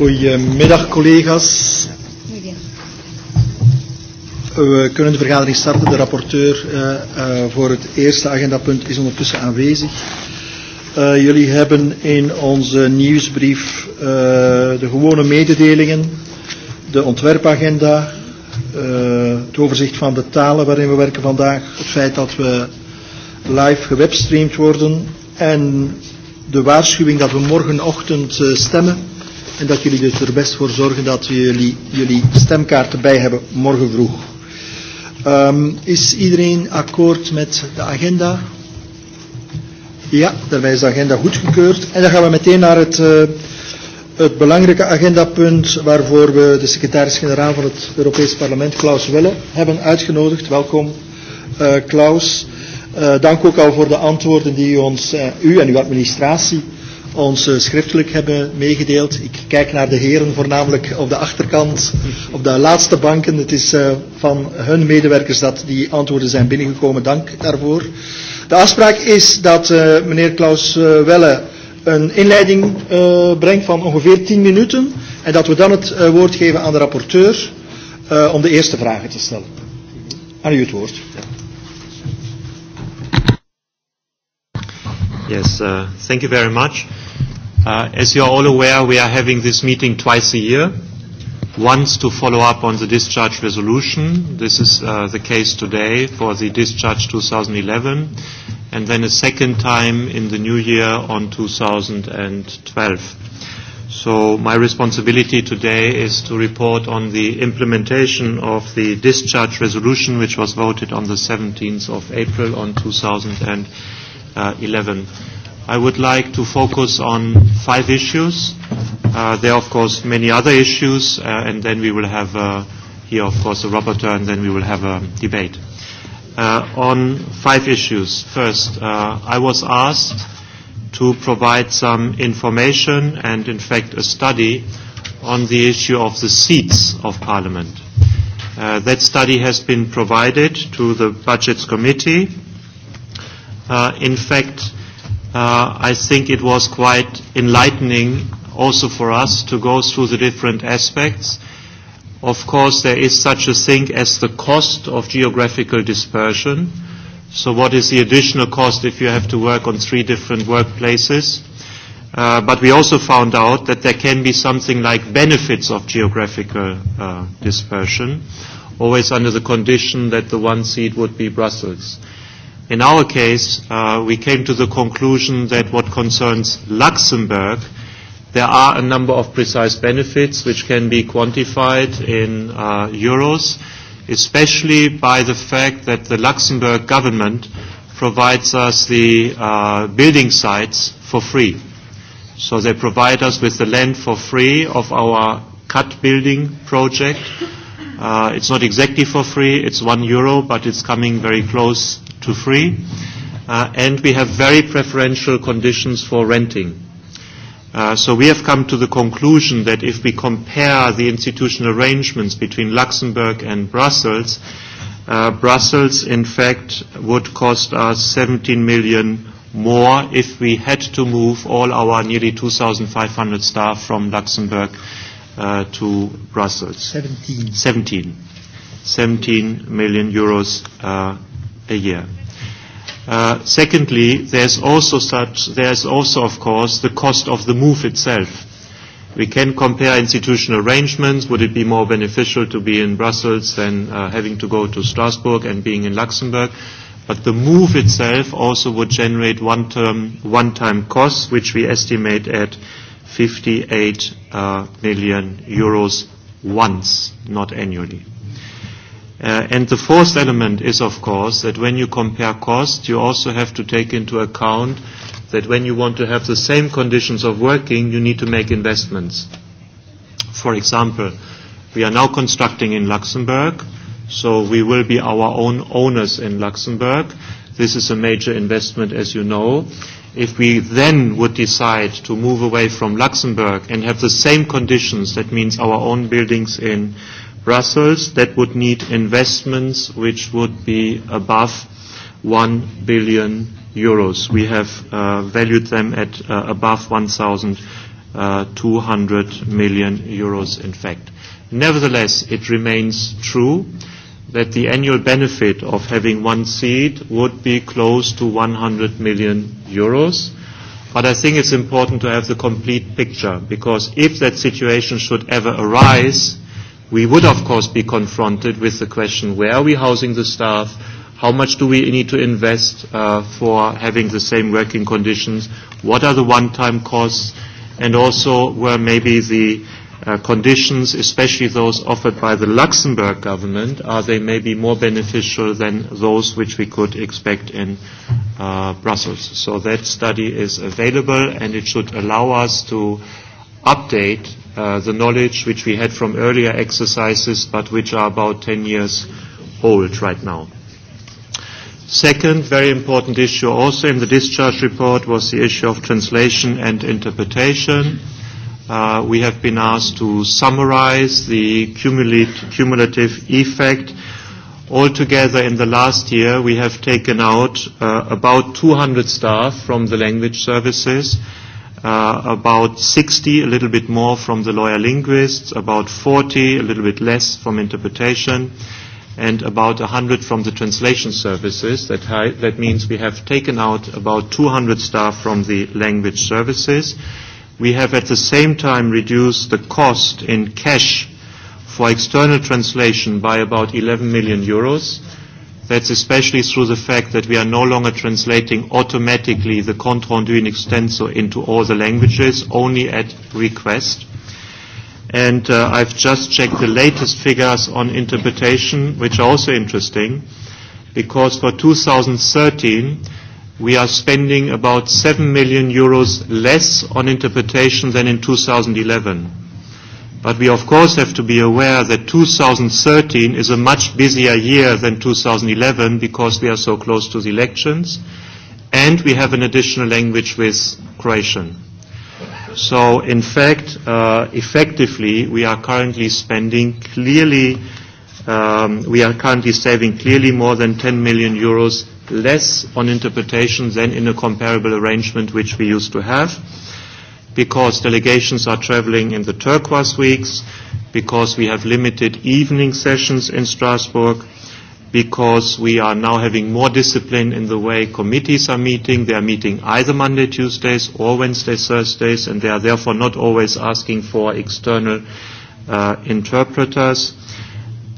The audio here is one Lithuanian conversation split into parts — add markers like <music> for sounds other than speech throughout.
Goedemiddag collega's. Eh, we kunnen de vergadering starten. De rapporteur uh, uh, voor het eerste agendapunt is ondertussen aanwezig. Uh, jullie hebben in onze nieuwsbrief uh, de gewone mededelingen, de ontwerpagenda, uh, het overzicht van de talen waarin we werken vandaag, het feit dat we live gewebstreamd worden en de waarschuwing dat we morgenochtend uh, stemmen En dat jullie dus er best voor zorgen dat we jullie, jullie stemkaarten bij hebben morgen vroeg. Um, is iedereen akkoord met de agenda? Ja, daarbij is de agenda goedgekeurd. En dan gaan we meteen naar het, uh, het belangrijke agendapunt waarvoor we de secretaris-generaal van het Europees Parlement, Klaus Welle, hebben uitgenodigd. Welkom, uh, Klaus. Uh, dank ook al voor de antwoorden die u, ons, uh, u en uw administratie uh, ons uh, schriftelijk hebben meegedeeld. Ik kijk naar de heren voornamelijk op de achterkant, op de laatste banken. Het is uh, van hun medewerkers dat die antwoorden zijn binnengekomen. Dank daarvoor. De afspraak is dat uh, meneer Klaus uh, Welle een inleiding uh, brengt van ongeveer 10 minuten en dat we dan het uh, woord geven aan de rapporteur uh, om de eerste vragen te stellen. Aan u het woord. Ja. Yes, uh, thank you very much. Uh, as you are all aware, we are having this meeting twice a year. Once to follow up on the discharge resolution. This is uh, the case today for the discharge 2011, and then a second time in the new year on 2012. So my responsibility today is to report on the implementation of the discharge resolution, which was voted on the 17th of April on 2012 uh, 11. I would like to focus on five issues. Uh, there are, of course, many other issues, uh, and then we will have uh, here, of course, a rapporteur, and then we will have a debate. Uh, on five issues. First, uh, I was asked to provide some information and, in fact, a study on the issue of the seats of Parliament. Uh, that study has been provided to the Budgets Committee Uh, in fact, uh, I think it was quite enlightening also for us to go through the different aspects. Of course, there is such a thing as the cost of geographical dispersion. So what is the additional cost if you have to work on three different workplaces? Uh, but we also found out that there can be something like benefits of geographical uh, dispersion, always under the condition that the one seat would be Brussels. Uh, In our case, uh, we came to the conclusion that what concerns Luxembourg, there are a number of precise benefits which can be quantified in uh, euros, especially by the fact that the Luxembourg government provides us the uh, building sites for free. So they provide us with the land for free of our cut building project. Uh, it's not exactly for free, it's one euro, but it's coming very close to free, uh, and we have very preferential conditions for renting. Uh, so we have come to the conclusion that if we compare the institutional arrangements between Luxembourg and Brussels, uh, Brussels in fact would cost us 17 million more if we had to move all our nearly 2,500 staff from Luxembourg uh, to Brussels. 17. 17. 17 million euros uh, a year. Uh, secondly, there's also such, there's also, of course, the cost of the move itself. We can compare institutional arrangements. Would it be more beneficial to be in Brussels than uh, having to go to Strasbourg and being in Luxembourg? But the move itself also would generate one-time one costs, which we estimate at 58 uh, million euros once, not annually. Uh, and the fourth element is, of course, that when you compare costs, you also have to take into account that when you want to have the same conditions of working, you need to make investments. For example, we are now constructing in Luxembourg, so we will be our own owners in Luxembourg. This is a major investment, as you know. If we then would decide to move away from Luxembourg and have the same conditions, that means our own buildings in Brussels. That would need investments which would be above 1 billion euros. We have uh, valued them at uh, above 1,200 uh, million euros, in fact. Nevertheless, it remains true that the annual benefit of having one seat would be close to 100 million euros. But I think it's important to have the complete picture, because if that situation should ever arise, we would, of course, be confronted with the question, where are we housing the staff? How much do we need to invest uh, for having the same working conditions? What are the one-time costs? And also where maybe the uh, conditions, especially those offered by the Luxembourg government, are they maybe more beneficial than those which we could expect in uh, Brussels? So that study is available and it should allow us to update uh, the knowledge which we had from earlier exercises, but which are about 10 years old right now. Second very important issue also in the discharge report was the issue of translation and interpretation. Uh, we have been asked to summarize the cumulative effect. Altogether, in the last year, we have taken out uh, about 200 staff from the language services, uh, about 60, a little bit more from the lawyer linguists, about 40, a little bit less from interpretation, and about 100 from the translation services. That, high, that means we have taken out about 200 staff from the language services. We have at the same time reduced the cost in cash for external translation by about 11 million euros. That's especially through the fact that we are no longer translating automatically the contrandu in extenso into all the languages, only at request. And uh, I've just checked the latest figures on interpretation, which are also interesting, because for 2013, we are spending about 7 million euros less on interpretation than in 2011 But we of course have to be aware that 2013 is a much busier year than 2011 because we are so close to the elections and we have an additional language with Croatian. So in fact, uh, effectively, we are currently spending clearly, um, we are currently saving clearly more than 10 million euros less on interpretation than in a comparable arrangement which we used to have. Uh, because delegations are traveling in the turquoise weeks, because we have limited evening sessions in Strasbourg, because we are now having more discipline in the way committees are meeting. They are meeting either Monday, Tuesdays or Wednesday, Thursdays, and they are therefore not always asking for external uh, interpreters.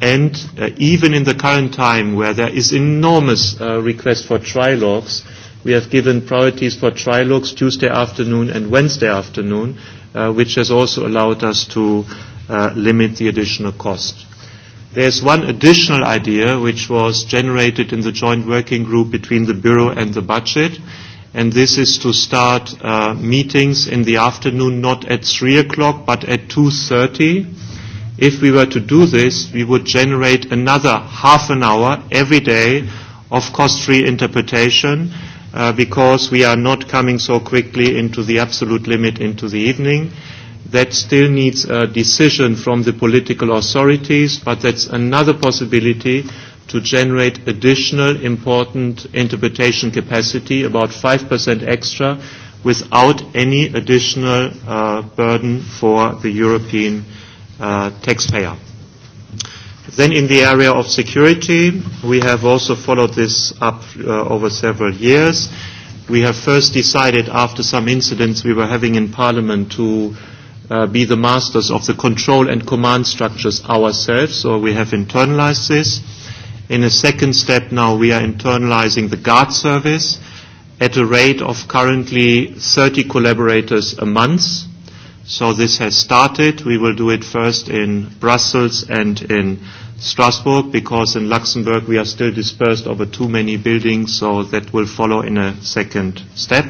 And uh, even in the current time where there is enormous uh, request for trilogues, uh, We have given priorities for trilogues Tuesday afternoon and Wednesday afternoon, uh, which has also allowed us to uh, limit the additional cost. There's one additional idea which was generated in the joint working group between the Bureau and the budget, and this is to start uh, meetings in the afternoon, not at 3 o'clock, but at 2.30. If we were to do this, we would generate another half an hour every day of cost-free interpretation, uh, because we are not coming so quickly into the absolute limit into the evening. That still needs a decision from the political authorities, but that's another possibility to generate additional important interpretation capacity, about 5% extra, without any additional uh, burden for the European uh, taxpayer. Then in the area of security, we have also followed this up uh, over several years. We have first decided after some incidents we were having in Parliament to uh, be the masters of the control and command structures ourselves, so we have internalized this. In a second step now we are internalizing the guard service at a rate of currently 30 collaborators a month. So this has started. We will do it first in Brussels and in Strasbourg because in Luxembourg we are still dispersed over too many buildings, so that will follow in a second step.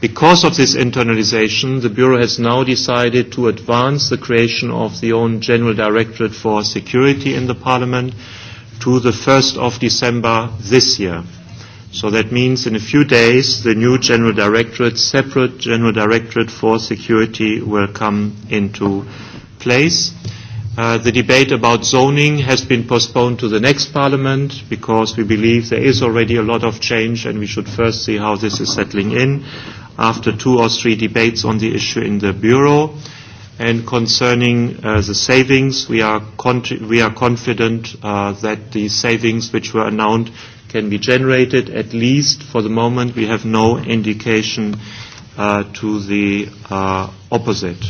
Because of this internalization, the Bureau has now decided to advance the creation of the own General Directorate for Security in the Parliament to the 1st of December this year. So that means in a few days, the new General Directorate, separate General Directorate for Security, will come into place. Uh, Uh, the debate about zoning has been postponed to the next parliament because we believe there is already a lot of change and we should first see how this is settling in after two or three debates on the issue in the Bureau. And concerning uh, the savings, we are, we are confident uh, that the savings which were announced can be generated. At least for the moment, we have no indication uh, to the uh, opposite.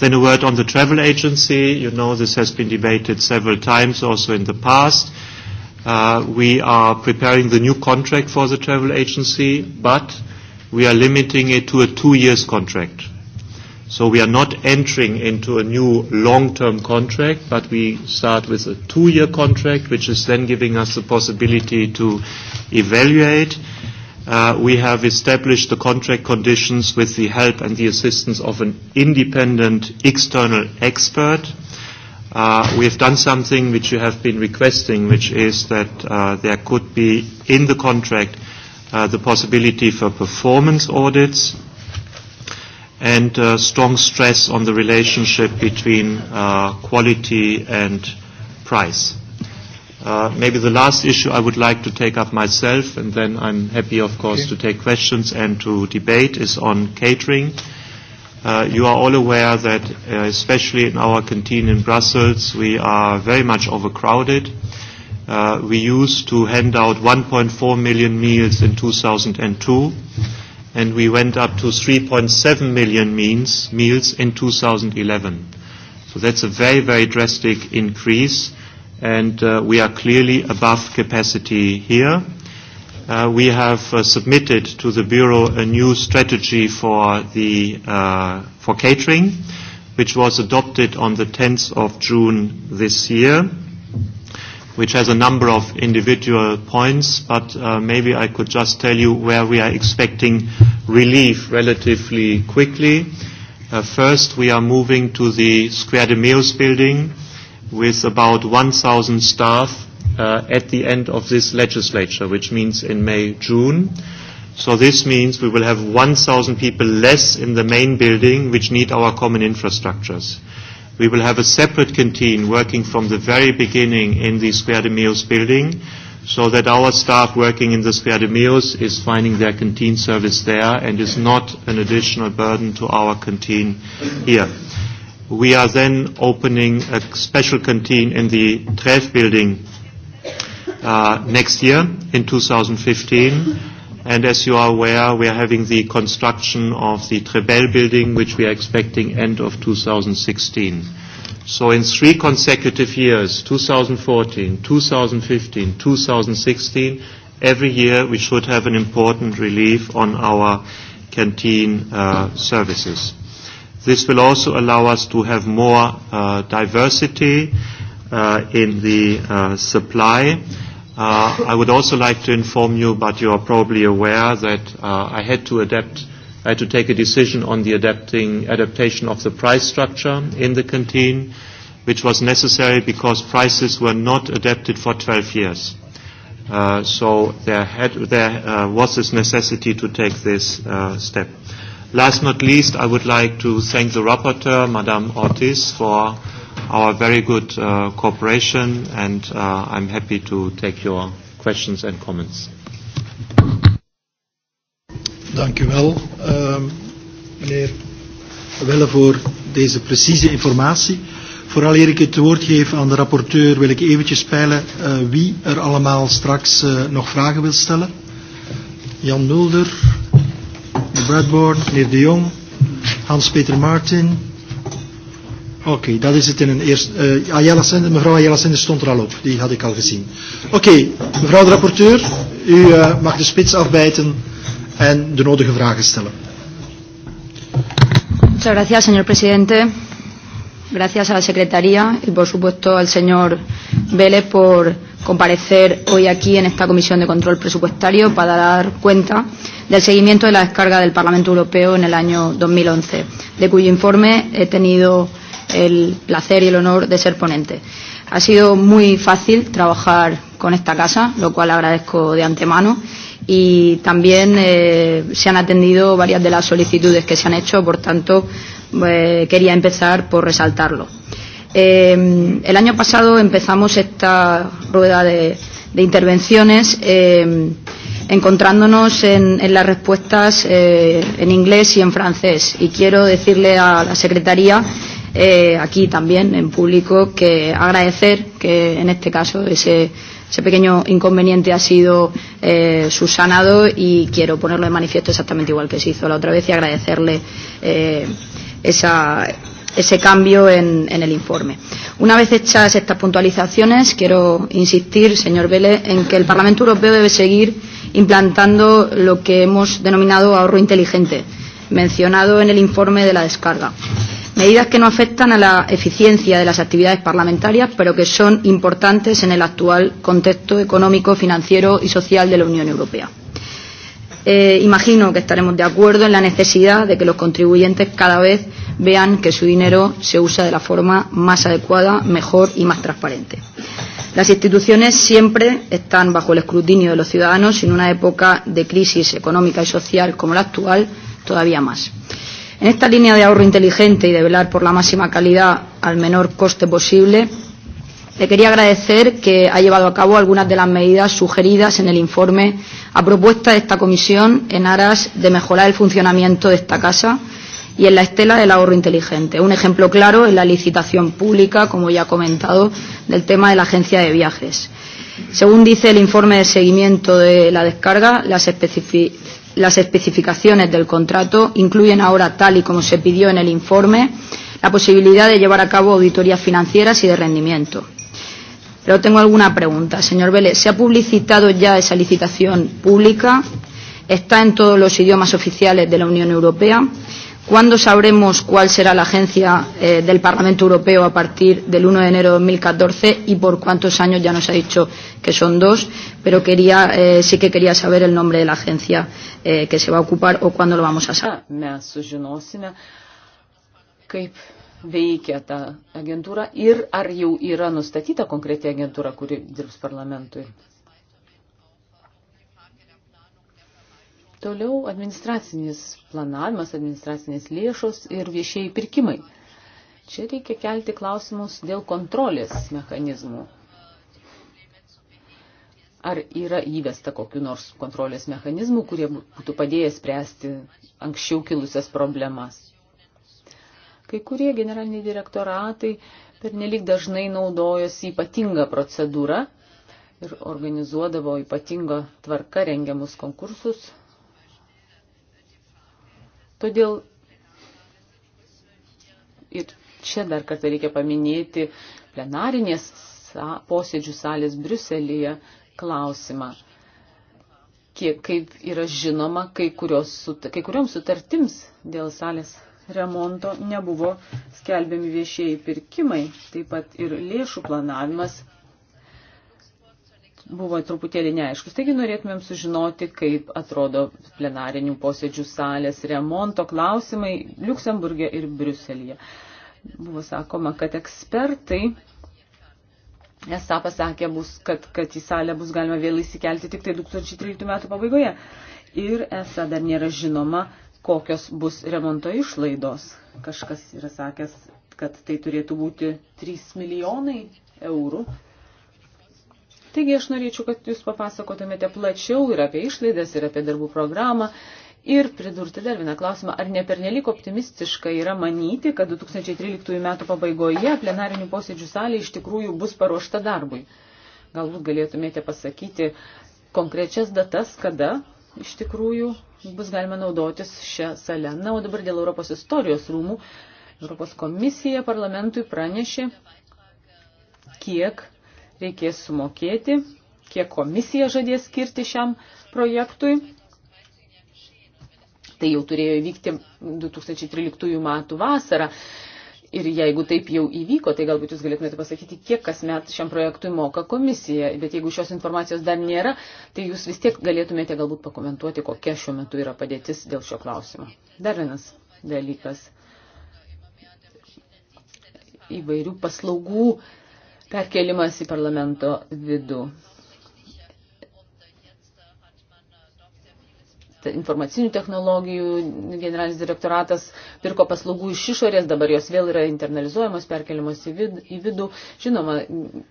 Then a word on the travel agency. You know this has been debated several times also in the past. Uh, we are preparing the new contract for the travel agency, but we are limiting it to a two years contract. So we are not entering into a new long-term contract, but we start with a two-year contract, which is then giving us the possibility to evaluate uh, we have established the contract conditions with the help and the assistance of an independent external expert. Uh, we have done something which you have been requesting, which is that uh, there could be in the contract uh, the possibility for performance audits and uh, strong stress on the relationship between uh, quality and price. Uh, maybe the last issue I would like to take up myself, and then I'm happy, of course, okay. to take questions and to debate, is on catering. Uh, you are all aware that, uh, especially in our canteen in Brussels, we are very much overcrowded. Uh, we used to hand out 1.4 million meals in 2002, and we went up to 3.7 million means, meals in 2011. So that's a very, very drastic increase. Uh, and uh, we are clearly above capacity here. Uh, we have uh, submitted to the Bureau a new strategy for, the, uh, for catering, which was adopted on the 10th of June this year, which has a number of individual points, but uh, maybe I could just tell you where we are expecting relief relatively quickly. Uh, first, we are moving to the Square de Meos building, uh, with about 1,000 staff uh, at the end of this legislature, which means in May, June. So this means we will have 1,000 people less in the main building, which need our common infrastructures. We will have a separate canteen working from the very beginning in the Square de Meos building, so that our staff working in the Square de Meos is finding their canteen service there and is not an additional burden to our canteen here we are then opening a special canteen in the Treff building uh, next year in 2015. And as you are aware, we are having the construction of the Trebel building, which we are expecting end of 2016. So in three consecutive years, 2014, 2015, 2016, every year we should have an important relief on our canteen uh, services. This will also allow us to have more uh, diversity uh, in the uh, supply. Uh, I would also like to inform you, but you are probably aware that uh, I had to adapt, I had to take a decision on the adapting, adaptation of the price structure in the canteen, which was necessary because prices were not adapted for 12 years. Uh, so there, had, there uh, was this necessity to take this uh, step. Uh, Last not least, I would like to thank the rapporteur, Madame Ortiz, for our very good uh, cooperation, and uh, I'm happy to take your questions and comments. Dank u wel, uh, meneer Welle, voor deze precieze informatie. Vooraleer ik het woord geef aan de rapporteur, wil ik eventjes peilen uh, wie er allemaal straks uh, nog vragen wil stellen. Jan Mulder, Bradbourne, meneer De Jong, Hans-Peter Martin. Oké, okay, dat is het in een eerste... Uh, Ayala Sender, mevrouw Ayala Sender stond er al op, die had ik al gezien. Oké, okay, mevrouw de rapporteur, u uh, mag de spits afbijten en de nodige vragen stellen. Muchas gracias, señor presidente. Gracias a la Secretaría y, por supuesto, al señor Vélez por comparecer hoy aquí en esta Comisión de Control Presupuestario para dar cuenta del seguimiento de la descarga del Parlamento Europeo en el año 2011, de cuyo informe he tenido el placer y el honor de ser ponente. Ha sido muy fácil trabajar con esta casa, lo cual agradezco de antemano, y también eh, se han atendido varias de las solicitudes que se han hecho, por tanto, eh, quería empezar por resaltarlo. Eh, el año pasado empezamos esta rueda de, de intervenciones eh, encontrándonos en, en las respuestas eh, en inglés y en francés. Y quiero decirle a la Secretaría, eh, aquí también en público, que agradecer que en este caso ese ese pequeño inconveniente ha sido eh, subsanado y quiero ponerlo de manifiesto exactamente igual que se hizo la otra vez y agradecerle eh, esa ese cambio en, en el informe. Una vez hechas estas puntualizaciones, quiero insistir, señor Vélez, en que el Parlamento Europeo debe seguir implantando lo que hemos denominado ahorro inteligente, mencionado en el informe de la descarga. Medidas que no afectan a la eficiencia de las actividades parlamentarias, pero que son importantes en el actual contexto económico, financiero y social de la Unión Europea. Eh, imagino que estaremos de acuerdo en la necesidad de que los contribuyentes cada vez vean que su dinero se usa de la forma más adecuada, mejor y más transparente. Las instituciones siempre están bajo el escrutinio de los ciudadanos y en una época de crisis económica y social como la actual, todavía más. En esta línea de ahorro inteligente y de velar por la máxima calidad al menor coste posible, Le quería agradecer que ha llevado a cabo algunas de las medidas sugeridas en el informe a propuesta de esta comisión en aras de mejorar el funcionamiento de esta casa y en la estela del ahorro inteligente. Un ejemplo claro es la licitación pública, como ya ha comentado, del tema de la agencia de viajes. Según dice el informe de seguimiento de la descarga, las, especific las especificaciones del contrato incluyen ahora, tal y como se pidió en el informe, la posibilidad de llevar a cabo auditorías financieras y de rendimiento Pero tengo alguna pregunta, señor Vélez. ¿Se ha publicitado ya esa licitación pública? ¿Está en todos los idiomas oficiales de la Unión Europea? ¿Cuándo sabremos cuál será la agencia eh, del Parlamento Europeo a partir del 1 de enero de 2014 y por cuántos años? Ya nos ha dicho que son dos, pero quería, eh, sí que quería saber el nombre de la agencia eh, que se va a ocupar o cuándo lo vamos a saber. Mes sužinosime, kaip veikia ta agentūra ir ar jau yra nustatyta konkreti agentūra, kuri dirbs parlamentui. Toliau administracinis planavimas, administracinės lėšos ir viešieji pirkimai. Čia reikia kelti klausimus dėl kontrolės mechanizmų. Ar yra įvesta kokiu nors kontrolės mechanizmų, kurie būtų padėję spręsti anksčiau kilusias problemas? Kai kurie generaliniai direktoratai per nelik dažnai naudojosi ypatingą procedūrą ir organizuodavo ypatingo tvarka rengiamus konkursus. Todėl ir čia dar kartą reikia paminėti plenarinės posėdžių salės Briuselėje klausimą. Kiek, kaip yra žinoma, kai, kurios, kai kurioms sutartims dėl salės remonto nebuvo skelbiami viešieji pirkimai, taip pat ir lėšų planavimas buvo truputėlį neaiškus. Taigi norėtumėm sužinoti, kaip atrodo plenarinių posėdžių salės remonto klausimai Luksemburgė ir Briuselėje. Buvo sakoma, kad ekspertai esą pasakė, bus, kad, kad į salę bus galima vėl įsikelti tik tai 2013 metų pabaigoje. Ir esą dar nėra žinoma, kokios bus remonto išlaidos. Kažkas yra sakęs, kad tai turėtų būti 3 milijonai eurų. Taigi aš norėčiau, kad jūs papasakotumėte plačiau ir apie išlaidas, ir apie darbų programą. Ir pridurti dar vieną klausimą, ar nepernelik optimistiška yra manyti, kad 2013 metų pabaigoje plenarinių posėdžių salė iš tikrųjų bus paruošta darbui. Galbūt galėtumėte pasakyti konkrečias datas, kada iš tikrųjų bus galima naudotis šią salę. Na, o dabar dėl Europos istorijos rūmų. Europos komisija parlamentui pranešė, kiek reikės sumokėti, kiek komisija žadės skirti šiam projektui. Tai jau turėjo vykti 2013 metų vasarą. Ir jeigu taip jau įvyko, tai galbūt jūs galėtumėte pasakyti, kiek kasmet šiam projektui moka komisija. Bet jeigu šios informacijos dar nėra, tai jūs vis tiek galėtumėte galbūt pakomentuoti, kokia šiuo metu yra padėtis dėl šio klausimo. Dar vienas dalykas. Įvairių paslaugų perkelimas į parlamento vidų. informacinių technologijų generalinis direktoratas pirko paslaugų iš išorės, dabar jos vėl yra internalizuojamos, perkeliamos į, vid, į vidų. Žinoma,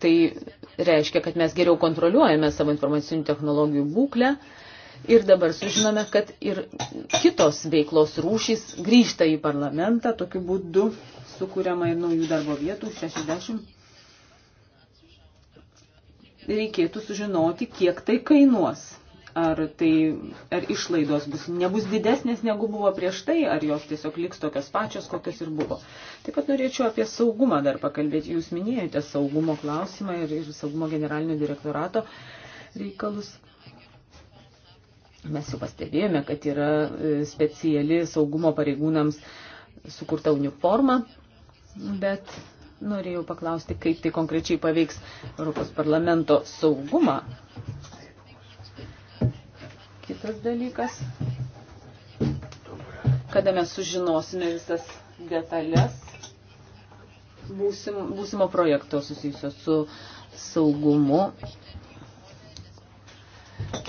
tai reiškia, kad mes geriau kontroliuojame savo informacinių technologijų būklę. Ir dabar sužinome, kad ir kitos veiklos rūšys grįžta į parlamentą, tokiu būdu sukūriama ir naujų darbo vietų 60 reikėtų sužinoti, kiek tai kainuos ar, tai, ar išlaidos bus, nebus didesnės negu buvo prieš tai, ar jos tiesiog liks tokios pačios, kokios ir buvo. Taip pat norėčiau apie saugumą dar pakalbėti. Jūs minėjote saugumo klausimą ir, ir saugumo generalinio direktorato reikalus. Mes jau pastebėjome, kad yra e, speciali saugumo pareigūnams sukurta uniforma, bet norėjau paklausti, kaip tai konkrečiai paveiks Europos parlamento saugumą, Kitas dalykas, kada mes sužinosime visas detalės būsim, būsimo projekto susijusio su saugumu.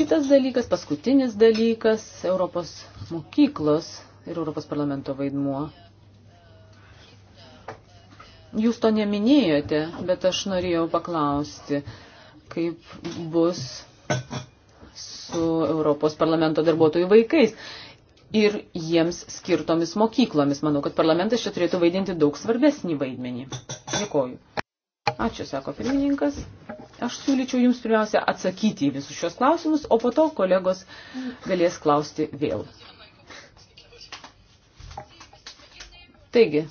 Kitas dalykas, paskutinis dalykas, Europos mokyklos ir Europos parlamento vaidmuo. Jūs to neminėjote, bet aš norėjau paklausti, kaip bus su Europos parlamento darbuotojų vaikais ir jiems skirtomis mokyklomis. Manau, kad parlamentas čia turėtų vaidinti daug svarbesnį vaidmenį. Dėkoju. Ačiū, sako pirmininkas. Aš siūlyčiau Jums pirmiausia atsakyti į visus šios klausimus, o po to kolegos galės klausti vėl. Taigi,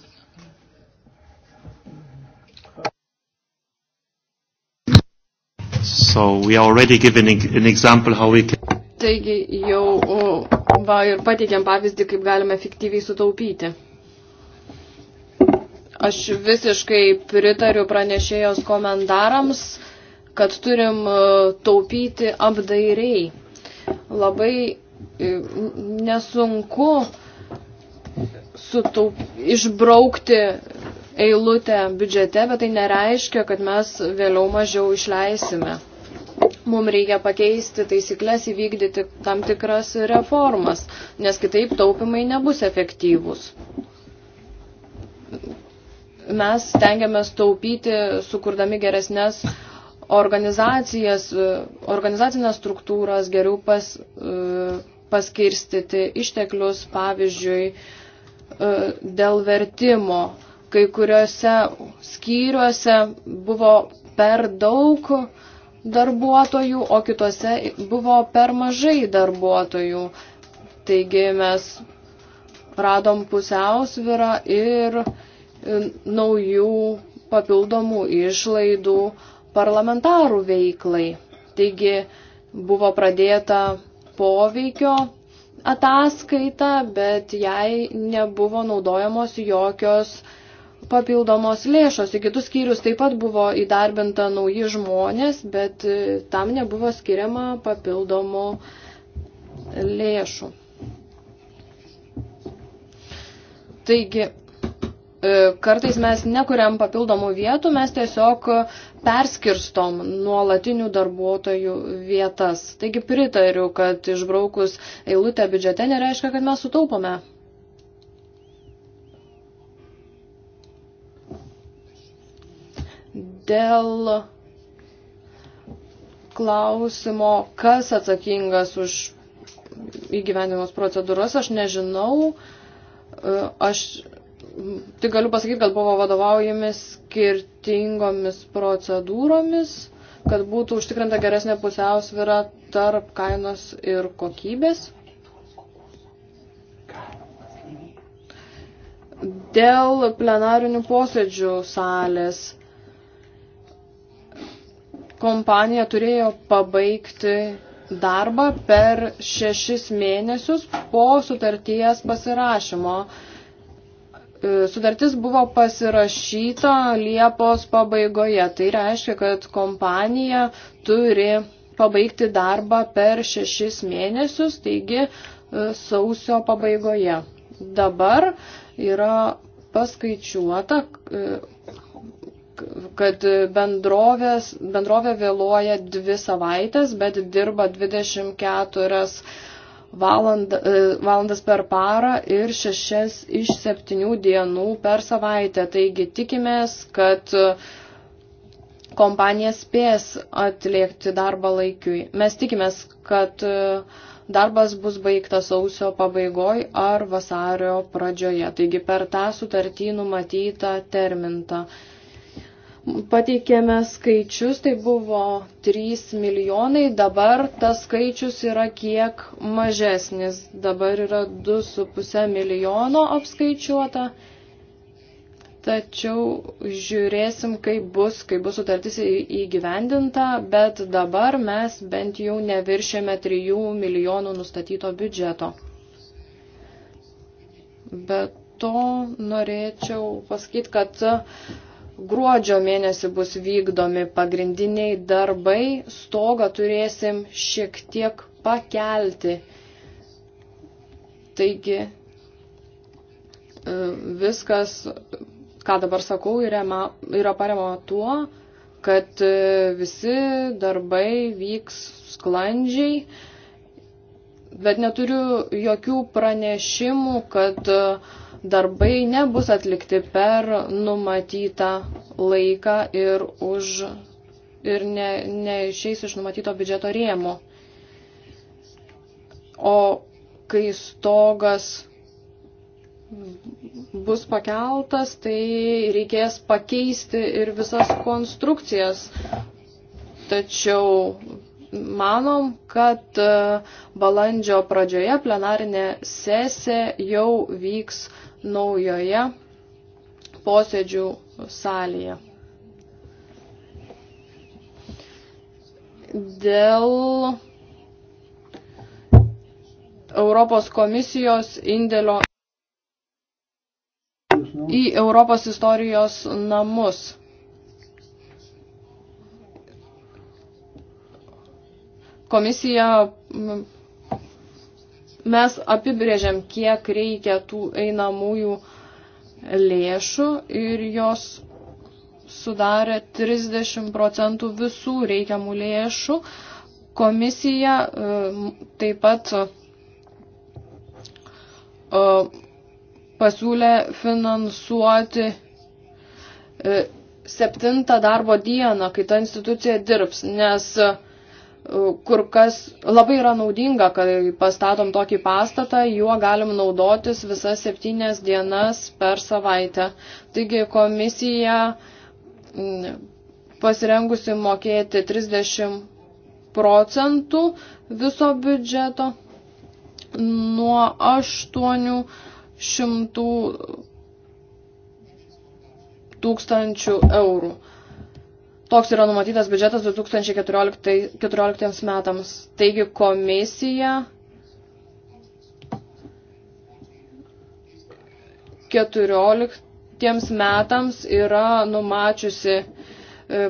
So we are already giving an example how we can... Taigi jau va, ir pateikėm pavyzdį, kaip galime efektyviai sutaupyti. Aš visiškai pritariu pranešėjos komendarams, kad turim e, taupyti apdairiai. Labai e, nesunku sutaup, išbraukti eilutę biudžete, bet tai nereiškia, kad mes vėliau mažiau išleisime. Mums reikia pakeisti taisyklės įvykdyti tam tikras reformas, nes kitaip taupimai nebus efektyvūs. Mes tengiamės taupyti, sukurdami geresnės organizacijas, organizacinės struktūras, geriau pas, e, paskirstyti išteklius, pavyzdžiui, e, dėl vertimo. Kai kuriuose skyriuose buvo per daug uh, darbuotojų, o kitose buvo per mažai darbuotojų. Taigi mes radom pusiausvyrą ir e, naujų papildomų išlaidų parlamentarų veiklai. Taigi buvo pradėta poveikio ataskaita, bet jai nebuvo naudojamos jokios uh, papildomos lėšos. Į kitus skyrius taip pat buvo įdarbinta nauji žmonės, bet e, tam nebuvo skiriama papildomų lėšų. Taigi, e, kartais mes nekuriam papildomų vietų, mes tiesiog perskirstom nuolatinių darbuotojų vietas. Taigi pritariu, kad išbraukus eilutę biudžete nereiškia, kad mes sutaupome dėl klausimo, kas atsakingas už įgyvendimus procedūras, aš nežinau. E, aš tik galiu pasakyti, kad buvo vadovaujami skirtingomis procedūromis, kad būtų užtikrinta geresnė pusiausvyra tarp kainos ir kokybės. Dėl plenarinių posėdžių salės kompanija turėjo pabaigti darbą per šešis mėnesius po sutarties pasirašymo. E, sutartis buvo pasirašyta Liepos pabaigoje. Tai reiškia, kad kompanija turi pabaigti darbą per šešis mėnesius, taigi e, sausio pabaigoje. Dabar yra paskaičiuota, e, kad bendrovės, bendrovė vėluoja dvi savaitės, bet dirba 24 valand, e, valandas per parą ir 6 iš 7 dienų per savaitę. Taigi tikimės, kad kompanija spės atliekti darbą laikui. Mes tikimės, kad e, darbas bus baigtas sausio pabaigoj ar vasario pradžioje, taigi per tą sutartį numatytą terminą pateikėme skaičius, tai buvo 3 milijonai, dabar tas skaičius yra kiek mažesnis, dabar yra 2,5 milijono apskaičiuota, tačiau žiūrėsim, kaip bus, kaip bus sutartis įgyvendinta, bet dabar mes bent jau neviršėme 3 milijonų nustatyto biudžeto. Bet to norėčiau pasakyti, kad Gruodžio mėnesį bus vykdomi pagrindiniai darbai, stogą turėsim šiek tiek pakelti. Taigi e, viskas, ką dabar sakau, yra parema tuo, kad e, visi darbai vyks sklandžiai, bet neturiu jokių pranešimų, kad uh, darbai nebus atlikti per numatytą laiką ir, už, ir ne, neišeis iš numatyto biudžeto rėmų. O kai stogas bus pakeltas, tai reikės pakeisti ir visas konstrukcijas. Tačiau manom, kad balandžio pradžioje plenarinė sesija jau vyks naujoje posėdžių salėje. Dėl Europos komisijos indėlio į Europos istorijos namus. Komisija mes apibrėžiam, kiek reikia tų einamųjų lėšų ir jos sudarė 30 procentų visų reikiamų lėšų. Komisija e, taip pat e, pasiūlė finansuoti e, septintą darbo dieną, kai ta institucija dirbs, nes kur kas labai yra naudinga, kai pastatom tokį pastatą, juo galim naudotis visas septynės dienas per savaitę. Taigi komisija mm, pasirengusi mokėti 30 procentų viso biudžeto nuo 800 tūkstančių eurų. Toks yra numatytas biudžetas 2014 metams. Taigi komisija 2014 metams yra numačiusi e,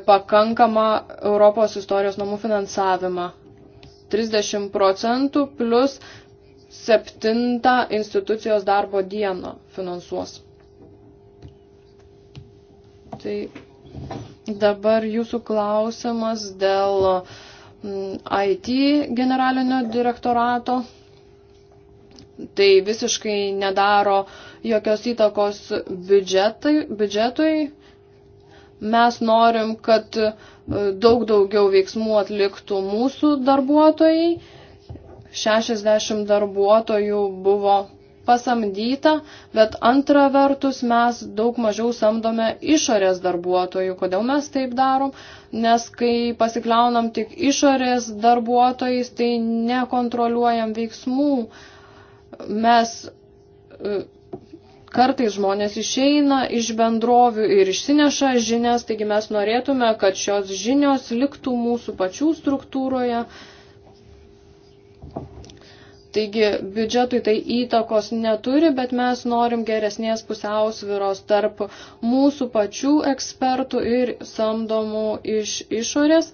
pakankamą Europos istorijos namų finansavimą. 30 procentų plus septintą institucijos darbo dieną finansuos. Tai Dabar jūsų klausimas dėl mm, IT generalinio direktorato. Tai visiškai nedaro jokios įtakos biudžetai, biudžetui. Mes norim, kad e, daug daugiau veiksmų atliktų mūsų darbuotojai. 60 darbuotojų buvo pasamdyta, bet antra vertus mes daug mažiau samdome išorės darbuotojų. Kodėl mes taip darom? Nes kai pasikliaunam tik išorės darbuotojais, tai nekontroliuojam veiksmų. Mes e, kartais žmonės išeina iš bendrovių ir išsineša žinias, taigi mes norėtume, kad šios žinios liktų mūsų pačių struktūroje Taigi biudžetui tai įtakos neturi, bet mes norim geresnės pusiausviros tarp mūsų pačių ekspertų ir samdomų iš išorės.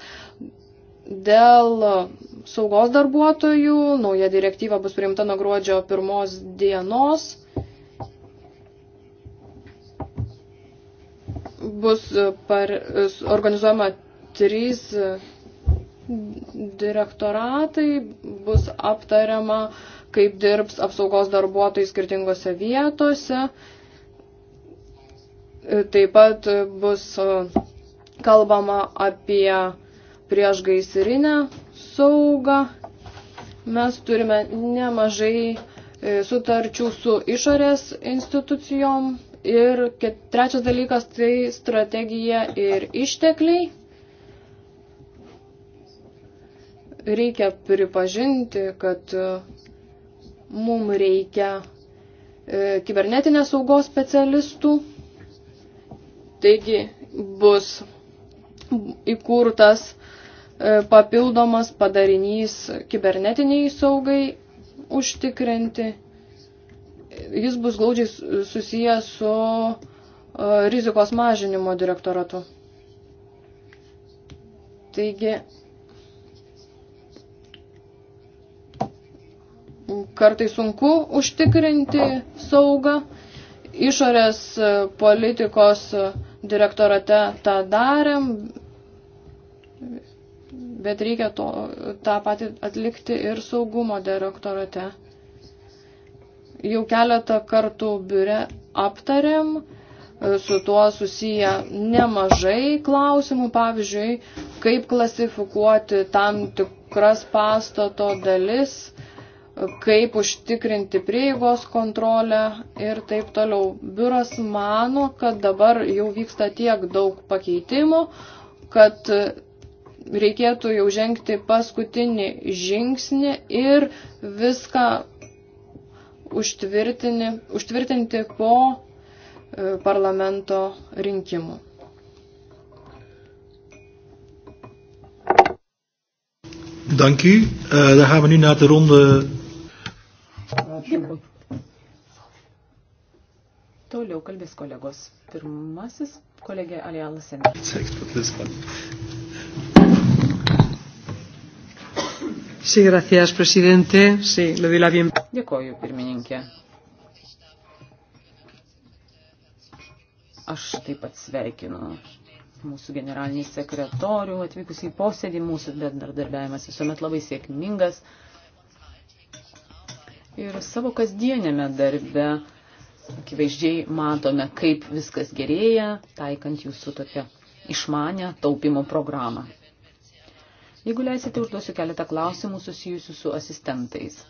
Dėl saugos darbuotojų nauja direktyva bus priimta nuo gruodžio pirmos dienos. Bus par, organizuojama trys direktoratai, bus aptariama, kaip dirbs apsaugos darbuotojai skirtingose vietose. Taip pat bus e, kalbama apie priešgaisrinę saugą. Mes turime nemažai e, sutarčių su išorės institucijom. Ir trečias dalykas tai strategija ir ištekliai. reikia pripažinti, kad e, mums reikia e, kibernetinės saugos specialistų. Taigi bus įkurtas e, papildomas padarinys kibernetiniai saugai užtikrinti. Jis bus glaudžiai susijęs su rizikos mažinimo direktoratu. Taigi kartai sunku užtikrinti saugą. Išorės e, politikos e, direktorate tą darėm, bet reikia to, tą patį atlikti ir saugumo direktorate. Jau keletą kartų biure aptarėm, e, su tuo susiję nemažai klausimų, pavyzdžiui, kaip klasifikuoti tam tikras pastato dalis, kaip užtikrinti prieigos kontrolę ir taip toliau. Biuras mano, kad dabar jau vyksta tiek daug pakeitimų, kad reikėtų jau žengti paskutinį žingsnį ir viską užtvirtinti po e, parlamento rinkimų. Dank u. Uh, dan gaan we nu naar de ronde Ačiū. Toliau kalbės kolegos. Pirmasis kolegė Aliala Sena. Sí, gracias, presidente. Sí, le doy la bienvenida. Dėkoju, pirmininkė. Aš taip pat sveikinu mūsų generalinį sekretorių atvykus į posėdį. Mūsų bendradarbiavimas visuomet labai sėkmingas. Ir savo kasdienėme darbe akivaizdžiai matome, kaip viskas gerėja, taikant jūsų tokią išmanę taupimo programą. Jeigu leisite, užduosiu keletą klausimų susijusių su asistentais.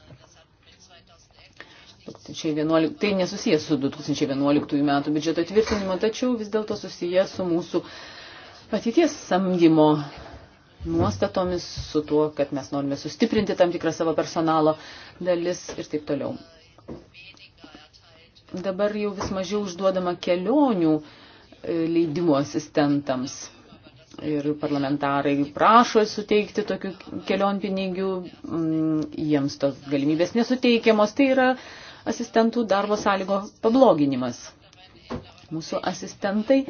2011, tai nesusijęs su 2011 metų biudžeto tvirtinimo, tačiau vis dėlto susijęs su mūsų ateities samdymo nuostatomis, su tuo, kad mes norime sustiprinti tam tikrą savo personalo dalis ir taip toliau. Dabar jau vis mažiau užduodama kelionių e, leidimų asistentams. Ir parlamentarai prašo suteikti tokių kelionpinigių, mm, jiems tos galimybės nesuteikiamos. Tai yra asistentų darbo sąlygo pabloginimas. Mūsų asistentai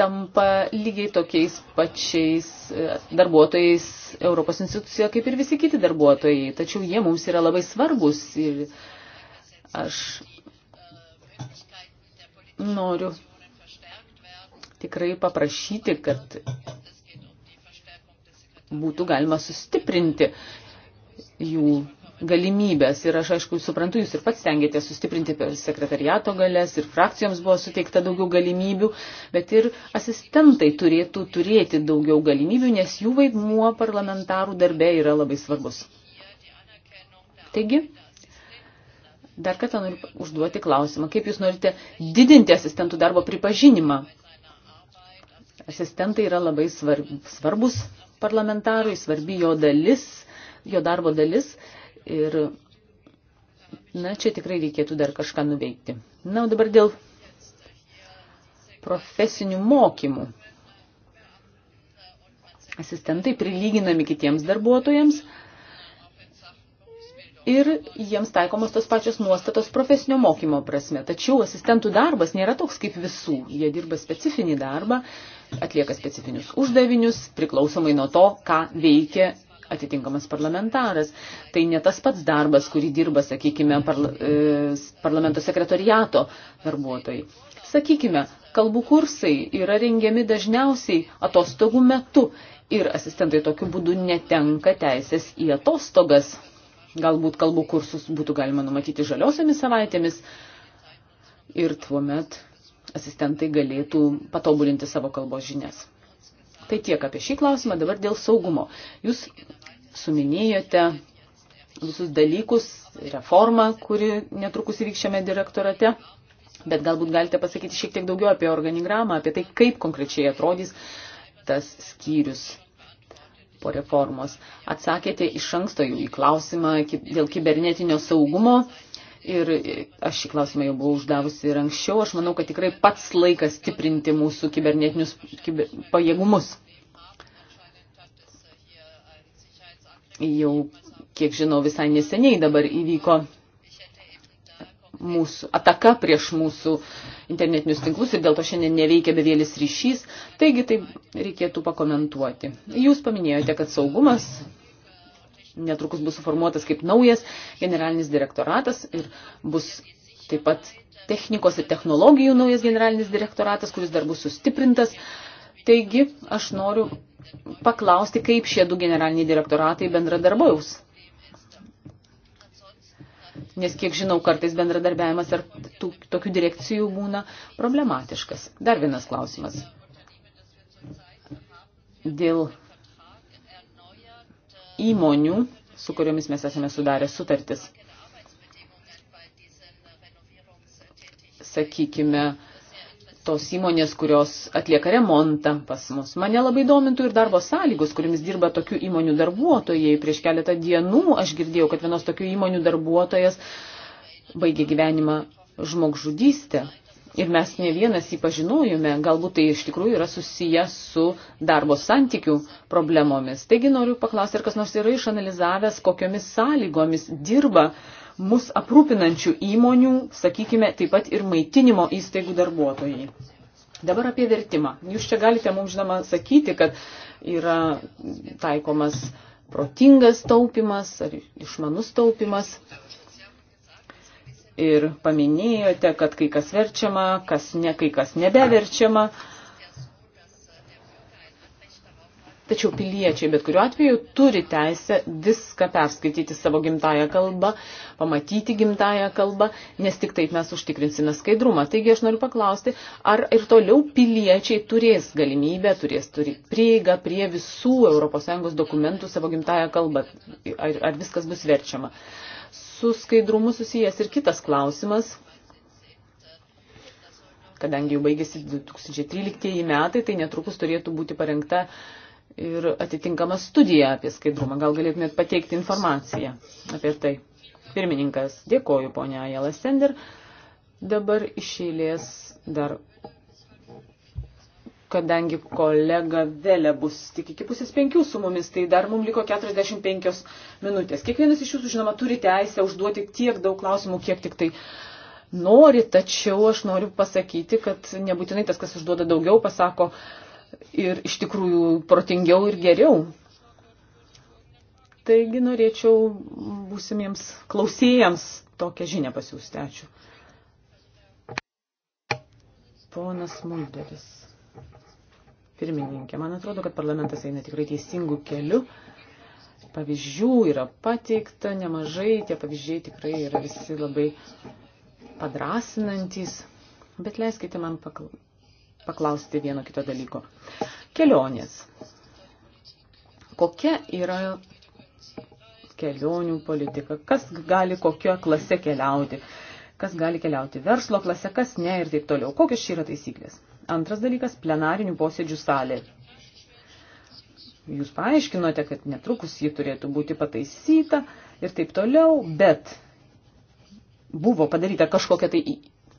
tampa lygiai tokiais pačiais e, darbuotojais Europos institucijoje kaip ir visi kiti darbuotojai. Tačiau jie mums yra labai svarbus ir aš noriu tikrai paprašyti, kad būtų galima sustiprinti jų galimybės. Ir aš, aišku, suprantu, jūs ir pats stengiate sustiprinti per sekretariato galės ir frakcijoms buvo suteikta daugiau galimybių, bet ir asistentai turėtų turėti daugiau galimybių, nes jų vaidmuo parlamentarų darbe yra labai svarbus. Taigi, dar kartą noriu užduoti klausimą, kaip jūs norite didinti asistentų darbo pripažinimą. Asistentai yra labai svarbus parlamentarui, svarbi jo dalis, jo darbo dalis Ir, na, čia tikrai reikėtų dar kažką nuveikti. Na, o dabar dėl profesinių mokymų. Asistentai prilyginami kitiems darbuotojams ir jiems taikomos tos pačios nuostatos profesinio mokymo prasme. Tačiau asistentų darbas nėra toks kaip visų. Jie dirba specifinį darbą, atlieka specifinius uždavinius, priklausomai nuo to, ką veikia atitinkamas parlamentaras. Tai ne tas pats darbas, kurį dirba, sakykime, parla, e, parlamento sekretoriato darbuotojai. Sakykime, kalbų kursai yra rengiami dažniausiai atostogų metu ir asistentai tokiu būdu netenka teisės į atostogas. Galbūt kalbų kursus būtų galima numatyti žaliosiamis savaitėmis ir tuomet asistentai galėtų patobulinti savo kalbos žinias. Tai tiek apie šį klausimą, dabar dėl saugumo. Jūs suminėjote visus dalykus, reformą, kuri netrukus įvykščiame direktorate. Bet galbūt galite pasakyti šiek tiek daugiau apie organigramą, apie tai, kaip konkrečiai atrodys tas skyrius po reformos. Atsakėte iš anksto jų į klausimą dėl kibernetinio saugumo Ir aš šį klausimą jau buvau uždavusi ir anksčiau. Aš manau, kad tikrai pats laikas stiprinti mūsų kibernetinius kiber, pajėgumus. Jau, kiek žinau, visai neseniai dabar įvyko mūsų ataka prieš mūsų internetinius tinklus ir dėl to šiandien neveikia bevėlis ryšys. Taigi tai reikėtų pakomentuoti. Jūs paminėjote, kad saugumas netrukus bus suformuotas kaip naujas generalinis direktoratas ir bus taip pat technikos ir technologijų naujas generalinis direktoratas, kuris dar bus sustiprintas. Taigi, aš noriu paklausti, kaip šie du generaliniai direktoratai bendradarbaus. Nes, kiek žinau, kartais bendradarbiavimas ar tų, tokių direkcijų būna problematiškas. Dar vienas klausimas. Dėl įmonių, su kuriomis mes esame sudarę sutartis. Sakykime, tos įmonės, kurios atlieka remontą pas mus. Mane labai domintų ir darbo sąlygos, kuriamis dirba tokių įmonių darbuotojai. Prieš keletą dienų aš girdėjau, kad vienos tokių įmonių darbuotojas baigė gyvenimą žmogžudystę. Ir mes ne vienas jį pažinojome, galbūt tai iš tikrųjų yra susijęs su darbo santykių problemomis. Taigi noriu paklausti, ar kas nors yra išanalizavęs, kokiomis sąlygomis dirba mus aprūpinančių įmonių, sakykime, taip pat ir maitinimo įstaigų darbuotojai. Dabar apie vertimą. Jūs čia galite mums žinoma sakyti, kad yra taikomas protingas taupimas ar išmanus taupimas ir paminėjote, kad kai kas verčiama, kas ne, kai kas nebeverčiama. Tačiau piliečiai, bet kuriuo atveju, turi teisę viską perskaityti savo gimtają kalbą, pamatyti gimtają kalbą, nes tik taip mes užtikrinsime skaidrumą. Taigi aš noriu paklausti, ar ir toliau piliečiai turės galimybę, turės turi prieigą prie visų ES dokumentų savo gimtają kalbą, ar, ar viskas bus verčiama. Uh, su skaidrumu susijęs ir kitas klausimas, kadangi jau baigėsi 2013 metai, tai netrukus turėtų būti parengta ir atitinkama studija apie skaidrumą. Gal galėtumėt pateikti informaciją apie tai. Pirmininkas, dėkoju ponia Ajala Sender. Dabar iš eilės dar kadangi kolega Vėlė bus tik iki pusės penkių su mumis, tai dar mums liko 45 minutės. Kiekvienas iš jūsų, žinoma, turi teisę užduoti tiek daug klausimų, kiek tik tai nori, tačiau aš noriu pasakyti, kad nebūtinai tas, kas užduoda daugiau, pasako ir iš tikrųjų protingiau ir geriau. Taigi norėčiau būsimiems klausėjams tokią žinią pasiūsti. Ačiū. Ponas Mulderis pirmininkė. Man atrodo, kad parlamentas eina tikrai teisingų kelių. Pavyzdžių yra pateikta nemažai, tie pavyzdžiai tikrai yra visi labai padrasinantis, bet leiskite man paklausti vieno kito dalyko. Kelionės. Kokia yra kelionių politika? Kas gali kokio klase keliauti? Kas gali keliauti verslo klase, kas ne ir taip toliau? Kokios čia yra taisyklės? Antras dalykas – plenarinių posėdžių salė. Jūs paaiškinote, kad netrukus ji turėtų būti pataisyta ir taip toliau, bet buvo padaryta kažkokia tai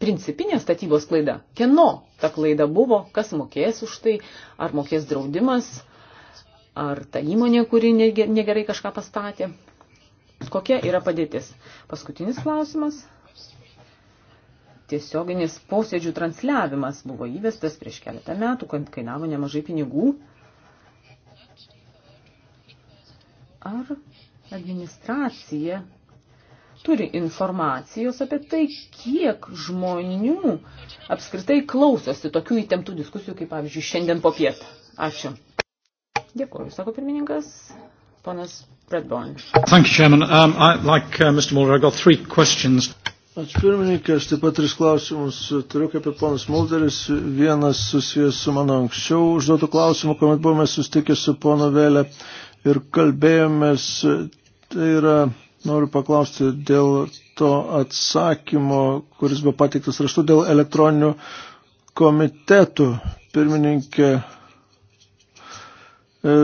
principinė statybos klaida. Kieno ta klaida buvo, kas mokės už tai, ar mokės draudimas, ar ta įmonė, kuri negerai kažką pastatė. Kokia yra padėtis? Paskutinis klausimas – tiesioginis posėdžių transliavimas buvo įvestas prieš keletą metų, kainavo nemažai pinigų. Ar administracija turi informacijos apie tai, kiek žmonių apskritai klausosi tokių įtemptų diskusijų, kaip pavyzdžiui šiandien po pietą. Ačiū. Dėkuoju, sako pirmininkas. Ponas Bradburn. Thank you, Chairman. Um, I, like uh, Mr. Mulder, I got three questions. Ačiū pirmininkė, aš taip pat tris klausimus turiu kaip ir ponas Mulderis. Vienas susijęs su mano anksčiau užduotų klausimu, kuomet buvome sustikę su pono Vėlė ir kalbėjomės. Tai yra, noriu paklausti dėl to atsakymo, kuris buvo pateiktas raštu dėl elektroninių komitetų. Pirmininkė, e,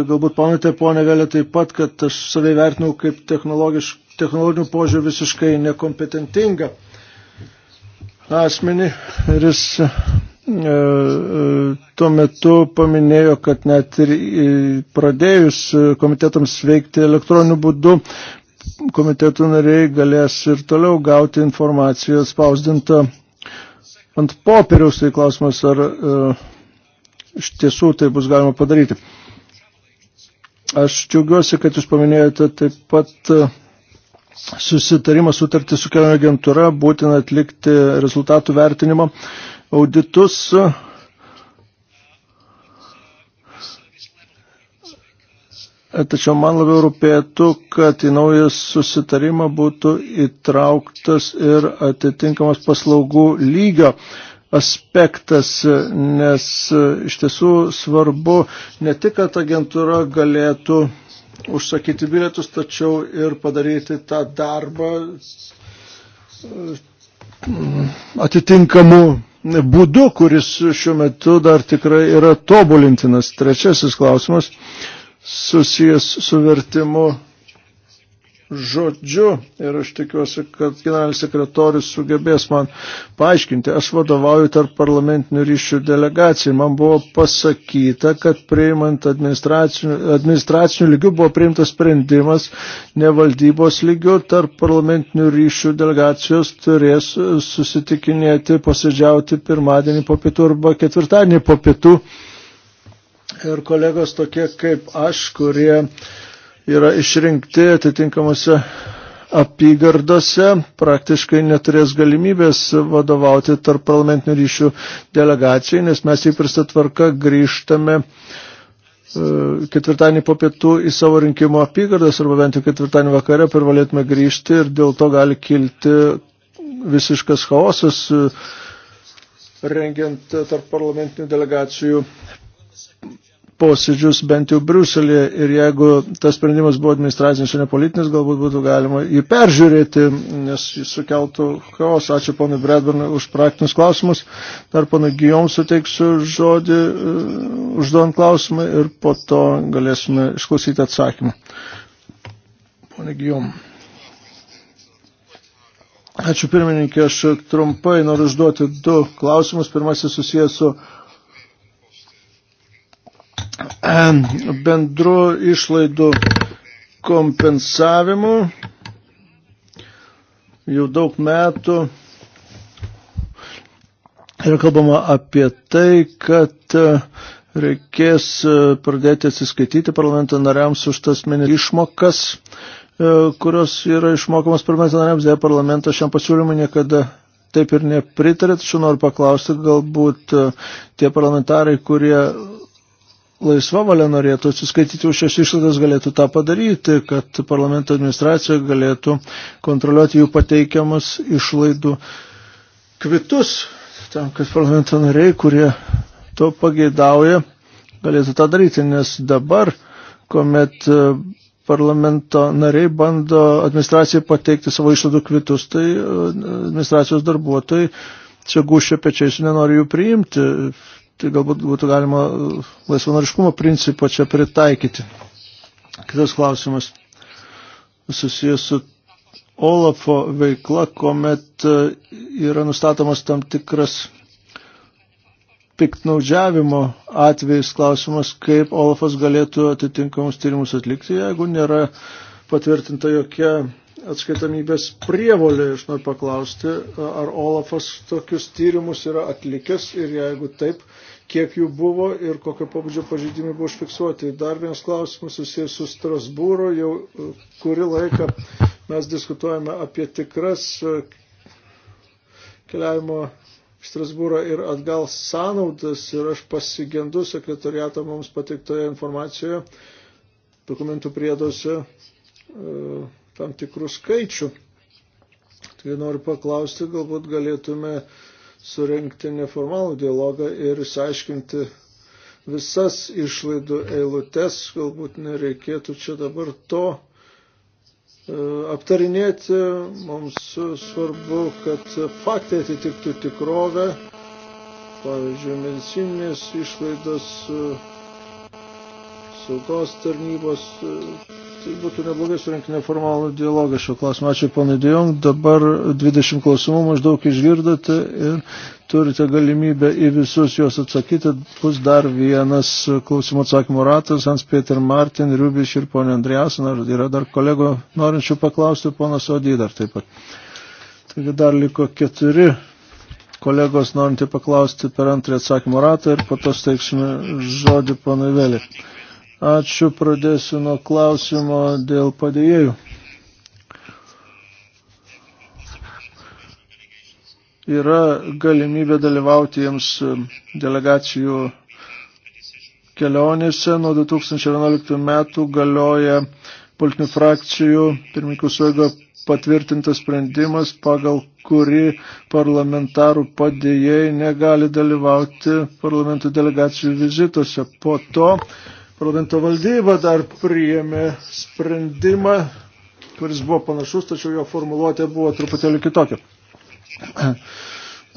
galbūt pamate, ponė Vėlė taip pat, kad aš save vertinau kaip technologiškai technologinių požiūrį visiškai nekompetentingą asmenį ir jis e, e, tuo metu paminėjo, kad net ir pradėjus komitetams veikti elektroniniu būdu, komitetų nariai galės ir toliau gauti informaciją spausdintą ant popieriaus, tai klausimas, ar e, iš e, tiesų tai bus galima padaryti. Aš džiaugiuosi, kad jūs paminėjote taip pat e, susitarimą sutartį su kelionių agentūra, būtina atlikti rezultatų vertinimo auditus. Tačiau man labiau rūpėtų, kad į naują susitarimą būtų įtrauktas ir atitinkamas paslaugų lygio aspektas, nes iš tiesų svarbu ne tik, kad agentūra galėtų užsakyti bilietus, tačiau ir padaryti tą darbą mm, atitinkamu būdu, kuris šiuo metu dar tikrai yra tobulintinas. Trečiasis klausimas susijęs su vertimu žodžiu ir aš tikiuosi, kad generalinis sekretorius sugebės man paaiškinti. Aš vadovauju tarp parlamentinių ryšių delegacijai. Man buvo pasakyta, kad priimant administracinių, administracinių lygių buvo priimtas sprendimas nevaldybos lygių tarp parlamentinių ryšių delegacijos turės susitikinėti, posėdžiauti pirmadienį po pietų arba ketvirtadienį po pietų. Ir kolegos tokie kaip aš, kurie uh, yra išrinkti atitinkamuose apygardose, praktiškai neturės galimybės vadovauti tarp parlamentinių ryšių delegacijai, nes mes įprasta tvarka grįžtame e, ketvirtadienį po pietų į savo rinkimo apygardas arba bent jau ketvirtadienį vakare privalėtume grįžti ir dėl to gali kilti visiškas chaosas e, rengiant tarp parlamentinių delegacijų posėdžius bent jau Briuselėje ir jeigu tas sprendimas buvo administracinis, o ne politinis, galbūt būtų galima jį peržiūrėti, nes jis sukeltų chaos. Ačiū ponui Bredburnui už praktinius klausimus. Dar ponui Gijom suteiksiu žodį, e, užduodant klausimą ir po to galėsime išklausyti atsakymą. Pone Gijom. Ačiū pirmininkė, aš trumpai noriu užduoti du klausimus. Pirmasis susijęs su Ehm, bendru išlaidų kompensavimu. Jau daug metų yra kalbama apie tai, kad e, reikės e, pradėti atsiskaityti parlamento nariams už tas mini išmokas, e, kurios yra išmokamas parlamento nariams, dėja parlamentas šiam pasiūlymui niekada taip ir nepritarė, tačiau noriu paklausti, galbūt tie parlamentarai, kurie laisva valia norėtų atsiskaityti už šias išlaidas, galėtų tą padaryti, kad parlamento administracija galėtų kontroliuoti jų pateikiamas išlaidų kvitus, tam, kad parlamento nariai, kurie to pageidauja, galėtų tą daryti, nes dabar, kuomet e, parlamento nariai bando administracijai pateikti savo išlaidų kvitus, tai e, administracijos darbuotojai čia gušia pečiais nenori jų priimti tai galbūt būtų galima uh, laisvanoriškumo principą čia pritaikyti. Kitas klausimas susijęs su Olafo veikla, kuomet uh, yra nustatomas tam tikras piktnaudžiavimo atvejais klausimas, kaip Olafas galėtų atitinkamus tyrimus atlikti, jeigu nėra patvirtinta jokia atskaitomybės prievolė, aš noriu paklausti, ar Olafas tokius tyrimus yra atlikęs ir jeigu taip, kiek jų buvo ir kokio pobūdžio pažeidimai buvo užfiksuoti. Dar vienas klausimas susijęs su Strasbūro, jau e, kurį laiką mes diskutuojame apie tikras e, keliavimo Strasbūrą ir atgal sąnaudas ir aš pasigendu sekretariato mums pateiktoje informacijoje, dokumentų prieduose e, tam tikrų skaičių. Tai noriu paklausti, galbūt galėtume uh, surenkti neformalų dialogą ir išsiaiškinti visas išlaidų eilutes, galbūt nereikėtų čia dabar to e, aptarinėti, mums svarbu, kad faktai atitiktų tikrovę, pavyzdžiui, medicininės išlaidos, e, saugos tarnybos e, tai būtų neblogai surinkti neformalų dialogą šio klausimą. Ačiū, ponai Dejong. Dabar 20 klausimų maždaug išgirdote ir turite galimybę į visus juos atsakyti. Bus dar vienas klausimų atsakymų ratas. Hans Peter Martin, Rubiš ir ponė Andriasen. Ar yra dar kolego norinčių paklausti, ponas Odį dar taip pat. Taigi dar liko keturi kolegos norinti paklausti per antrį atsakymų ratą ir po to steiksime žodį ponui Vėlį. Ačiū, pradėsiu nuo klausimo dėl padėjėjų. Yra galimybė dalyvauti jiems e, delegacijų kelionėse. Nuo 2011 metų galioja politinių frakcijų pirmininkų suėga patvirtintas sprendimas, pagal kuri parlamentarų padėjėjai negali dalyvauti parlamento delegacijų vizituose. Po to Parlamento valdyba dar priėmė sprendimą, kuris buvo panašus, tačiau jo formuluotė buvo truputėlį kitokia. <clears throat>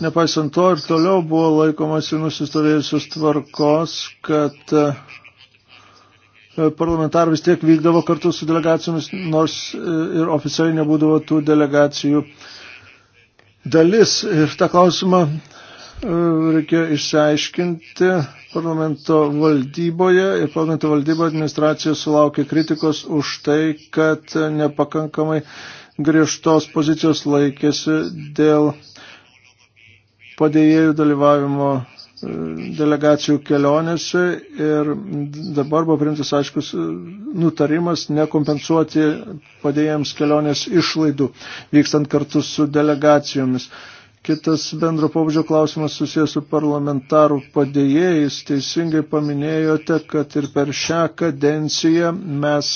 Nepaisant to ir toliau buvo laikomasi nusistovėjusios tvarkos, kad e, parlamentarai vis tiek vykdavo kartu su delegacijomis, nors e, ir oficialiai nebūdavo tų delegacijų dalis. Ir tą klausimą e, reikia išsiaiškinti parlamento valdyboje ir parlamento valdybo administracija sulaukė kritikos už tai, kad nepakankamai griežtos pozicijos laikėsi dėl padėjėjų dalyvavimo e, delegacijų kelionėse ir dabar buvo priimtas aiškus e, nutarimas nekompensuoti padėjėjams kelionės išlaidų vykstant kartu su delegacijomis. Kitas bendro pobūdžio klausimas susijęs su parlamentarų padėjėjais. Teisingai paminėjote, kad ir per šią kadenciją mes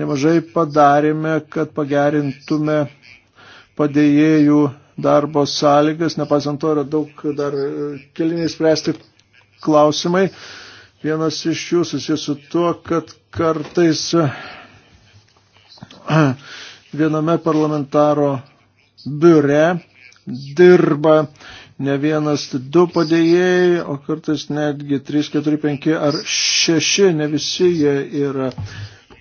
nemažai padarėme, kad pagerintume padėjėjų darbo sąlygas. Nepaisant to, yra daug dar keliniai spręsti klausimai. Vienas iš jų susijęs su tuo, kad kartais <clears throat> viename parlamentaro biure dirba ne vienas, tai du padėjėjai, o kartais netgi 3, 4, 5 ar 6, ne visi jie yra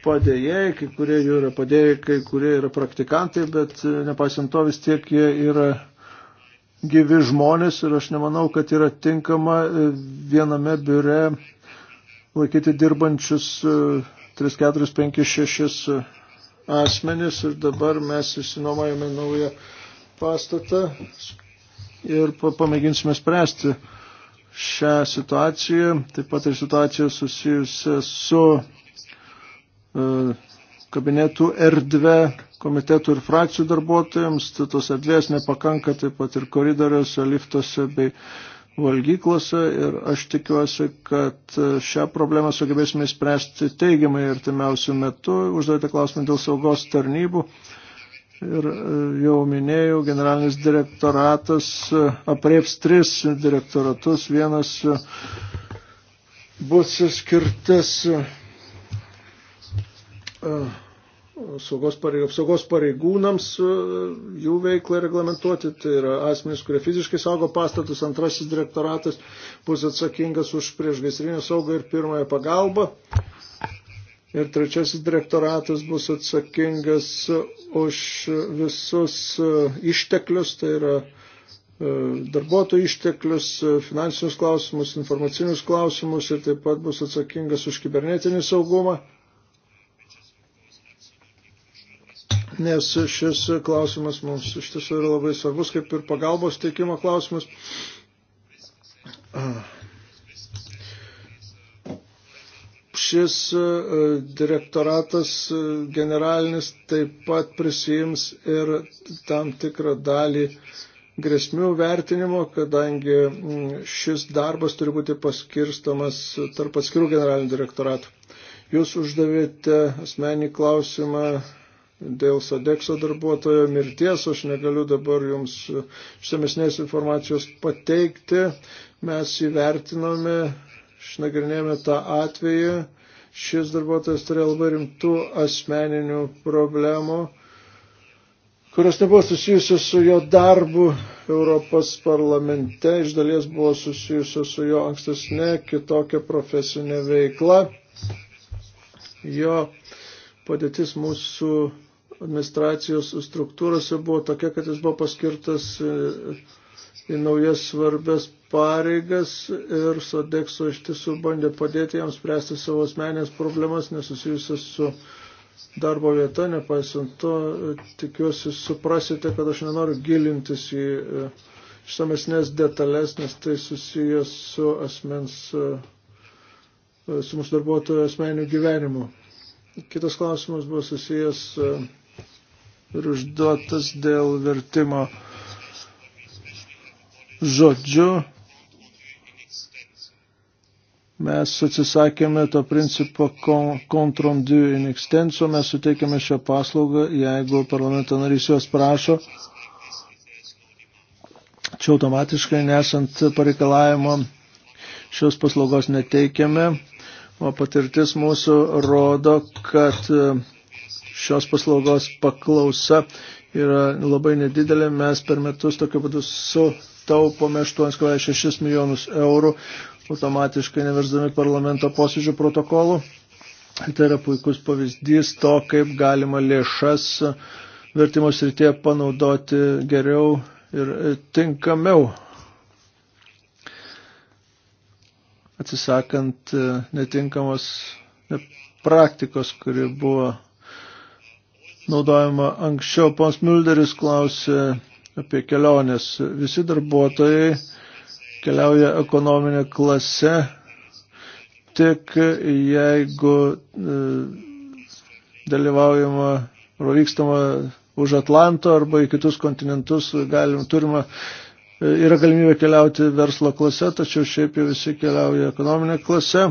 padėjėjai, kai kurie jų yra padėjėjai, kai kurie yra praktikantai, bet e, nepaisant to vis tiek jie yra gyvi žmonės ir aš nemanau, kad yra tinkama e, viename biure laikyti dirbančius 3, 4, 5, 6 asmenis ir dabar mes išsinuomojame naują pastatą ir pamėginsime spręsti šią situaciją, taip pat ir situaciją susijusią su e, kabinetų erdve komitetų ir frakcijų darbuotojams, tai tos erdvės nepakanka taip pat ir koridoriuose, liftuose bei valgyklose ir aš tikiuosi, kad e, šią problemą sugebėsime spręsti teigiamai ir timiausių metų. Užduodate klausimą dėl saugos tarnybų. Ir e, jau minėjau, generalinis direktoratas e, aprieps tris direktoratus. Vienas e, bus skirtas saugos, pareig, saugos pareigūnams jų veiklą reglamentuoti, tai yra asmenys, kurie fiziškai saugo pastatus, antrasis direktoratas bus atsakingas už priešgaisrinę saugą ir pirmąją pagalbą. Ir trečiasis direktoratas bus atsakingas už visus e, išteklius, tai yra e, darbuotojų išteklius, e, finansinius klausimus, informacinius klausimus ir taip pat bus atsakingas už kibernetinį saugumą. Nes šis klausimas mums iš tiesų yra labai svarbus, kaip ir pagalbos teikimo klausimas. Ah. Šis e, direktoratas e, generalinis taip pat prisijims ir tam tikrą dalį grėsmių vertinimo, kadangi šis darbas turi būti paskirstamas tarp atskirų generalinių direktoratų. Jūs uždavėte asmenį klausimą dėl Sadekso darbuotojo mirties, aš negaliu dabar jums išsamesnės informacijos pateikti. Mes įvertinome išnagrinėjome tą atvejį, šis darbuotojas turėjo labai rimtų asmeninių problemų, kurios nebuvo susijusios su jo darbu Europos parlamente, iš dalies buvo susijusios su jo ankstesne kitokia profesinė veikla. Jo padėtis mūsų administracijos struktūrose buvo tokia, kad jis buvo paskirtas į naujas svarbės pareigas ir Sodekso iš tiesų bandė padėti jam spręsti savo asmenės problemas nesusijusias su darbo vieta, nepaisant to, tikiuosi suprasite, kad aš nenoriu gilintis į e, išsamesnės detalės, nes tai susijęs su asmens, e, e, su mūsų darbuotojo asmeniu gyvenimu. Kitas klausimas buvo susijęs ir užduotas dėl vertimo žodžiu mes atsisakėme to principo kontrom du in extenso, mes suteikėme šią paslaugą, jeigu parlamento narys jos prašo. Čia automatiškai nesant pareikalavimo šios paslaugos neteikiame, o patirtis mūsų rodo, kad e, šios paslaugos paklausa yra labai nedidelė. Mes per metus tokiu būdu su taupome 8,6 milijonus eurų, automatiškai neversdami parlamento posėdžių protokolų. Tai yra puikus pavyzdys to, kaip galima lėšas vertimo srityje panaudoti geriau ir tinkamiau. Atsisakant netinkamos praktikos, kuri buvo naudojama anksčiau. Pons Mulderis klausė apie keliones. Visi darbuotojai keliauja ekonominė klase, tik jeigu e, dalyvaujama, vykstama už Atlanto arba į kitus kontinentus, galim, turima, e, yra galimybė keliauti verslo klase, tačiau šiaip jau visi keliauja ekonominė klase.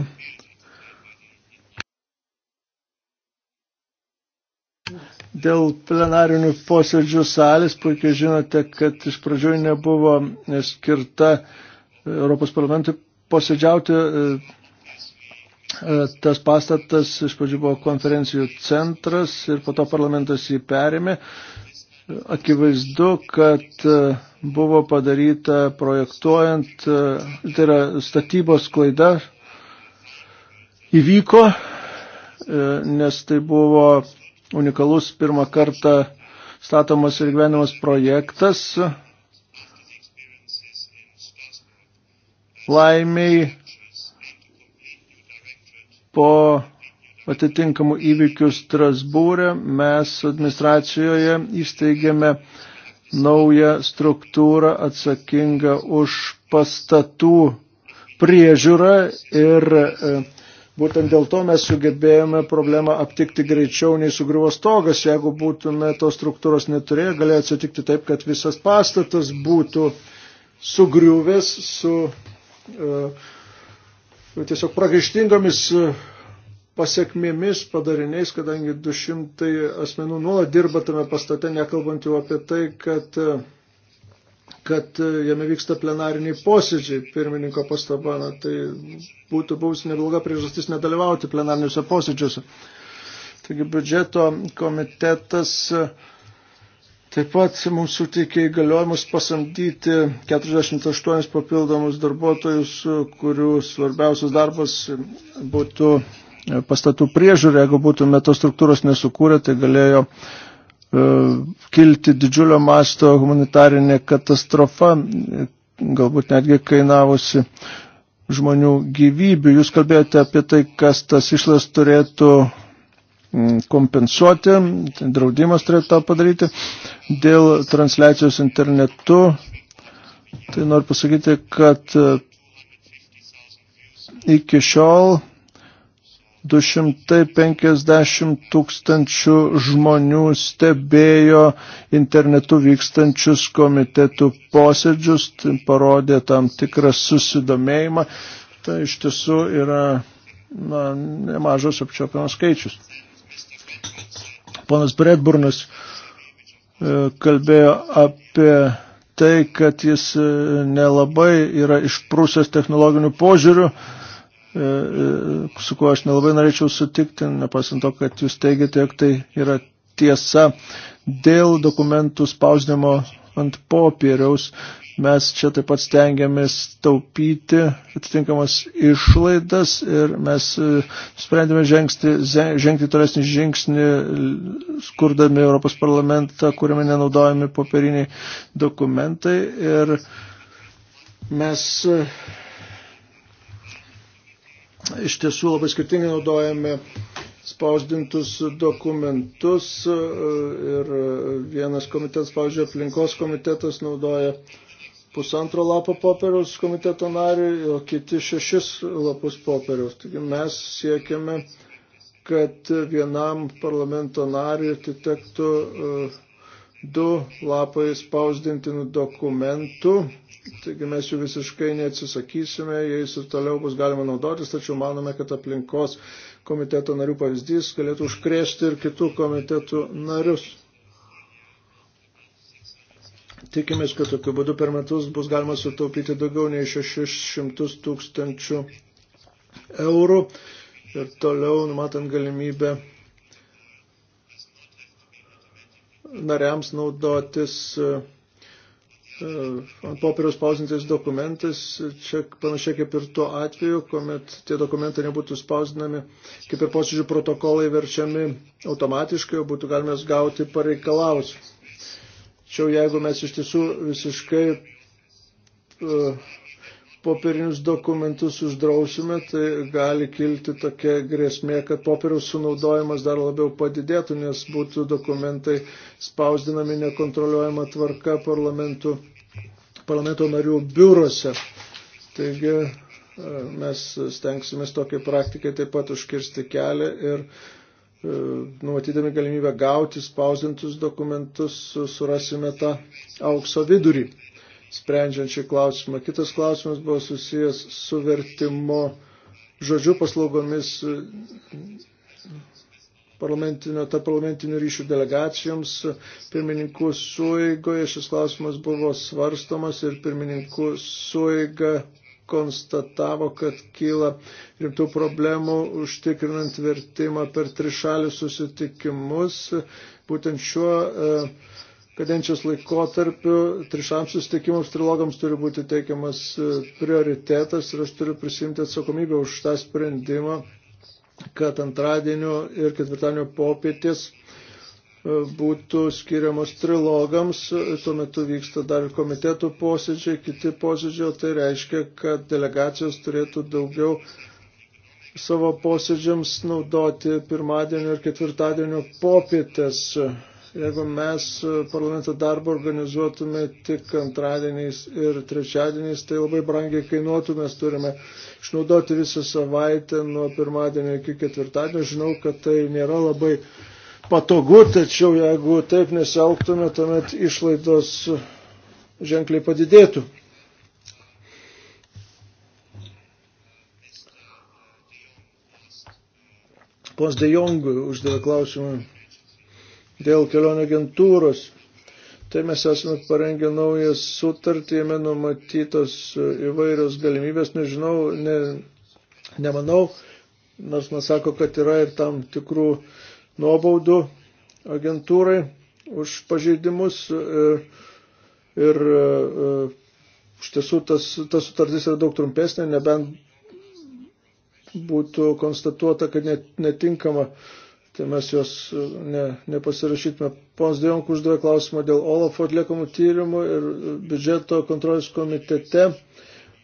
Dėl plenarinių posėdžių salės puikiai žinote, kad iš pradžių nebuvo skirta Europos parlamentui posėdžiauti. E, e, tas pastatas iš pradžių buvo konferencijų centras ir po to parlamentas jį perėmė. Akivaizdu, kad e, buvo padaryta projektuojant, tai yra statybos klaida įvyko, nes tai buvo unikalus pirmą kartą statomas ir gyvenimas projektas. Laimiai po atitinkamų įvykių Strasbūrė mes administracijoje įsteigėme naują struktūrą atsakingą už pastatų priežiūrą ir e, Būtent dėl to mes sugebėjome problemą aptikti greičiau nei sugriuvo stogas. Jeigu būtume tos struktūros neturėję, galėjo atsitikti taip, kad visas pastatas būtų sugriuvęs su uh, tiesiog pragaištingomis e, pasiekmėmis, padariniais, kadangi 200 asmenų nuolat dirba tame pastate, nekalbant jau apie tai, kad uh, kad e, jame vyksta plenariniai posėdžiai, pirmininko pastaba, na, tai būtų buvusi nebloga priežastis nedalyvauti plenariniuose posėdžiuose. Taigi biudžeto komitetas e, taip pat mums suteikė įgaliojimus pasamdyti 48 papildomus darbuotojus, e, kurių svarbiausias darbas būtų pastatų priežiūrė. Jeigu būtume tos struktūros nesukūrę, tai galėjo E, kilti didžiulio masto humanitarinė katastrofa, galbūt netgi kainavusi žmonių gyvybių. Jūs kalbėjote apie tai, kas tas išlas turėtų mm, kompensuoti, tai draudimas turėtų tą padaryti. Dėl transliacijos internetu, tai noriu pasakyti, kad e, iki šiol 250 tūkstančių žmonių stebėjo internetu vykstančius komitetų posėdžius, tai parodė tam tikrą susidomėjimą. Tai iš tiesų yra na, nemažas apčiopiamas skaičius. Ponas Bredburnas e, kalbėjo apie tai, kad jis e, nelabai yra išprūsęs technologinių požiūrių E, e, su kuo aš nelabai norėčiau sutikti, nepasint to, kad jūs teigiate, jog tai yra tiesa. Dėl dokumentų spausdimo ant popieriaus mes čia taip pat stengiamės taupyti atitinkamas išlaidas ir mes e, sprendėme žengti, žengti tolesnį žingsnį, skurdami Europos parlamentą, kuriame nenaudojami popieriniai dokumentai ir mes iš tiesų labai skirtingai naudojame spausdintus dokumentus e, ir vienas komitetas, pavyzdžiui, aplinkos komitetas naudoja pusantro lapo popieriaus komiteto nariui, o kiti šešis lapus popieriaus. Taigi mes siekiame, kad vienam parlamento nariui atitektų e, du lapai spausdintinų dokumentų Taigi mes jų visiškai neatsisakysime, jais ir toliau bus galima naudotis, tačiau manome, kad aplinkos komiteto narių pavyzdys galėtų užkrėsti ir kitų komitetų narius. Tikimės, kad tokiu būdu per metus bus galima sutaupyti daugiau nei 600 tūkstančių eurų ir toliau numatant galimybę nariams naudotis uh, ant popieriaus spausintais dokumentais, čia panašiai kaip ir tuo atveju, kuomet tie dokumentai nebūtų spausdinami, kaip ir posėdžių protokolai verčiami automatiškai, o būtų galima jas gauti pareikalavus. Tačiau jeigu mes iš tiesų visiškai uh, popierinius dokumentus uždrausime, tai gali kilti tokia grėsmė, kad popieriaus sunaudojimas dar labiau padidėtų, nes būtų dokumentai spausdinami nekontroliuojama tvarka parlamento narių biurose. Taigi e, mes stengsimės tokiai praktikai taip pat užkirsti kelią ir e, numatydami galimybę gauti spausdintus dokumentus surasime tą aukso vidurį sprendžiant šį klausimą. Kitas klausimas buvo susijęs su vertimo žodžių paslaugomis parlamentinio, tarp parlamentinių ryšių delegacijoms. Pirmininkų sueigoje šis klausimas buvo svarstomas ir pirmininkų sueiga konstatavo, kad kyla rimtų problemų užtikrinant vertimą per trišalius susitikimus. Būtent šiuo uh, kadencijos laikotarpiu trišams susitikimams trilogams turi būti teikiamas e, prioritetas ir aš turiu prisimti atsakomybę už tą sprendimą, kad antradienio ir ketvirtadienio popietės e, būtų skiriamos trilogams, tuo metu vyksta dar ir komitetų posėdžiai, kiti posėdžiai, tai reiškia, kad delegacijos turėtų daugiau savo posėdžiams naudoti pirmadienio ir ketvirtadienio popietės Jeigu mes e, parlamento darbą organizuotume tik antradieniais ir trečiadieniais, tai labai brangiai kainuotų, mes turime išnaudoti visą savaitę nuo pirmadienio iki ketvirtadienio. Žinau, kad tai nėra labai patogu, tačiau jeigu taip nesiauktume, tuomet išlaidos ženkliai padidėtų. Pons De Jong uždavė klausimą dėl kelionio agentūros. Tai mes esame parengę naują sutartį, jame numatytos e, įvairios galimybės, nežinau, ne, nemanau, nors man sako, kad yra ir tam tikrų nuobaudų agentūrai už pažeidimus e, ir, ir e, iš tiesų tas, tas sutartis yra daug trumpesnė, nebent būtų konstatuota, kad net, netinkama uh, tai mes jos e, ne, nepasirašytume. Pons Dionk uždavė klausimą dėl Olafo atliekamų tyrimų ir e, biudžeto kontrolės komitete.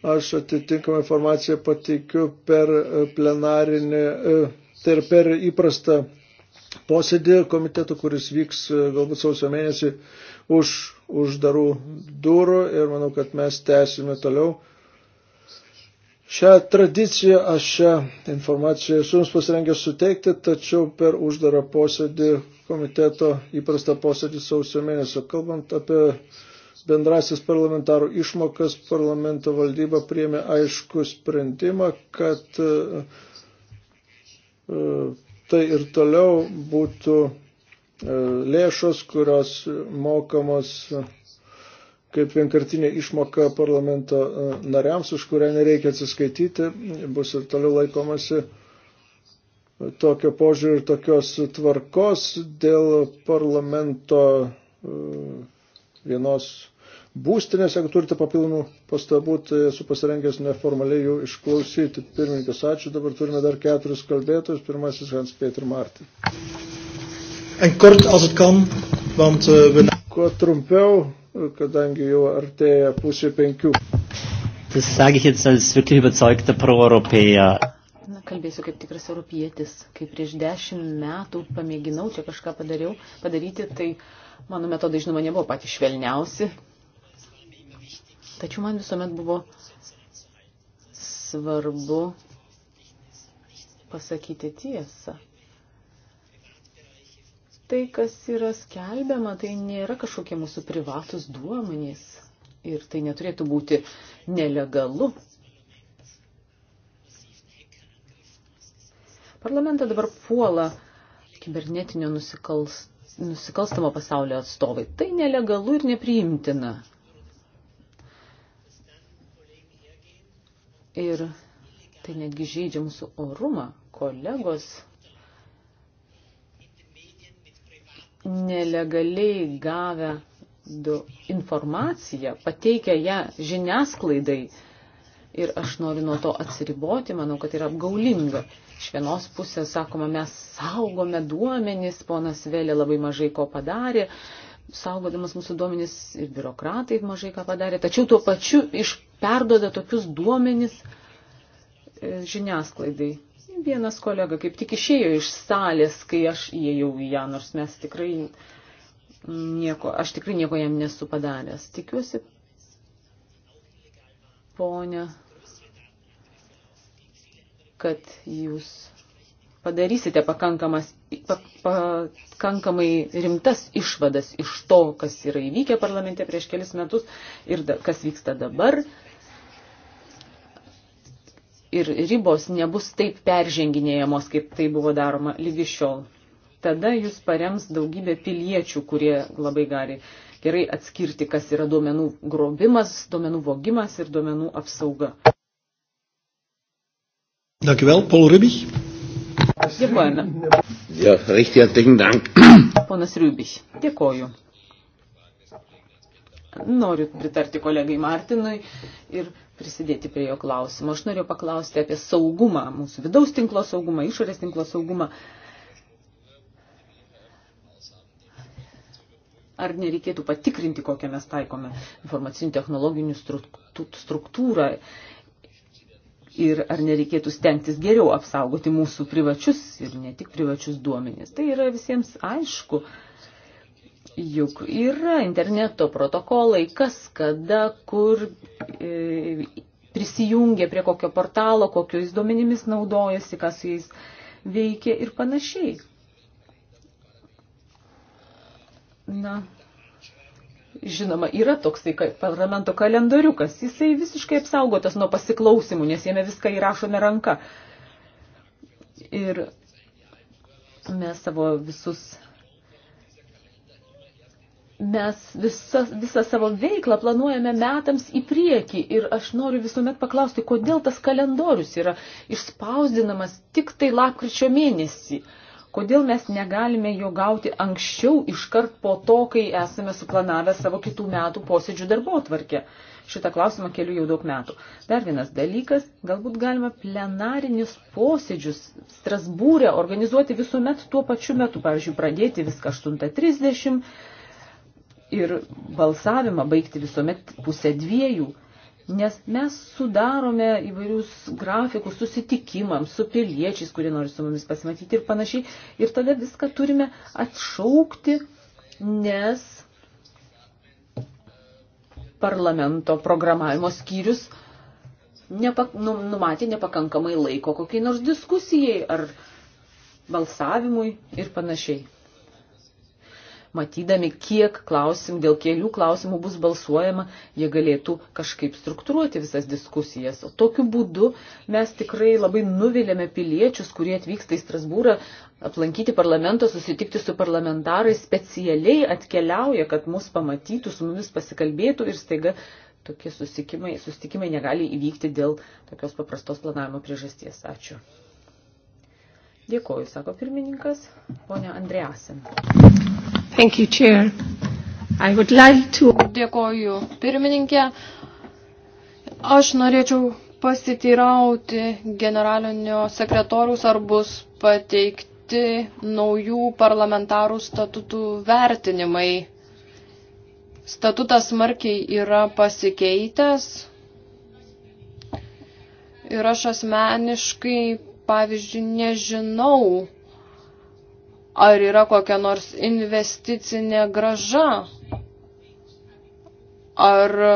Aš atitinkamą informaciją pateikiu per e, plenarinį, tai ir per įprastą posėdį komitetų, kuris vyks galbūt sausio mėnesį už uždarų durų ir manau, kad mes tęsime toliau Šią tradiciją aš šią informaciją esu jums pasirengęs suteikti, tačiau per uždarą posėdį komiteto įprastą posėdį sausio mėnesio. Kalbant apie bendrasis parlamentarų išmokas, parlamento valdyba priemė aišku sprendimą, kad e, tai ir toliau būtų e, lėšos, kurios mokamos kaip vienkartinė išmoka parlamento e, nariams, už kurią nereikia atsiskaityti, bus ir toliau laikomasi tokio požiūrį ir tokios tvarkos dėl parlamento e, vienos būstinės, jeigu turite papilnų pastabų, tai esu pasirengęs neformaliai jų išklausyti. Pirmininkas, ačiū, dabar turime dar keturis kalbėtojus, pirmasis Hans Peter Martin. En kort, als het kan, want uh, we... Kuo trumpiau, kadangi jau artėja pusė penkių. Das sage ich jetzt als wirklich überzeugter Pro-Europäer. Na, kalbėsiu kaip tikras europietis. Kai prieš dešimt metų pamėginau čia kažką padariau, padaryti, tai mano metodai, žinoma, nebuvo patys švelniausi. Tačiau man visuomet buvo svarbu pasakyti tiesą. Tai, kas yra skelbiama, tai nėra kažkokie mūsų privatus duomenys ir tai neturėtų būti nelegalu. Parlamentą dabar puola kibernetinio nusikals, nusikalstamo pasaulio atstovai. Tai nelegalu ir nepriimtina. Ir tai netgi žaidžia mūsų orumą, kolegos nelegaliai gavę informaciją, pateikę ją žiniasklaidai. Ir aš noriu nuo to atsiriboti, manau, kad yra apgaulinga. Iš vienos pusės sakoma, mes saugome duomenys, ponas Vėlė labai mažai ko padarė, saugodamas mūsų duomenys ir biurokratai mažai ką padarė, tačiau tuo pačiu iš perdoda tokius duomenys e, žiniasklaidai. Vienas kolega kaip tik išėjo iš salės, kai aš įėjau į ją, nors mes tikrai nieko, aš tikrai nieko jam nesu padaręs. Tikiuosi, ponia, kad jūs padarysite pakankamas, pa, pakankamai rimtas išvadas iš to, kas yra įvykę parlamente prieš kelis metus ir da, kas vyksta dabar ir ribos nebus taip perženginėjamos, kaip tai buvo daroma lygi šiol. Tada jūs parems daugybė piliečių, kurie labai gali gerai atskirti, kas yra duomenų grobimas, duomenų vogimas ir duomenų apsauga. Dank u wel, Paul Rubich. Dėkojame. Ja, richtig herzlichen Dank. Ponas Rubich, dėkoju. Noriu pritarti kolegai Martinui ir prisidėti prie jo klausimo. Aš noriu paklausti apie saugumą, mūsų vidaus tinklo saugumą, išorės tinklo saugumą. Ar nereikėtų patikrinti, kokią mes taikome informacinių technologinių struktūrą ir ar nereikėtų stengtis geriau apsaugoti mūsų privačius ir ne tik privačius duomenys. Tai yra visiems aišku. Uh, Juk yra interneto protokolai, kas kada, kur e, prisijungia prie kokio portalo, kokiais duomenimis naudojasi, kas su jais veikia ir panašiai. Na, žinoma, yra toksai parlamento kalendoriukas, jisai visiškai apsaugotas nuo pasiklausimų, nes jame viską įrašome ranka. Ir mes savo visus mes visą, visą savo veiklą planuojame metams į priekį ir aš noriu visuomet paklausti, kodėl tas kalendorius yra išspausdinamas tik tai lapkričio mėnesį. Kodėl mes negalime jo gauti anksčiau, iškart po to, kai esame suplanavę savo kitų metų posėdžių darbo atvarkę? Šitą klausimą keliu jau daug metų. Dar vienas dalykas, galbūt galima plenarinius posėdžius Strasbūrė organizuoti visuomet tuo pačiu metu, pavyzdžiui, pradėti viską 8.30 ir balsavimą baigti visuomet pusę dviejų, nes mes sudarome įvairius grafikus susitikimams su piliečiais, kurie nori su mumis pasimatyti ir panašiai. Ir tada viską turime atšaukti, nes parlamento programavimo skyrius nepak, nu, numatė nepakankamai laiko kokiai nors diskusijai ar balsavimui ir panašiai matydami, kiek klausimų, dėl kelių klausimų bus balsuojama, jie galėtų kažkaip struktūruoti visas diskusijas. O tokiu būdu mes tikrai labai nuvilėme piliečius, kurie atvyksta į Strasbūrą aplankyti parlamento, susitikti su parlamentarai, specialiai atkeliauja, kad mus pamatytų, su mumis pasikalbėtų ir staiga tokie susitikimai, susitikimai negali įvykti dėl tokios paprastos planavimo priežasties. Ačiū. Dėkoju, sako pirmininkas, ponia Andreasen. Thank you, Chair. I would like to... Dėkoju, pirmininkė. Aš norėčiau pasitirauti generalinio sekretorius, ar bus pateikti naujų parlamentarų statutų vertinimai. Statutas smarkiai yra pasikeitęs ir aš asmeniškai pavyzdžiui, nežinau, ar yra kokia nors investicinė graža, ar e,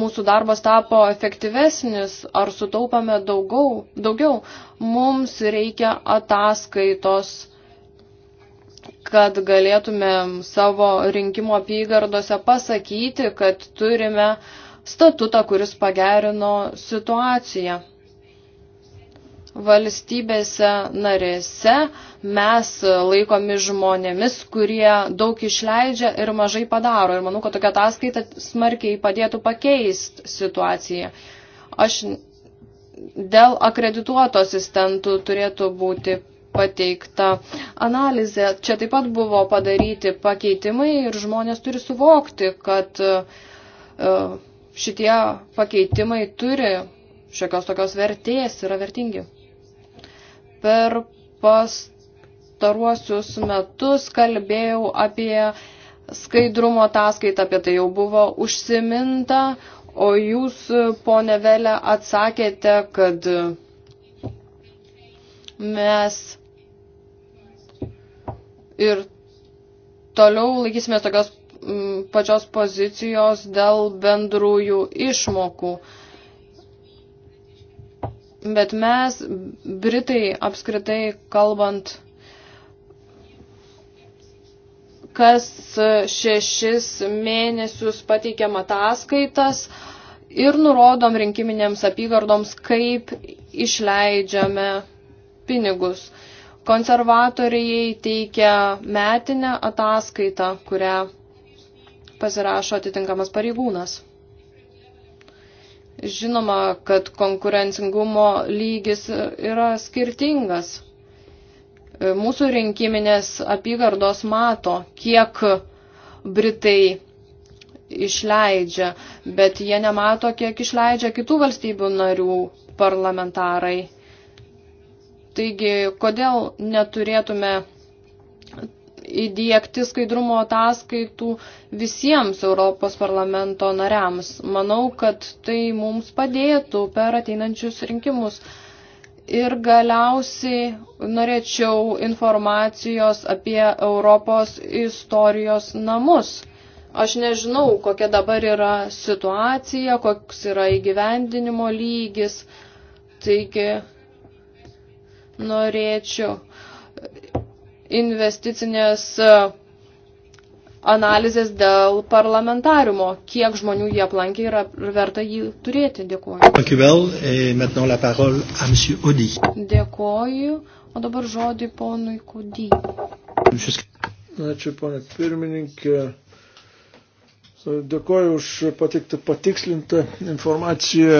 mūsų darbas tapo efektyvesnis, ar sutaupame daugiau, daugiau. Mums reikia ataskaitos, kad galėtume savo rinkimo apygardose pasakyti, kad turime statutą, kuris pagerino situaciją valstybėse narėse mes laikomi žmonėmis, kurie daug išleidžia ir mažai padaro. Ir manau, kad tokia ataskaita smarkiai padėtų pakeisti situaciją. Aš dėl akredituoto asistentų turėtų būti pateikta analizė. Čia taip pat buvo padaryti pakeitimai ir žmonės turi suvokti, kad e, šitie pakeitimai turi šiokios tokios vertės, yra vertingi per pastaruosius metus kalbėjau apie skaidrumo ataskaitą, apie tai jau buvo užsiminta, o jūs, ponė Velė, atsakėte, kad mes ir toliau laikysime tokios pačios pozicijos dėl bendrųjų išmokų. Uh, Bet mes, Britai, apskritai kalbant, kas šešis mėnesius pateikiam ataskaitas ir nurodom rinkiminėms apygardoms, kaip išleidžiame pinigus. Konservatoriai teikia metinę ataskaitą, kurią pasirašo atitinkamas pareigūnas. Žinoma, kad konkurencingumo lygis yra skirtingas. Mūsų rinkiminės apygardos mato, kiek Britai išleidžia, bet jie nemato, kiek išleidžia kitų valstybių narių parlamentarai. Taigi, kodėl neturėtume įdėkti skaidrumo ataskaitų visiems Europos parlamento nariams. Manau, kad tai mums padėtų per ateinančius rinkimus. Ir galiausiai norėčiau informacijos apie Europos istorijos namus. Aš nežinau, kokia dabar yra situacija, koks yra įgyvendinimo lygis. Taigi norėčiau investicinės e, analizės dėl parlamentariumo, kiek žmonių jie aplankė ir verta jį turėti. Dėkuoju. Eh, Dėkuoju, o dabar žodį ponui Kudį. Ačiū, ponė pirmininkė. Dėkuoju už patikti patikslintą informaciją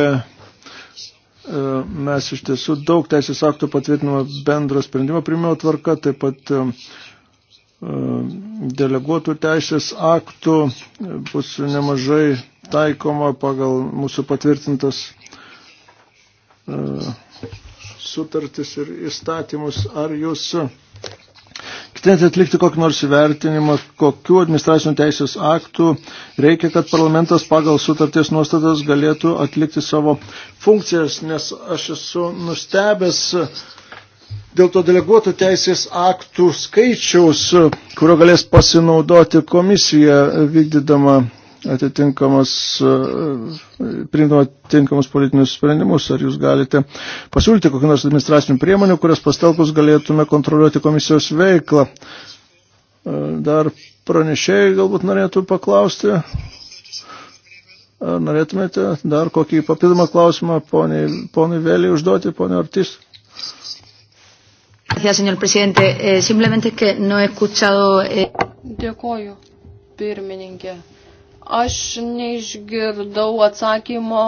E, mes iš tiesų daug teisės aktų patvirtinimo bendro sprendimo primėjo tvarka, taip pat e, e, deleguotų teisės aktų bus nemažai taikoma pagal mūsų patvirtintas sutartis ir įstatymus. Ar jūs Ketinate atlikti kokį nors įvertinimą, kokiu administracinių teisės aktų reikia, kad parlamentas pagal sutarties nuostatas galėtų atlikti savo funkcijas, nes aš esu nustebęs dėl to deleguotų teisės aktų skaičiaus, kurio galės pasinaudoti komisija vykdydama atitinkamas, e, priimdama atitinkamus politinius sprendimus. Ar jūs galite pasiūlyti kokių nors administracinių priemonių, kurias pastelkus galėtume kontroliuoti komisijos veiklą? E, dar pranešėjai galbūt norėtų paklausti. Ar norėtumėte dar kokį papildomą klausimą poniai, poniai Vėliai užduoti, poniai Ortis? Gracias, señor presidente. Eh, simplemente que no he escuchado. Eh... Dėkoju, pirmininkė Aš neišgirdau atsakymo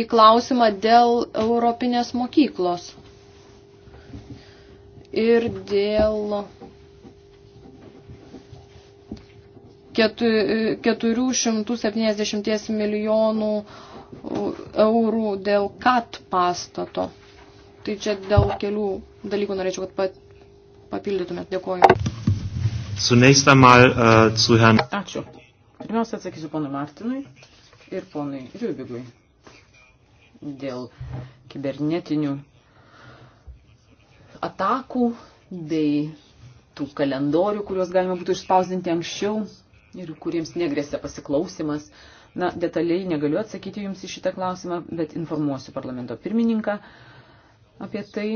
į klausimą dėl Europinės mokyklos ir dėl ketu, 470 milijonų eurų dėl kat pastato. Tai čia dėl kelių dalykų norėčiau, kad pat, papildytumėt. Dėkuoju. Zunächst einmal äh, zu Herrn. Ačiū. Pirmiausia, atsakysiu ponui Martinui ir ponui Riubigui dėl kibernetinių atakų bei tų kalendorių, kuriuos galima būtų išspausdinti anksčiau ir kuriems negrėsia pasiklausimas. Na, detaliai negaliu atsakyti Jums į šitą klausimą, bet informuosiu parlamento pirmininką apie tai.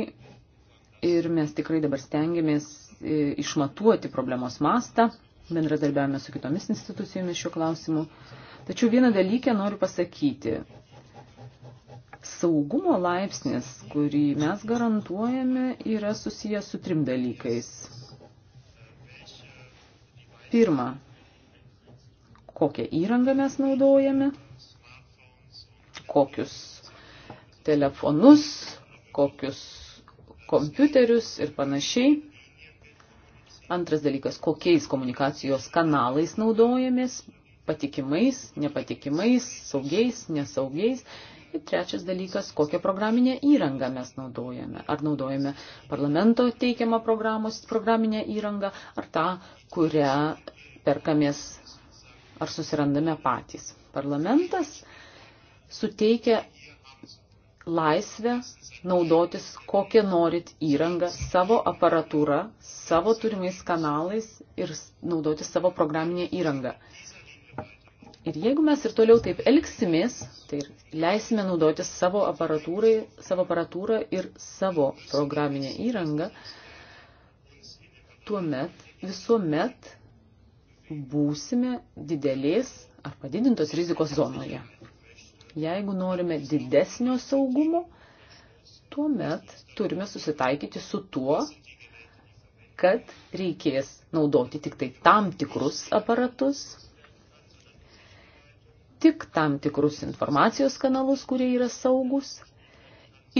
Ir mes tikrai dabar stengiamės e, išmatuoti problemos mastą bendradarbiavame su kitomis institucijomis šiuo klausimu. Tačiau vieną dalykę noriu pasakyti. Saugumo laipsnis, kurį mes garantuojame, yra susijęs su trim dalykais. Pirma, kokią įrangą mes naudojame, kokius telefonus, kokius kompiuterius ir panašiai. Antras dalykas, kokiais komunikacijos kanalais naudojamės, patikimais, nepatikimais, saugiais, nesaugiais. Ir trečias dalykas, kokią programinę įrangą mes naudojame. Ar naudojame parlamento teikiamą programinę įrangą, ar tą, kurią perkamės ar susirandame patys. Parlamentas suteikia laisvę naudotis kokią norit įrangą, savo aparatūrą, savo turimais kanalais ir naudotis savo programinę įrangą. Ir jeigu mes ir toliau taip elgsimės, tai leisime naudotis savo aparatūrai, savo aparatūrą ir savo programinę įrangą, tuomet visuomet būsime didelės ar padidintos rizikos zonoje. Jeigu norime didesnio saugumo, tuomet turime susitaikyti su tuo, kad reikės naudoti tik tai tam tikrus aparatus, tik tam tikrus informacijos kanalus, kurie yra saugus,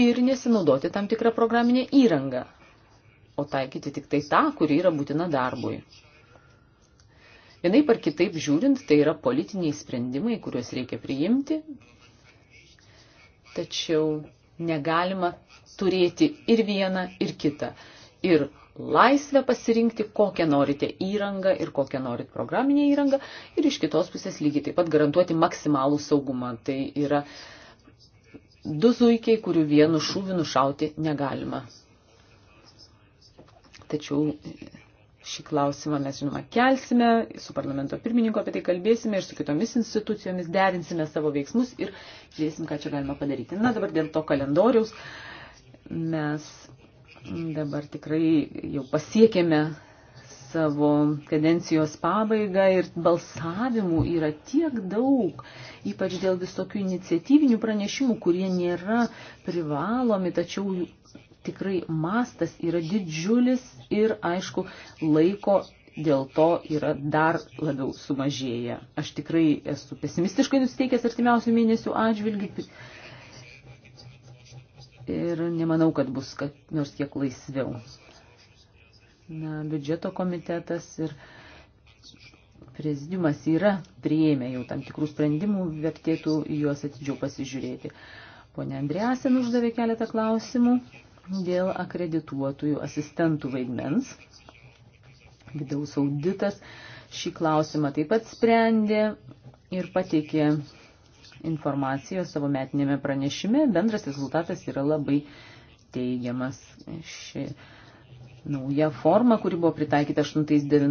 ir nesinaudoti tam tikrą programinę įrangą, o taikyti tik tai tą, kuri yra būtina darbui. Vienaip ar kitaip žiūrint, tai yra politiniai sprendimai, kuriuos reikia priimti, tačiau negalima turėti ir vieną, ir kitą. Ir laisvę pasirinkti, kokią norite įrangą ir kokią norit programinę įrangą. Ir iš kitos pusės lygiai taip pat garantuoti maksimalų saugumą. Tai yra du zuikiai, kurių vienu šūviu nušauti negalima. Tačiau Šį klausimą mes, žinoma, kelsime, su parlamento pirmininko apie tai kalbėsime ir su kitomis institucijomis derinsime savo veiksmus ir žiūrėsim, ką čia galima padaryti. Na, dabar dėl to kalendoriaus mes dabar tikrai jau pasiekėme savo kadencijos pabaigą ir balsavimų yra tiek daug, ypač dėl visokių iniciatyvinių pranešimų, kurie nėra privalomi, tačiau tikrai mastas yra didžiulis ir, aišku, laiko dėl to yra dar labiau sumažėję. Aš tikrai esu pesimistiškai nusteikęs artimiausių mėnesių atžvilgių. Ir nemanau, kad bus kad nors kiek laisviau. Na, biudžeto komitetas ir prezidiumas yra prieėmę jau tam tikrų sprendimų, vertėtų juos atidžiau pasižiūrėti. Pone Andreasen uždavė keletą klausimų dėl akredituotojų asistentų vaidmens. Vidaus auditas šį klausimą taip pat sprendė ir pateikė informaciją savo metinėme pranešime. Bendras rezultatas yra labai teigiamas. Ši nauja forma, kuri buvo pritaikyta 8-9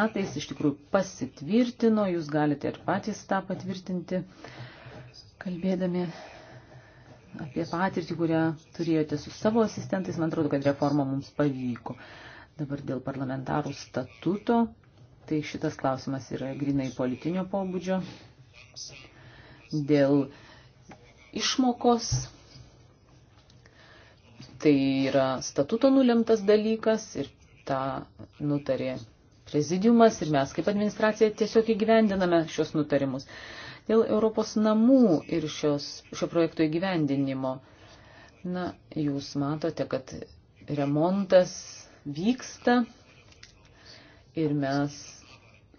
metais, iš tikrųjų pasitvirtino, jūs galite ir patys tą patvirtinti, kalbėdami apie patirtį, kurią turėjote su savo asistentais. Man atrodo, kad reforma mums pavyko. Dabar dėl parlamentarų statuto, tai šitas klausimas yra grinai politinio pobūdžio. Dėl išmokos, tai yra statuto nulemtas dalykas ir tą nutarė prezidiumas ir mes kaip administracija tiesiog įgyvendiname šios nutarimus dėl Europos namų ir šios, šio projekto įgyvendinimo. Na, jūs matote, kad remontas vyksta ir mes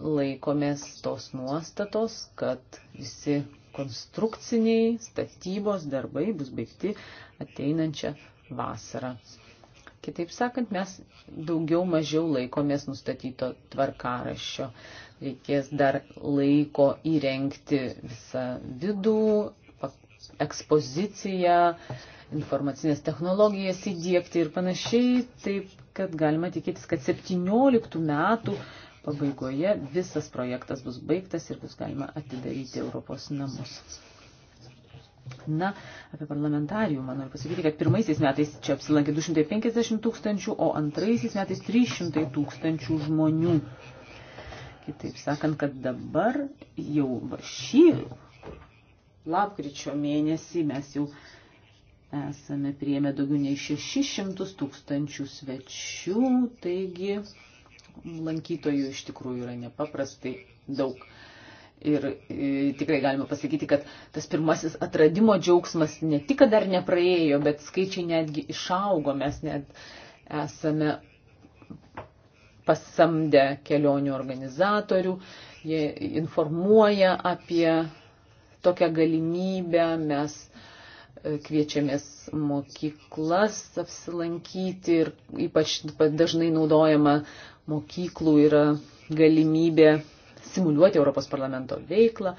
laikomės tos nuostatos, kad visi konstrukciniai statybos darbai bus baigti ateinančią vasarą. Kitaip sakant, mes daugiau mažiau laikomės nustatyto tvarkaraščio reikės dar laiko įrengti visą vidų, ekspoziciją, informacinės technologijas įdėkti ir panašiai, taip kad galima tikėtis, kad 17 metų pabaigoje visas projektas bus baigtas ir bus galima atidaryti Europos namus. Na, apie parlamentarijų, man noriu pasakyti, kad pirmaisiais metais čia apsilankė 250 tūkstančių, o antraisiais metais 300 tūkstančių žmonių. Kitaip sakant, kad dabar jau šį lapkričio mėnesį mes jau esame priėmę daugiau nei 600 tūkstančių svečių, taigi lankytojų iš tikrųjų yra nepaprastai daug. Ir e, tikrai galima pasakyti, kad tas pirmasis atradimo džiaugsmas ne tik, kad dar nepraėjo, bet skaičiai netgi išaugo, mes net esame pasamdę kelionių organizatorių, jie informuoja apie tokią galimybę, mes e, kviečiamės mokyklas apsilankyti ir ypač dažnai naudojama mokyklų yra galimybė simuliuoti Europos parlamento veiklą.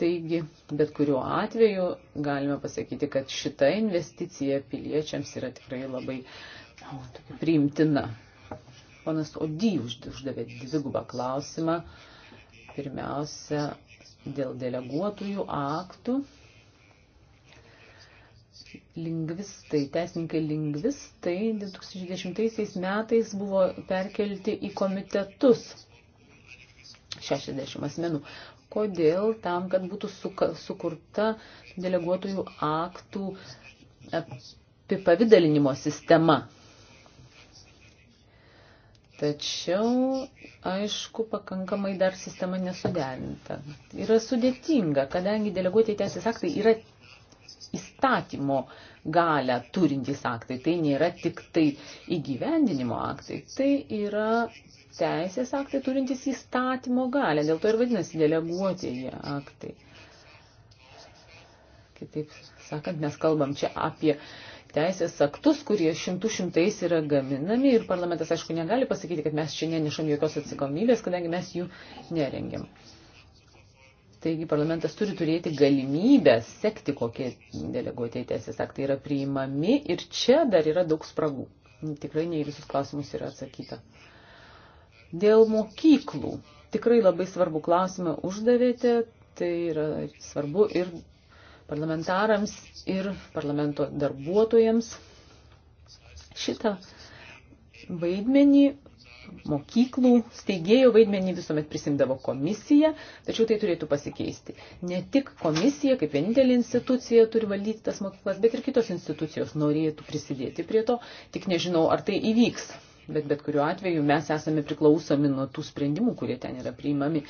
Taigi, bet kuriuo atveju galime pasakyti, kad šita investicija piliečiams yra tikrai labai uh, priimtina. Ponas Odį uždavė dvigubą klausimą. Pirmiausia, dėl deleguotųjų aktų. Lingvistai, teisininkai lingvistai 2010 metais buvo perkelti į komitetus 60 asmenų. Kodėl? Tam, kad būtų sukurta deleguotųjų aktų apipavydalinimo sistema Tačiau, aišku, pakankamai dar sistema nesuderinta. Yra sudėtinga, kadangi deleguotieji teisės aktai yra įstatymo galę turintys aktai. Tai nėra tik tai įgyvendinimo aktai. Tai yra teisės aktai turintys įstatymo galę. Dėl to ir vadinasi deleguotieji aktai. Kitaip sakant, mes kalbam čia apie uh, teisės aktus, kurie šimtų šimtais yra gaminami ir parlamentas, aišku, negali pasakyti, kad mes čia nenešam jokios atsakomybės, kadangi mes jų nerengiam. Taigi parlamentas turi turėti galimybę sekti, kokie deleguotieji teisės aktai yra priimami ir čia dar yra daug spragų. Tikrai ne į visus klausimus yra atsakyta. Dėl mokyklų. Tikrai labai svarbu klausimą uždavėte, tai yra svarbu ir parlamentarams ir parlamento darbuotojams šitą vaidmenį, mokyklų steigėjų vaidmenį visuomet prisimdavo komisija, tačiau tai turėtų pasikeisti. Ne tik komisija, kaip vienintelė institucija turi valdyti tas mokyklas, bet ir kitos institucijos norėtų prisidėti prie to, tik nežinau, ar tai įvyks bet bet kuriuo atveju mes esame priklausomi nuo tų sprendimų, kurie ten yra priimami.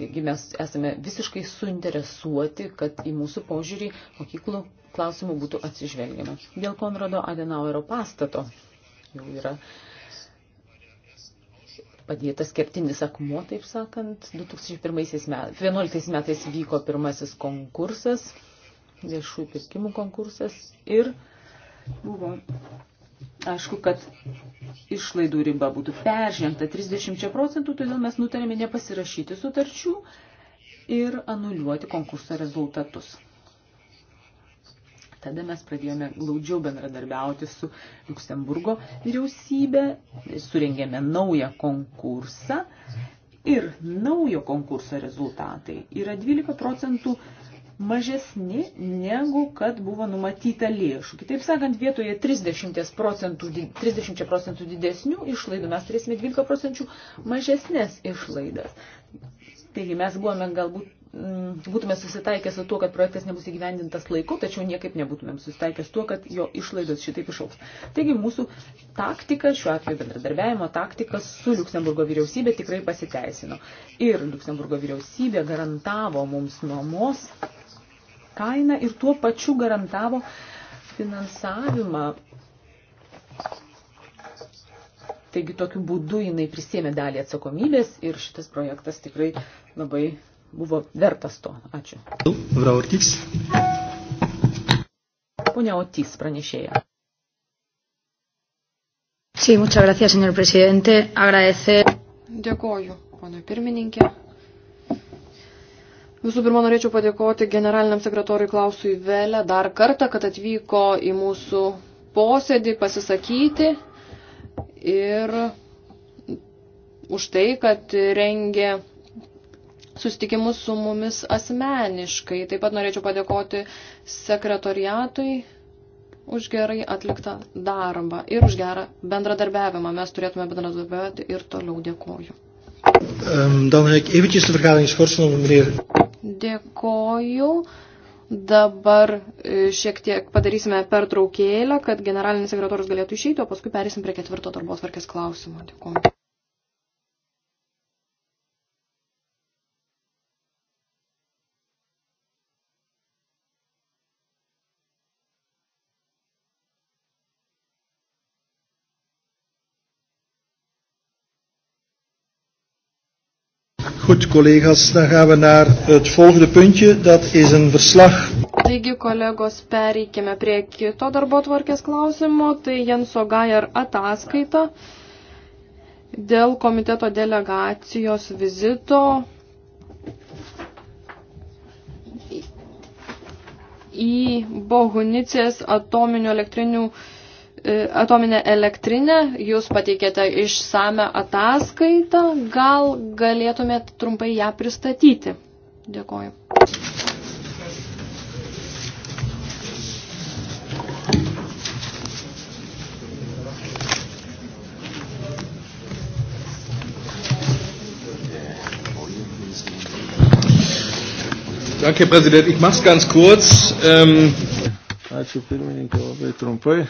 Taigi mes esame visiškai suinteresuoti, kad į mūsų požiūrį mokyklų klausimų būtų atsižvelgiama. Dėl Konrado Adenauero pastato jau yra padėtas kertinis akmuo, taip sakant. 2011 metais, metais vyko pirmasis konkursas, viešųjų pirkimų konkursas ir buvo Aišku, kad išlaidų riba būtų peržengta 30 procentų, todėl mes nutarėme nepasirašyti sutarčių ir anuliuoti konkurso rezultatus. Tada mes pradėjome glaudžiau bendradarbiauti su Luksemburgo vyriausybė, surengėme naują konkursą ir naujo konkurso rezultatai yra 12 procentų mažesni negu kad buvo numatyta lėšų. Kitaip sakant, vietoje 30 procentų, 30 procentų didesnių išlaidų mes turėsime 12 procentų mažesnės išlaidas. Taigi mes buvome galbūt mm, būtume susitaikę su tuo, kad projektas nebus įgyvendintas laiku, tačiau niekaip nebūtumėm susitaikę su tuo, kad jo išlaidos šitaip išauks. Taigi mūsų taktika, šiuo atveju bendradarbiavimo taktika su Luksemburgo vyriausybė tikrai pasiteisino. Ir Luksemburgo vyriausybė garantavo mums nuomos kainą ir tuo pačiu garantavo finansavimą. Taigi tokiu būdu jinai prisėmė dalį atsakomybės ir šitas projektas tikrai labai buvo vertas to. Ačiū. Frau Ortiz. Ponia Ortiz pranešėja. Sí, muchas gracias, señor presidente. Agradecer. Dėkoju, ponia pirmininkė. Visų pirma, norėčiau padėkoti generaliniam sekretoriui Klausui Velė dar kartą, kad atvyko į mūsų posėdį pasisakyti ir už tai, kad rengė susitikimus su mumis asmeniškai. Taip pat norėčiau padėkoti sekretoriatui už gerai atliktą darbą ir už gerą bendradarbiavimą. Mes turėtume bendradarbiauti ir toliau dėkoju. Um, ehm, dan heb ik eventjes de vergadering schorsen om meneer Dėkoju. Dabar e, šiek tiek padarysime pertraukėlę, kad generalinis sekretorius galėtų išeiti, o paskui perėsim prie ketvirto darbos varkės klausimo. Dėkoju. Goed, collega's, dan gaan we naar het volgende puntje. Dat is een verslag. Taigi, kolegos, pereikime prie kito darbo tvarkės klausimo. Tai Jenso Gajer ataskaita dėl komiteto delegacijos vizito į Bohunicės atominių elektrinių E, atominę elektrinę, jūs pateikėte išsame ataskaitą, gal galėtumėt trumpai ją pristatyti. Dėkoju. Danke, Herr Präsident. Ich mache es ganz kurz. Ähm Ačiū pirmininkė labai trumpai.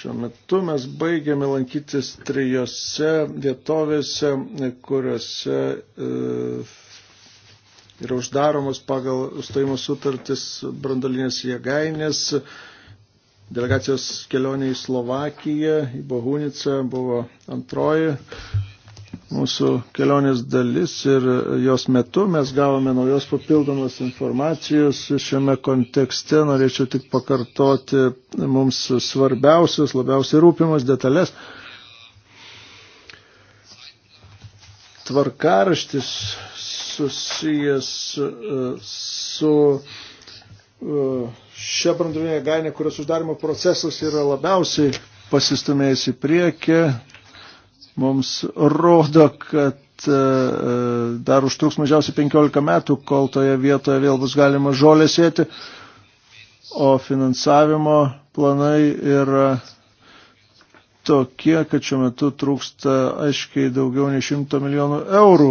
Šiuo metu mes baigiame lankytis trijose vietovėse, kuriuose e, yra uždaromos pagal stojimo sutartis brandalinės jėgainės. Delegacijos kelionė į Slovakiją, į Bohunicą buvo antroji mūsų kelionės dalis ir jos metu mes gavome naujos papildomos informacijos. Šiame kontekste norėčiau tik pakartoti mums svarbiausias, labiausiai rūpimas detalės. Tvarkaraštis susijęs e, su e, šia branduolinė gainė, kurios uždarimo procesas yra labiausiai pasistumėjęs į priekį, mums rodo, kad e, e, dar užtruks mažiausiai 15 metų, kol toje vietoje vėl bus galima žolę sėti, o finansavimo planai yra tokie, kad šiuo metu trūksta aiškiai daugiau nei 100 milijonų eurų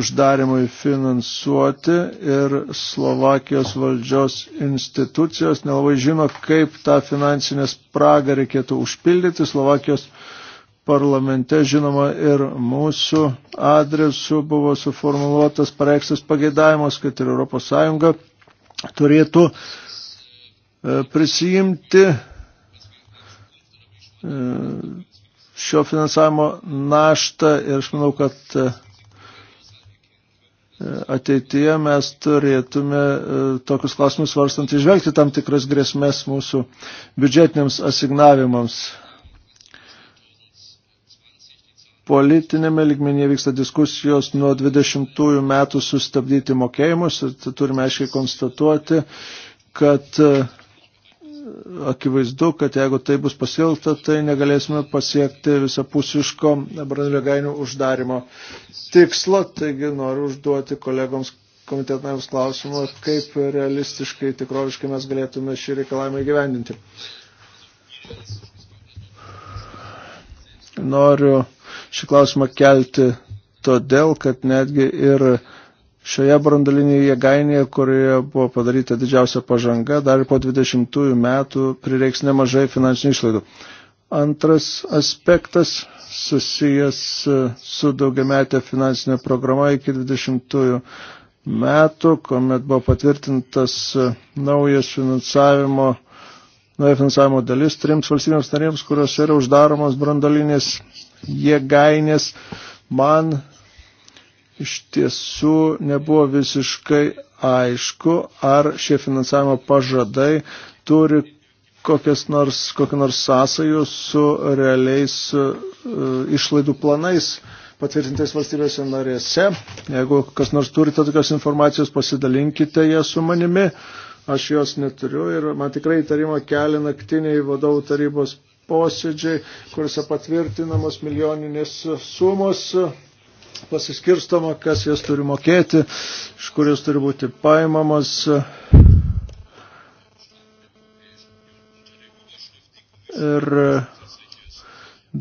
uždarimui finansuoti ir Slovakijos valdžios institucijos nelabai žino, kaip tą finansinę spragą reikėtų užpildyti. Slovakijos parlamente, žinoma, ir mūsų adresu buvo suformuoluotas pareikstas pageidavimas, kad ir ES turėtų e, prisijimti e, šio finansavimo naštą ir aš manau, kad e, ateityje mes turėtume tokius klausimus svarstant išvelgti tam tikras grėsmės mūsų biudžetiniams asignavimams politinėme ligmenyje vyksta diskusijos nuo 20 metų sustabdyti mokėjimus ir turime aiškiai konstatuoti, kad e, akivaizdu, kad jeigu tai bus pasilta, tai negalėsime pasiekti visapusiško branduolio gainių uždarimo tikslo. Taigi noriu užduoti kolegoms komitetams klausimą, kaip realistiškai, tikroviškai mes galėtume šį reikalavimą įgyvendinti. Noriu šį klausimą kelti todėl, kad netgi ir šioje brandalinėje jėgainėje, kurioje buvo padaryta didžiausia pažanga, dar po 20 metų prireiks nemažai finansinių išlaidų. Antras aspektas susijęs su daugiametė finansinė programa iki 20 metų, kuomet buvo patvirtintas naujas finansavimo, nauja finansavimo dalis trims valstybėms narėms, kurios yra uždaromos brandalinės jėgainės. Man iš tiesų nebuvo visiškai aišku, ar šie finansavimo pažadai turi kokias nors, kokią nors sąsajų su realiais uh, išlaidų planais patvirtintais valstybėse narėse. Jeigu kas nors turite tokios informacijos, pasidalinkite ją su manimi. Aš jos neturiu ir man tikrai įtarimą kelia naktiniai vadovų tarybos posėdžiai, kuriuose patvirtinamos milijoninės sumos, pasiskirstama, kas jas turi mokėti, iš kurios turi būti paimamas. Ir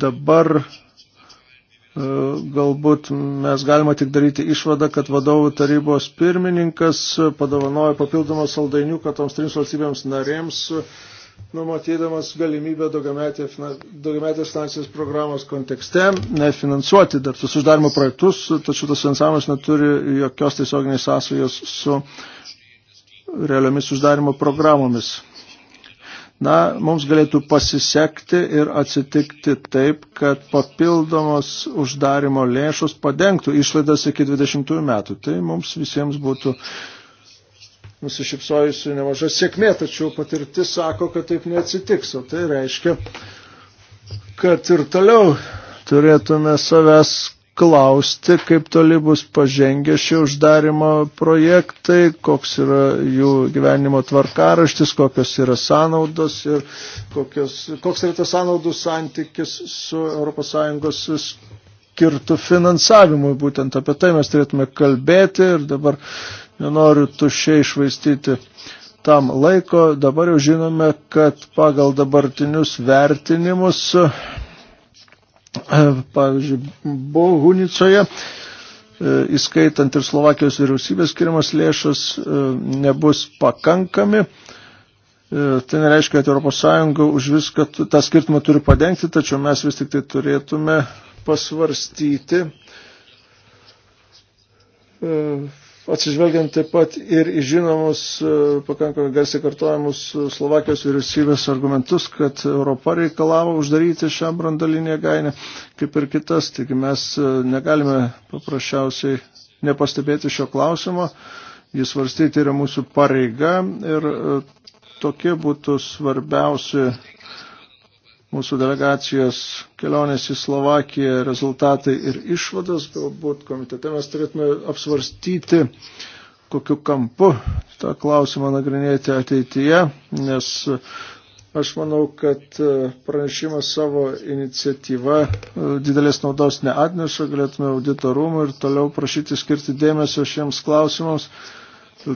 dabar e, galbūt mes galima tik daryti išvadą, kad vadovų tarybos pirmininkas padovanojo papildomą saldainiuką toms trims valstybėms narėms, numatydamas galimybę daugiametės finansinės programos kontekste finansuoti dar tus uždarimo projektus, tačiau tas finansavimas neturi jokios tiesioginės sąsajos su realiomis uždarimo programomis. Na, mums galėtų pasisekti ir atsitikti taip, kad papildomos uždarimo lėšos padengtų išlaidas iki 20 metų. Tai mums visiems būtų uh, nusišypsojusi nemaža sėkmė, tačiau patirtis sako, kad taip neatsitiks. O tai reiškia, kad ir toliau turėtume savęs klausti, kaip toli bus pažengę šie uždarimo projektai, koks yra jų gyvenimo tvarkaraštis, kokios yra sąnaudos ir kokios, koks yra tas sąnaudų santykis su ES skirtų finansavimui. Būtent apie tai mes turėtume kalbėti ir dabar nenoriu tušiai išvaistyti tam laiko. Dabar jau žinome, kad pagal dabartinius vertinimus, pavyzdžiui, Bohunicoje, įskaitant ir Slovakijos vyriausybės skiriamas lėšas, nebus pakankami. Tai nereiškia, kad ES už viską tą skirtumą turi padengti, tačiau mes vis tik tai turėtume pasvarstyti atsižvelgiant taip pat ir į žinomus, e, pakankamai garsiai kartojamus e, Slovakijos vyriausybės argumentus, kad Europa reikalavo uždaryti šią brandalinę gainę, kaip ir kitas, taigi mes e, negalime paprasčiausiai nepastebėti šio klausimo, jis svarstyti yra mūsų pareiga ir tokie būtų svarbiausi mūsų delegacijos kelionės į Slovakiją rezultatai ir išvados. Galbūt komitete mes turėtume apsvarstyti, kokiu kampu tą klausimą nagrinėti ateityje, nes aš manau, kad e, pranešimas savo iniciatyva e, didelės naudos neatneša, galėtume auditorumą ir toliau prašyti skirti dėmesio šiems klausimams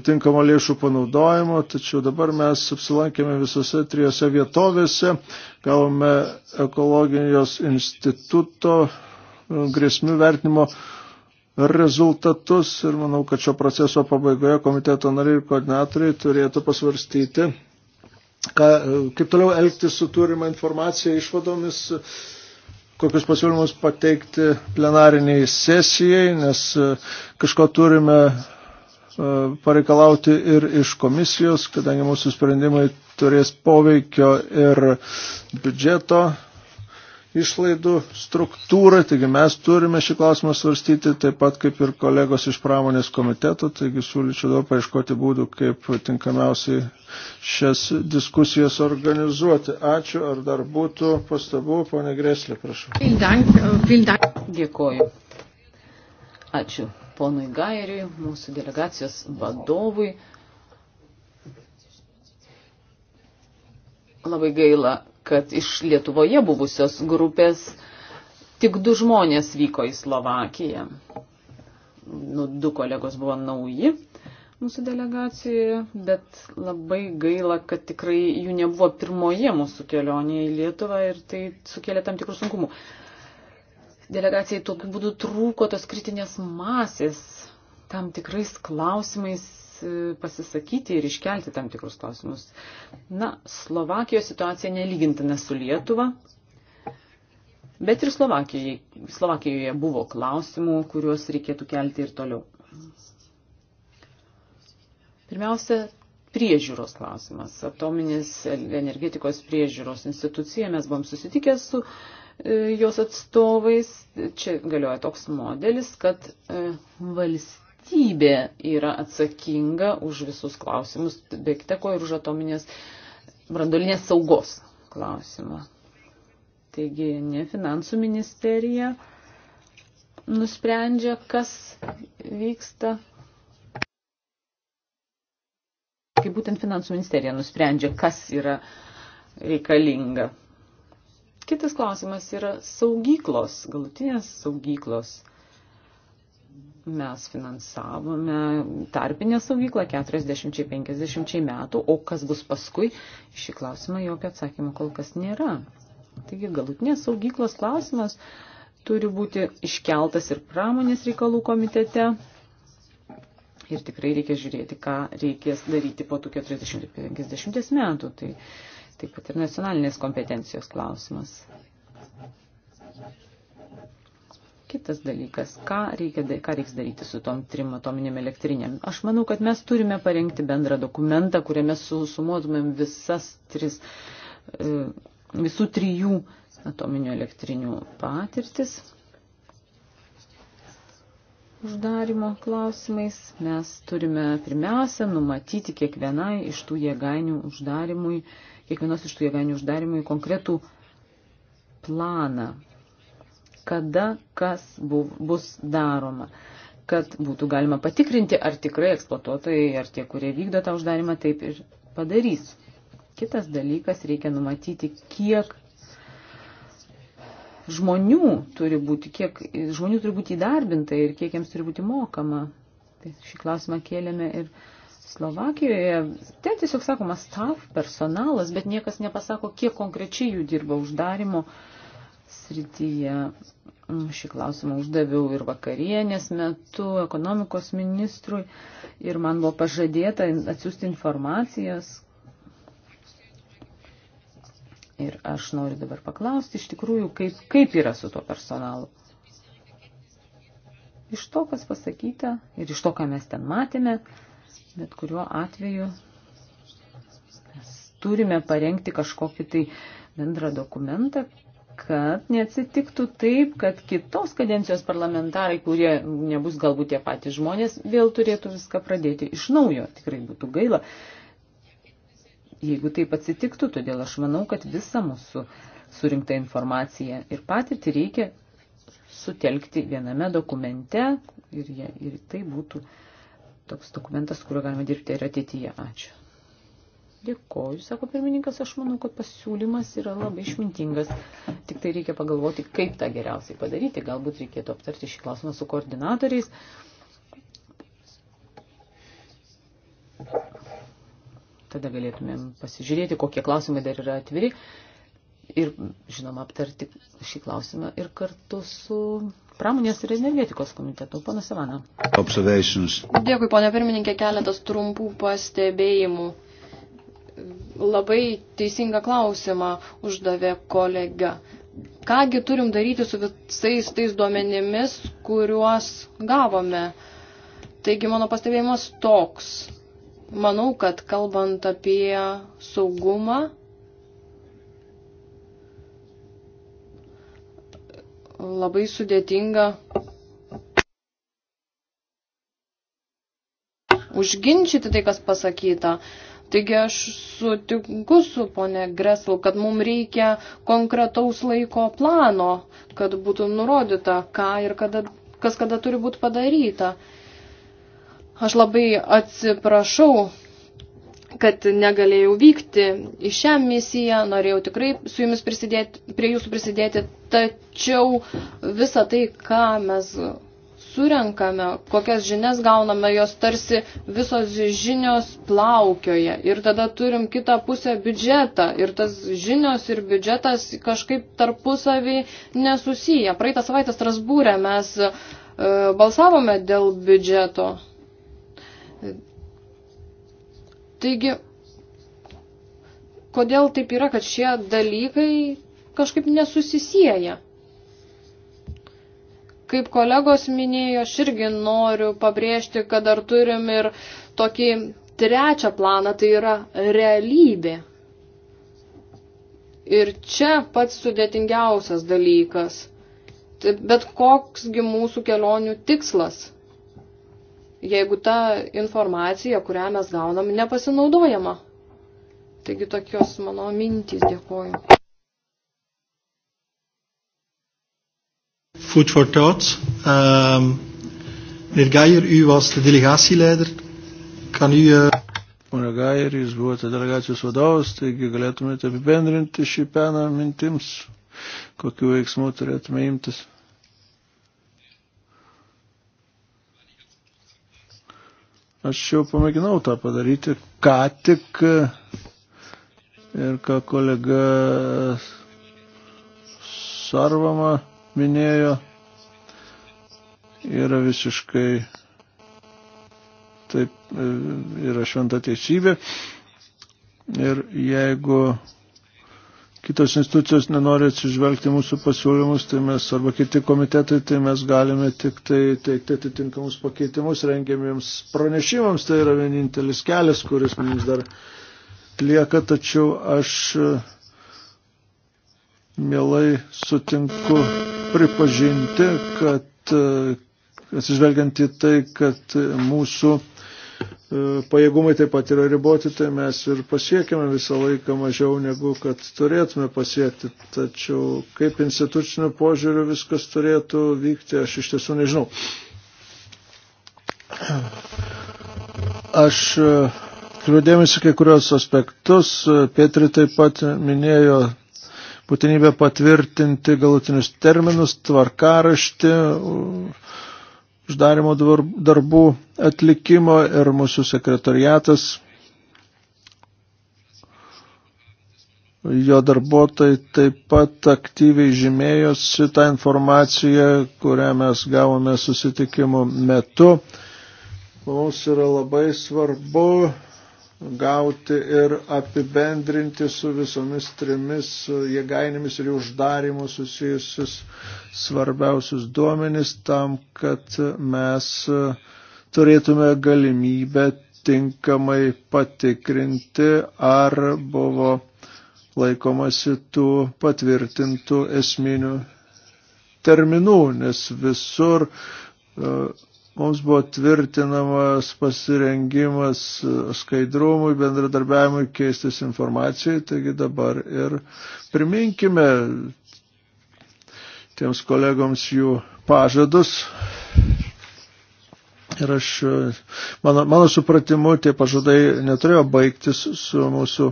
tinkamo lėšų panaudojimo, tačiau dabar mes apsilankėme visose trijose vietovėse, gavome ekologijos instituto e, grėsmių vertinimo rezultatus ir manau, kad šio proceso pabaigoje komiteto nariai ir koordinatoriai turėtų pasvarstyti, ką, e, kaip toliau elgtis su turima informacija išvadomis kokius pasiūlymus pateikti plenariniai sesijai, nes e, kažko turime E, pareikalauti ir iš komisijos, kadangi mūsų sprendimai turės poveikio ir biudžeto išlaidų struktūrą, taigi mes turime šį klausimą svarstyti taip pat kaip ir kolegos iš pramonės komiteto, taigi siūlyčiau dabar paieškoti būdų, kaip tinkamiausiai šias diskusijas organizuoti. Ačiū, ar dar būtų pastabų, ponė Greslė, prašau. Dėkuoju. Ačiū ponui Gairiui, mūsų delegacijos vadovui. Labai gaila, kad iš Lietuvoje buvusios grupės tik du žmonės vyko į Slovakiją. Nu, du kolegos buvo nauji mūsų delegacijoje, bet labai gaila, kad tikrai jų nebuvo pirmoje mūsų kelionėje į Lietuvą ir tai sukėlė tam tikrų sunkumų delegacijai tokiu būdu trūko tos kritinės masės tam tikrais klausimais e, pasisakyti ir iškelti tam tikrus klausimus. Na, Slovakijos situacija nelygintina su Lietuva, bet ir Slovakijoje, Slovakijoje buvo klausimų, kuriuos reikėtų kelti ir toliau. Pirmiausia, priežiūros klausimas. Atominės energetikos priežiūros institucija. Mes buvom susitikę su uh, E, jos atstovais. Čia galioja toks modelis, kad e, valstybė yra atsakinga už visus klausimus, be kitako ir už atominės brandolinės saugos klausimą. Taigi ne finansų ministerija nusprendžia, kas vyksta. Kaip būtent finansų ministerija nusprendžia, kas yra reikalinga Kitas klausimas yra saugyklos, galutinės saugyklos. Mes finansavome tarpinę saugyklą 40-50 metų, o kas bus paskui, šį klausimą jokio atsakymo kol kas nėra. Taigi galutinės saugyklos klausimas turi būti iškeltas ir pramonės reikalų komitete. Ir tikrai reikia žiūrėti, ką reikės daryti po tų 40-50 metų. Tai taip pat ir nacionalinės kompetencijos klausimas. Kitas dalykas, ką, reikia, ką reiks daryti su tom trim atominėm elektrinėm. Aš manau, kad mes turime parengti bendrą dokumentą, kuriame susumuotumėm visas tris, e, visų trijų atominių elektrinių patirtis. Uždarimo klausimais mes turime pirmiausia numatyti kiekvienai iš tų jėgainių uždarimui uh, kiekvienos iš tų jėgainių uždarimui konkretų planą, kada kas buv, bus daroma, kad būtų galima patikrinti, ar tikrai eksploatuotojai, ar tie, kurie vykdo tą uždarimą, taip ir padarys. Kitas dalykas, reikia numatyti, kiek žmonių turi būti, kiek žmonių turi būti įdarbinta ir kiek jiems turi būti mokama. Tai šį klausimą kėlėme ir Slovakijoje, ten tiesiog sakoma staff, personalas, bet niekas nepasako, kiek konkrečiai jų dirba uždarimo srityje. Mm, šį klausimą uždaviau ir vakarienės metu ekonomikos ministrui ir man buvo pažadėta atsiųsti informacijos. Ir aš noriu dabar paklausti iš tikrųjų, kaip, kaip yra su tuo personalu. Iš to, kas pasakyta ir iš to, ką mes ten matėme, Bet kuriuo atveju mes turime parengti kažkokį tai bendrą dokumentą, kad neatsitiktų taip, kad kitos kadencijos parlamentarai, kurie nebus galbūt tie patys žmonės, vėl turėtų viską pradėti iš naujo. Tikrai būtų gaila. Jeigu taip atsitiktų, todėl aš manau, kad visą mūsų surinktą informaciją ir patirtį reikia sutelkti viename dokumente ir, jie, ir tai būtų toks dokumentas, kuriuo galima dirbti ir ateityje. Ačiū. Dėkoju, sako pirmininkas, aš manau, kad pasiūlymas yra labai išmintingas. Tik tai reikia pagalvoti, kaip tą geriausiai padaryti. Galbūt reikėtų aptarti šį klausimą su koordinatoriais. Tada galėtumėm pasižiūrėti, kokie klausimai dar yra atviri. Ir, žinoma, aptarti šį klausimą ir kartu su pramonės ir energetikos komitetu. Panas Ivana. Observations. Dėkui, ponia pirmininkė, keletas trumpų pastebėjimų. Labai teisingą klausimą uždavė kolega. Kągi turim daryti su visais tais duomenimis, kuriuos gavome? Taigi mano pastebėjimas toks. Manau, kad kalbant apie saugumą, labai sudėtinga užginčyti tai, kas pasakyta. Taigi aš sutinku su ponė Greslau, kad mums reikia konkretaus laiko plano, kad būtų nurodyta, ką ir kada, kas kada turi būti padaryta. Aš labai atsiprašau kad negalėjau vykti į šią misiją, norėjau tikrai su jumis prisidėti, prie jūsų prisidėti, tačiau visa tai, ką mes surenkame, kokias žinias gauname, jos tarsi visos žinios plaukioje ir tada turim kitą pusę biudžetą ir tas žinios ir biudžetas kažkaip tarpusavį nesusiję. Praeitą savaitę Strasbūrę mes e, balsavome dėl biudžeto Taigi, kodėl taip yra, kad šie dalykai kažkaip nesusisieja? Kaip kolegos minėjo, aš irgi noriu pabrėžti, kad dar turim ir tokį trečią planą, tai yra realybė. Ir čia pats sudėtingiausias dalykas. Bet koksgi mūsų kelionių tikslas – jeigu ta informacija, kurią mes gaunam, nepasinaudojama. Taigi tokios mano mintys dėkoju. Food for thought. Um, meneer Geijer, u was de delegatieleider. Kan u... Uh... Eh, Pone Geijer, jūs buvote delegacijos vadovas, taigi galėtumėte apibendrinti šį peną mintims, kokiu veiksmu er turėtume imtis. Aš jau pamėginau tą padaryti, ką tik ir ką kolega Sarvama minėjo, yra visiškai taip, yra šventa teisybė. Ir jeigu kitos institucijos nenori atsižvelgti mūsų pasiūlymus, tai mes arba kiti komitetai, tai mes galime tik tai teikti atitinkamus pakeitimus rengiamiems pranešimams. Tai yra vienintelis kelias, kuris mums dar lieka, tačiau aš e, mielai sutinku pripažinti, kad e, atsižvelgiant į tai, kad e, mūsų E, pajėgumai taip pat yra riboti, tai mes ir pasiekime visą laiką mažiau negu kad turėtume pasiekti. Tačiau kaip institucinių požiūrių viskas turėtų vykti, aš iš tiesų nežinau. Aš kliūdėmėsi e, kai kurios aspektus. E, Petri taip pat minėjo būtinybę patvirtinti galutinius terminus, tvarkaraštį uždarimo darbų atlikimo ir mūsų sekretariatas, jo darbuotojai taip pat aktyviai žymėjosi tą informaciją, kurią mes gavome susitikimo metu. Mums yra labai svarbu gauti ir apibendrinti su visomis trimis jėgainėmis ir jų uždarimu susijusius svarbiausius duomenis tam, kad mes turėtume galimybę tinkamai patikrinti, ar buvo laikomasi tų patvirtintų esminių terminų, nes visur uh, Mums buvo tvirtinamas pasirengimas skaidrumui, bendradarbiavimui keistis informacijai, taigi dabar ir priminkime tiems kolegoms jų pažadus. Ir aš, mano, mano supratimu, tie pažadai neturėjo baigtis su mūsų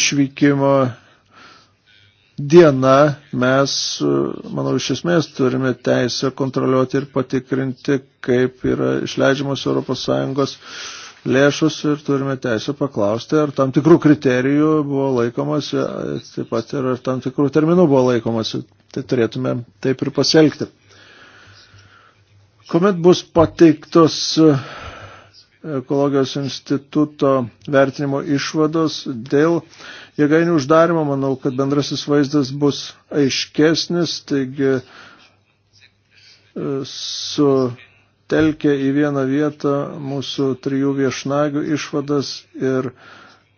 išvykimo diena mes, manau, iš esmės turime teisę kontroliuoti ir patikrinti, kaip yra išleidžiamos ES lėšus ir turime teisę paklausti, ar tam tikrų kriterijų buvo laikomasi, taip pat ir ar tam tikrų terminų buvo laikomasi. Tai turėtume taip ir pasielgti. Komet bus pateiktos ekologijos instituto vertinimo išvados dėl jėgainių uždarimo. Manau, kad bendrasis vaizdas bus aiškesnis, taigi e, sutelkia į vieną vietą mūsų trijų viešnagių išvadas ir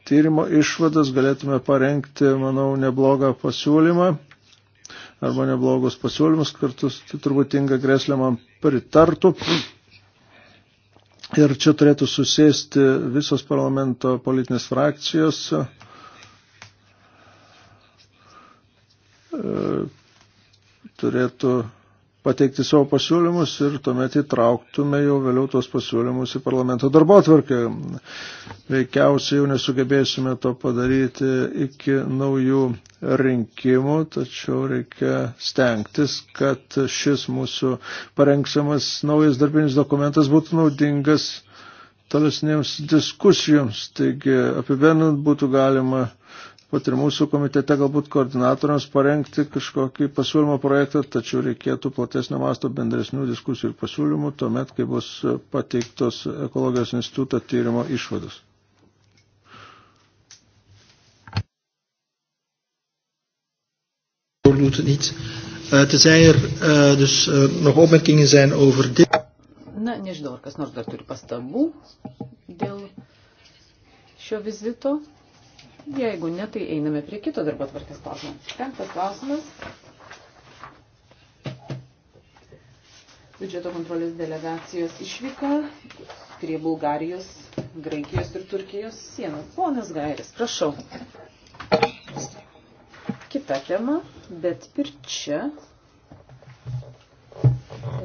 tyrimo išvadas galėtume parengti, manau, neblogą pasiūlymą arba neblogus pasiūlymus kartus, tai turbūt Inga Greslė man pritartų. Ir čia turėtų susėsti visos parlamento politinės frakcijos. E, turėtų pateikti savo pasiūlymus ir tuomet įtrauktume jau vėliau tuos pasiūlymus į parlamento darbo atvarkę. Veikiausiai jau nesugebėsime to padaryti iki naujų rinkimų, tačiau reikia stengtis, kad šis mūsų parengsiamas naujas darbinis dokumentas būtų naudingas tolesnėms diskusijoms. Taigi apibendrinant būtų galima pat ir mūsų komitete galbūt koordinatoriams parengti kažkokį pasiūlymo projektą, tačiau reikėtų platesnio masto bendresnių diskusijų ir pasiūlymų, tuomet, kai bus pateiktos ekologijos instituto tyrimo išvados. doet het niet. Uh, tenzij er uh, dus uh, nog opmerkingen zijn over dit. Na, nežinau, ar kas nors dar turi pastabų dėl šio vizito. Jeigu ne, tai einame prie kito darbo tvarkės klausimo. Penktas klausimas. Biudžeto kontrolės delegacijos išvyka prie Bulgarijos, Graikijos ir Turkijos sienos. Ponas Gairis, prašau. Kita tema, bet ir čia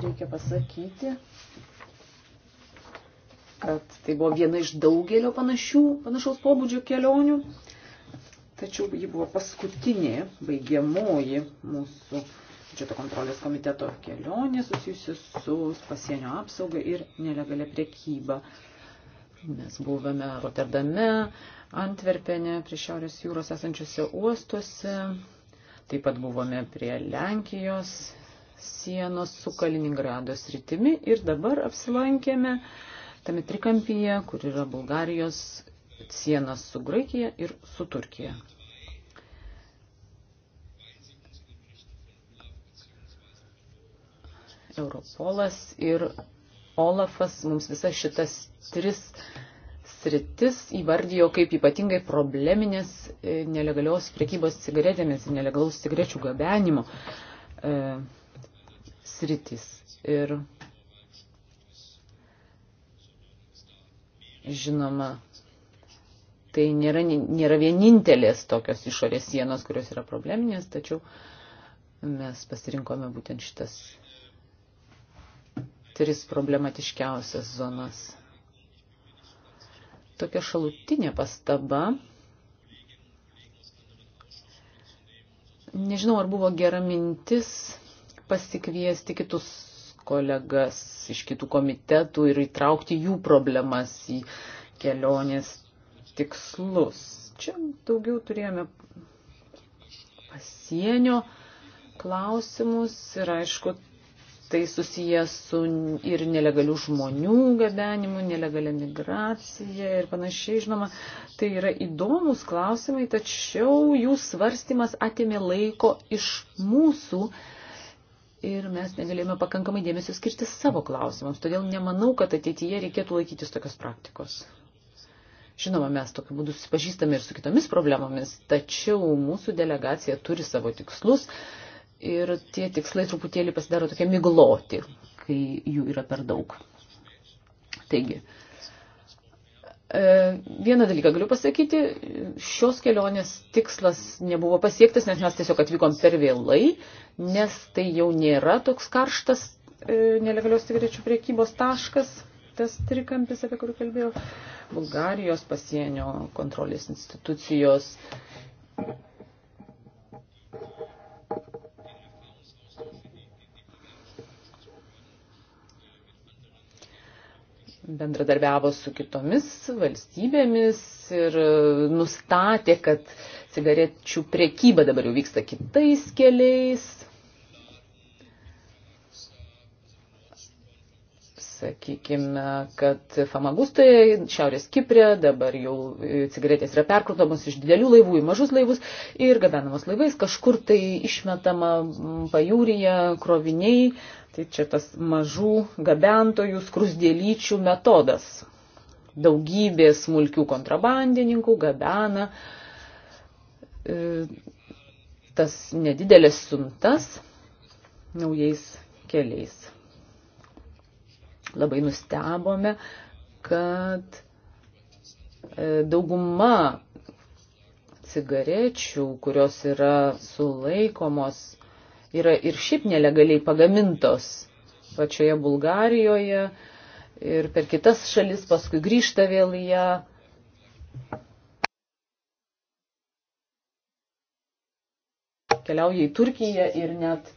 reikia pasakyti, kad tai buvo viena iš daugelio panašių, panašaus pobūdžio kelionių tačiau ji buvo paskutinė baigiamoji mūsų biudžeto kontrolės komiteto kelionė susijusi su pasienio apsauga ir nelegalia prekyba. Mes buvome Rotterdame, Antverpene, prie Šiaurės jūros esančiose uostuose, taip pat buvome prie Lenkijos sienos su Kaliningrado sritimi ir dabar apsilankėme tame trikampyje, kur yra Bulgarijos, sienas su Graikija ir su Turkija. Europolas ir Olafas mums visas šitas tris sritis įvardijo kaip ypatingai probleminės e, nelegalios priekybos cigaretėmis ir nelegalaus cigarečių gabenimo e, sritis. Ir žinoma, Tai nėra, nėra vienintelės tokios išorės sienos, kurios yra probleminės, tačiau mes pasirinkome būtent šitas tris problematiškiausias zonas. Tokia šalutinė pastaba. Nežinau, ar buvo gera mintis pasikviesti kitus kolegas iš kitų komitetų ir įtraukti jų problemas į kelionės tikslus. Čia daugiau turėjome pasienio klausimus ir aišku, tai susijęs su ir nelegalių žmonių gabenimu, nelegalia migracija ir panašiai. Žinoma, tai yra įdomus klausimai, tačiau jų svarstymas atėmė laiko iš mūsų ir mes negalėjome pakankamai dėmesio skirti savo klausimams. Todėl nemanau, kad ateityje reikėtų laikytis tokios praktikos. Žinoma, mes tokiu būdu susipažįstame ir su kitomis problemomis, tačiau mūsų delegacija turi savo tikslus ir tie tikslai truputėlį pasidaro tokie migloti, kai jų yra per daug. Taigi, e, vieną dalyką galiu pasakyti, šios kelionės tikslas nebuvo pasiektas, nes mes tiesiog atvykom per vėlai, nes tai jau nėra toks karštas e, nelegalios cigarečių priekybos taškas, tas trikampis, apie kurį kalbėjau. Bulgarijos pasienio kontrolės institucijos bendradarbiavo su kitomis valstybėmis ir nustatė, kad cigarečių priekyba dabar jau vyksta kitais keliais. Sakykime, kad famagustai Šiaurės Kiprė dabar jau e, cigaretės yra perkrutamos iš didelių laivų į mažus laivus ir gabenamos laivais, kažkur tai išmetama pajūryje kroviniai, tai čia tas mažų gabentojų skrusdėlyčių metodas. Daugybė smulkių kontrabandininkų gabena e, tas nedidelės siuntas naujais keliais labai nustebome, kad e, dauguma cigarečių, kurios yra sulaikomos, yra ir šiaip nelegaliai pagamintos pačioje Bulgarijoje ir per kitas šalis paskui grįžta vėl į ją. Keliauja į Turkiją ir net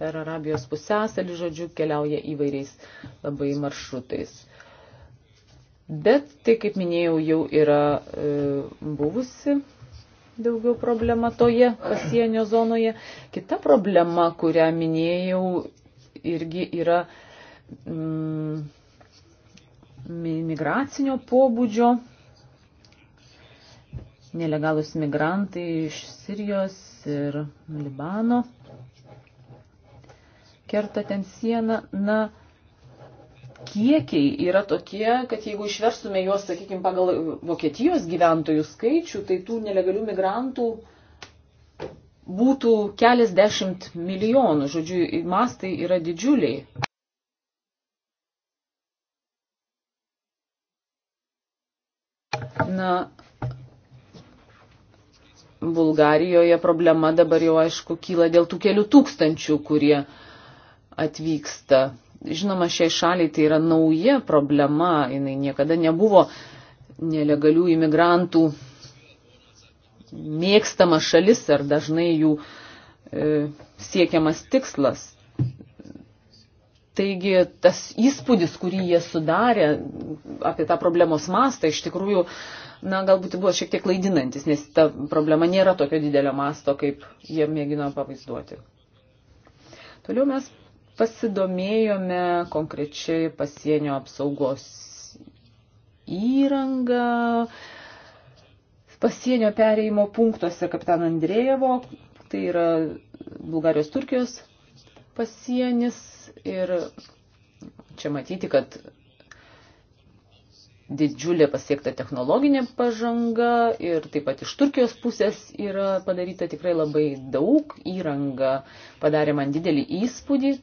per Arabijos pusęsalį, žodžiu, keliauja įvairiais labai maršrutais. Bet tai, kaip minėjau, jau yra e, buvusi daugiau problema toje pasienio zonoje. Kita problema, kurią minėjau, irgi yra mm, migracinio pobūdžio. Nelegalus migrantai iš Sirijos ir Libano kerta ten sieną, na, kiekiai yra tokie, kad jeigu išverstume juos, sakykime, pagal Vokietijos gyventojų skaičių, tai tų nelegalių migrantų būtų keliasdešimt milijonų. Žodžiu, mastai yra didžiuliai. Na, Bulgarijoje problema dabar jau aišku kyla dėl tų kelių tūkstančių, kurie uh, atvyksta. Žinoma, šiai šaliai tai yra nauja problema, jinai niekada nebuvo nelegalių imigrantų mėgstama šalis ar dažnai jų e, siekiamas tikslas. Taigi tas įspūdis, kurį jie sudarė apie tą problemos mastą, iš tikrųjų, na, galbūt buvo šiek tiek klaidinantis, nes ta problema nėra tokio didelio masto, kaip jie mėgino pavaizduoti. Toliau mes Pasidomėjome konkrečiai pasienio apsaugos įrangą, pasienio pereimo punktuose kapitano Andrėjevo, tai yra Bulgarijos Turkijos pasienis ir čia matyti, kad didžiulė pasiekta technologinė pažanga ir taip pat iš Turkijos pusės yra padaryta tikrai labai daug įranga, padarė man didelį įspūdį,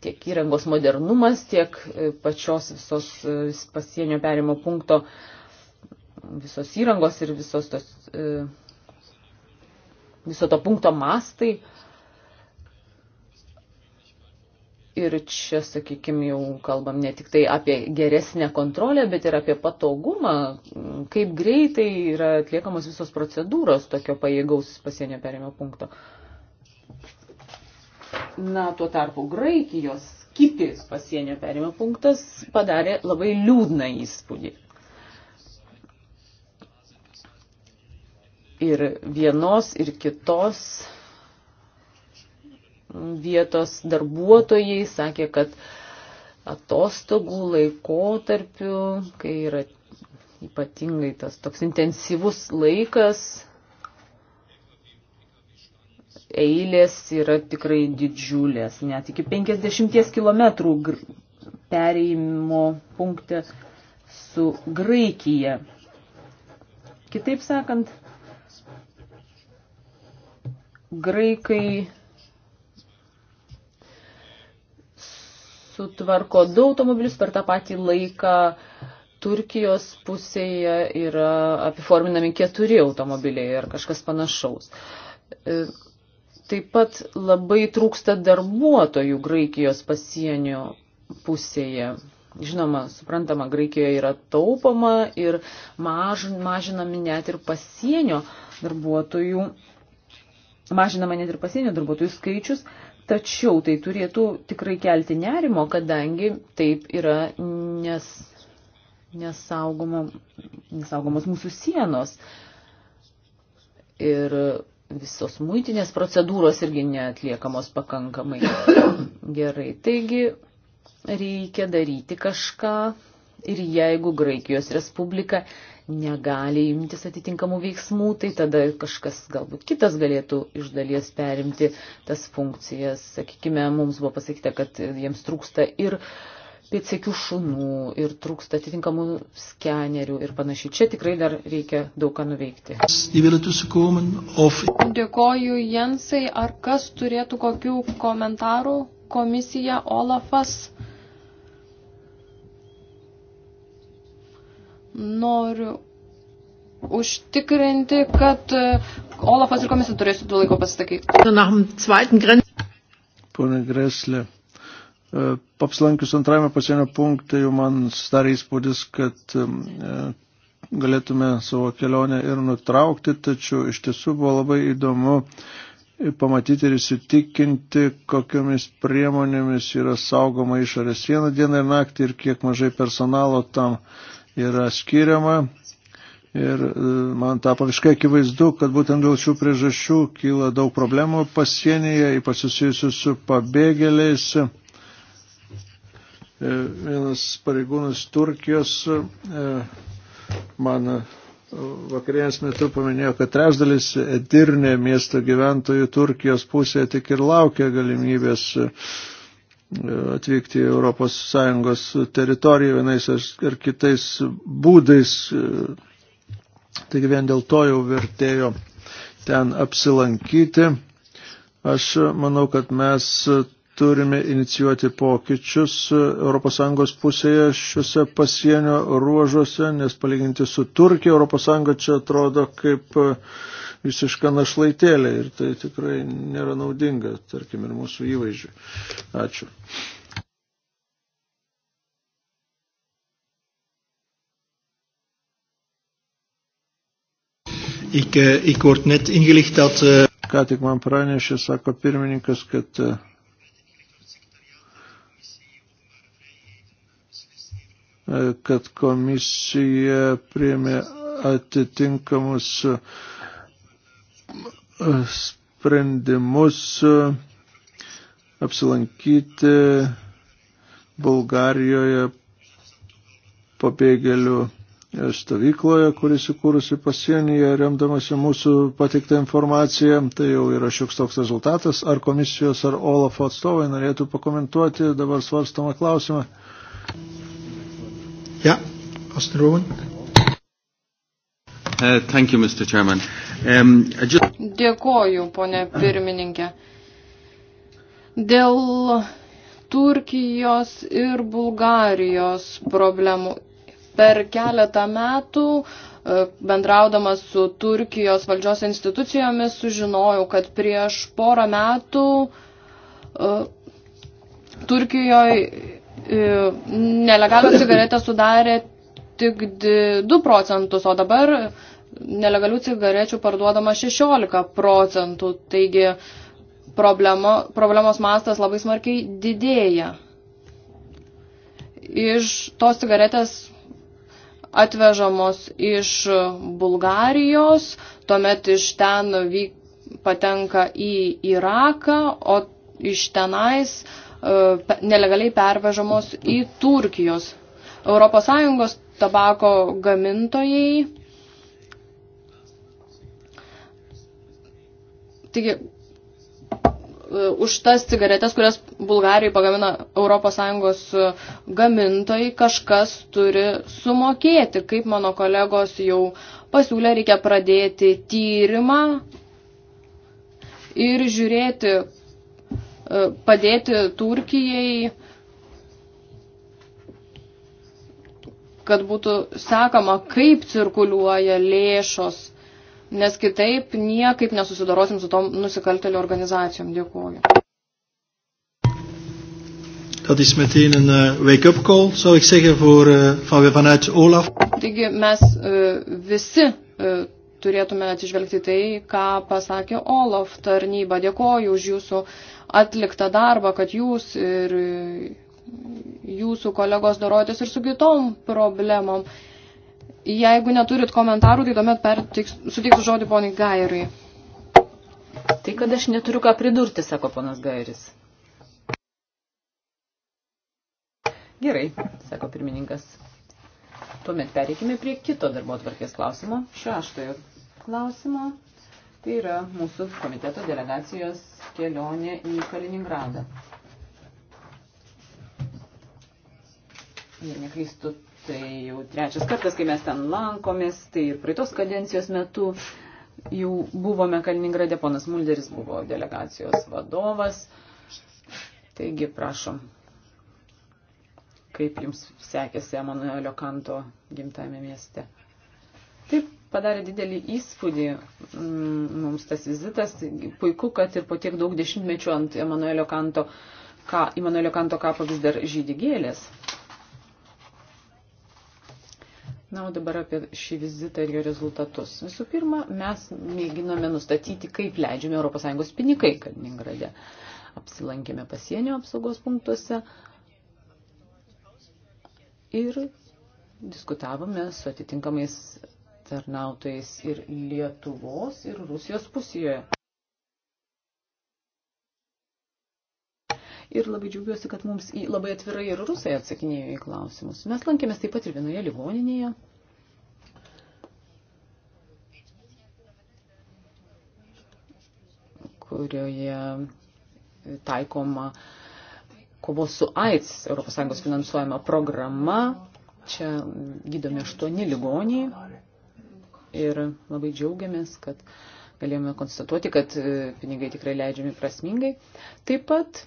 tiek įrangos modernumas, tiek e, pačios visos e, pasienio perimo punkto, visos įrangos ir visos tos, e, viso to punkto mastai. Ir čia, sakykime, jau kalbam ne tik tai apie geresnę kontrolę, bet ir apie patogumą, kaip greitai yra atliekamos visos procedūros tokio pajėgaus pasienio perėmio punkto. Uh, Na, tuo tarpu Graikijos Kipis pasienio perėmio punktas padarė labai liūdną įspūdį. Ir vienos, ir kitos vietos darbuotojai sakė, kad atostogų laikotarpiu, kai yra ypatingai tas toks intensyvus laikas, eilės yra tikrai didžiulės, net iki 50 km pereimo punkte su Graikija. Kitaip sakant, graikai sutvarko du automobilius per tą patį laiką. Turkijos pusėje yra apiforminami keturi automobiliai ar kažkas panašaus. E, Taip pat labai trūksta darbuotojų Graikijos pasienio pusėje. Žinoma, suprantama, Graikijoje yra taupoma ir maž, mažinami net ir pasienio darbuotojų, mažinama net ir pasienio darbuotojų skaičius, tačiau tai turėtų tikrai kelti nerimo, kadangi taip yra nes, nesaugoma, nesaugomos mūsų sienos. Ir visos muitinės procedūros irgi neatliekamos pakankamai gerai. Taigi reikia daryti kažką ir jeigu Graikijos Respublika negali imtis atitinkamų veiksmų, tai tada kažkas galbūt kitas galėtų iš dalies perimti tas funkcijas. Sakykime, mums buvo pasakyta, kad jiems trūksta ir uh, pėtsekių šunų ir trūksta atitinkamų skenerių ir panašiai. Čia tikrai dar reikia daug ką nuveikti. Dėkoju Jensai, ar kas turėtų kokių komentarų? Komisija Olafas. Noriu užtikrinti, kad e, Olafas ir komisija turės laiko pasisakyti. Pone Greslė. E, Papslankius antrajame pasienio punkte jau man starė įspūdis, kad e, galėtume savo kelionę ir nutraukti, tačiau iš tiesų buvo labai įdomu pamatyti ir įsitikinti, kokiamis priemonėmis yra saugoma išorės vieną dieną ir naktį ir kiek mažai personalo tam yra skiriama. Ir e, man tapo visiškai akivaizdu, kad būtent dėl šių priežasčių kyla daug problemų pasienyje, ypač susijusių su pabėgėliais E, vienas pareigūnas Turkijos e, man e, vakarienės metu paminėjo, kad trešdalis Edirne miesto gyventojų Turkijos pusėje tik ir laukia galimybės atvykti į Europos Sąjungos teritoriją vienais ar kitais būdais. Taigi vien dėl to jau vertėjo ten apsilankyti. Aš manau, kad mes turime inicijuoti pokyčius e, ES pusėje šiuose pasienio ruožuose, nes palyginti su Turkija ES čia atrodo kaip e, visiška našlaitėlė ir tai tikrai nėra naudinga, tarkim, ir mūsų įvaizdžiui. Ačiū. Ik, eh, ik word net ingelicht dat. Eh, Ką tik man pranešė, sako pirmininkas, kad eh, kad komisija priemė atitinkamus e, sprendimus e, apsilankyti Bulgarijoje pabėgėlių stovykloje, kuris įkūrusi pasienyje, remdamasi mūsų pateiktą informaciją. Tai jau yra šioks toks rezultatas. Ar komisijos ar OLAF atstovai norėtų pakomentuoti dabar svarstamą klausimą? Yeah, Austin Rowan. Uh, thank you, Mr. Chairman. Um, just... Dėkoju, ponė pirmininkė. Dėl Turkijos ir Bulgarijos problemų. Per keletą metų uh, bendraudamas su Turkijos valdžios institucijomis sužinojau, kad prieš porą metų uh, Turkijoje E, nelegalios tai- cigaretės sudarė tik 2 procentus, o dabar nelegalių cigarečių parduodama 16 procentų. Taigi problemo, problemos mastas labai smarkiai didėja. Iš tos cigaretės atvežamos iš Bulgarijos, tuomet iš ten vyk, patenka į Iraką, o iš tenais uh, E, nelegaliai pervežamos į Turkijos. ES tabako gamintojai. Taigi, e, už tas cigaretės, kurias Bulgarijai pagamina ES e, gamintojai, kažkas turi sumokėti. Kaip mano kolegos jau pasiūlė, reikia pradėti tyrimą ir žiūrėti, padėti Turkijai, kad būtų sekama, kaip cirkuliuoja lėšos, nes kitaip niekaip nesusidarosim su tom nusikaltelio organizacijom. Dėkuoju. Dat is meteen een uh, wake-up call, zou ik zeggen, voor, uh, van, vanuit Olaf. Taigi mes uh, visi uh, turėtume atsižvelgti tai, ką pasakė Olaf tarnyba. Dėkoju už jūsų uh, atliktą darbą, kad jūs ir jūsų kolegos dorotės ir su kitom problemom. Jeigu neturit komentarų, tai tuomet pertiks, suteiksiu žodį poniai Gairui. Tai kad aš neturiu ką pridurti, sako ponas Gairis. Gerai, sako pirmininkas. Tuomet pereikime prie kito darbo atvarkės klausimo, šeštojo klausimo. Tai yra mūsų komiteto delegacijos kelionė į Kaliningradą. Jei neklystu, tai jau trečias kartas, kai mes ten lankomės, tai ir praeitos kadencijos metu jau buvome Kaliningrade, ponas Mulderis buvo delegacijos vadovas. Taigi, prašom, kaip jums sekėsi Emanuelio Kanto gimtajame mieste. Taip, padarė didelį įspūdį mm, mums tas vizitas. Puiku, kad ir po tiek daug dešimtmečių ant Emanuelio Kanto, ka, Emanuelio Kanto kapo vis dar žydi gėlės. Na, o dabar apie šį vizitą ir jo rezultatus. Visų pirma, mes mėginome nustatyti, kaip leidžiami ES pinigai Kaliningrade. Apsilankėme pasienio apsaugos punktuose ir diskutavome su atitinkamais tarnautojais ir Lietuvos, ir Rusijos pusėje. Ir labai džiaugiuosi, kad mums labai atvirai ir rusai atsakinėjo į klausimus. Mes lankėmės taip pat ir vienoje ligoninėje. kurioje taikoma kovos su AIDS ES finansuojama programa. Čia gydomi aštuoni ligoniai ir labai džiaugiamės, kad galėjome konstatuoti, kad e, pinigai tikrai leidžiami prasmingai. Taip pat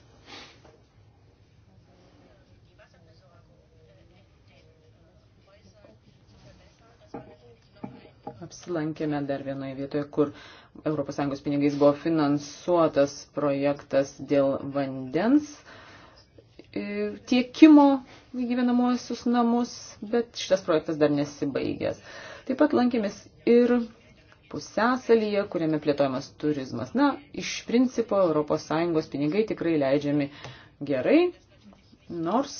apsilankėme dar vienoje vietoje, kur ES pinigais buvo finansuotas projektas dėl vandens e, tiekimo į gyvenamuosius namus, bet šitas projektas dar nesibaigęs. Taip pat lankėmės ir pusęsalyje, kuriame plėtojamas turizmas. Na, iš principo ES pinigai tikrai leidžiami gerai, nors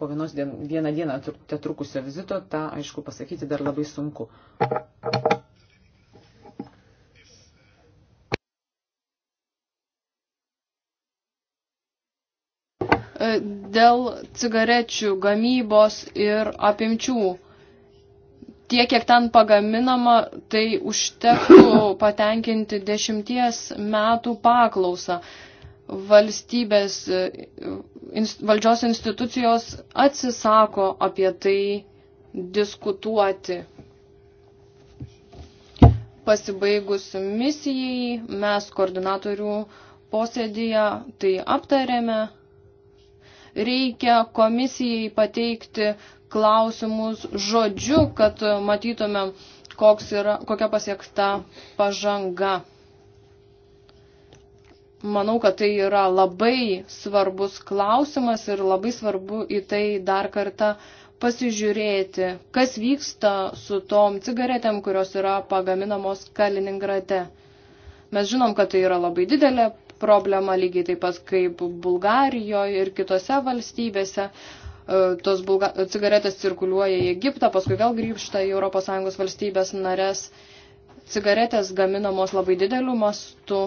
po vienos dien, vieną dieną te trukusio vizito tą, aišku, pasakyti dar labai sunku. dėl cigarečių gamybos ir apimčių. Tiek, kiek ten pagaminama, tai užtektų <coughs> patenkinti dešimties metų paklausą. Valstybės valdžios institucijos atsisako apie tai diskutuoti. Pasibaigus misijai mes koordinatorių posėdėje tai aptarėme reikia komisijai pateikti klausimus žodžiu, kad matytume, koks yra, kokia pasiekta pažanga. Manau, kad tai yra labai svarbus klausimas ir labai svarbu į tai dar kartą pasižiūrėti, kas vyksta su tom cigaretėm, kurios yra pagaminamos Kaliningrade. Mes žinom, kad tai yra labai didelė problema, lygiai taip pat kaip Bulgarijoje ir kitose valstybėse. E, tos bulga... cigaretės cirkuliuoja į Egiptą, paskui vėl grįžta į ES valstybės nares. Cigaretės gaminamos labai dideliu mastu.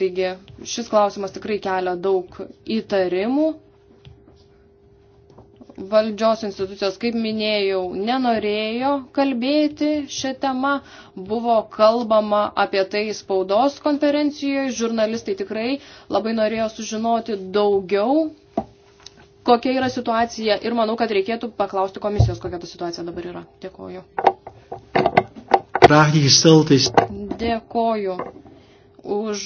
Taigi šis klausimas tikrai kelia daug įtarimų valdžios institucijos, kaip minėjau, nenorėjo kalbėti šią temą. Buvo kalbama apie tai spaudos konferencijoje. Žurnalistai tikrai labai norėjo sužinoti daugiau, kokia yra situacija. Ir manau, kad reikėtų paklausti komisijos, kokia ta situacija dabar yra. Dėkoju. Dėkoju už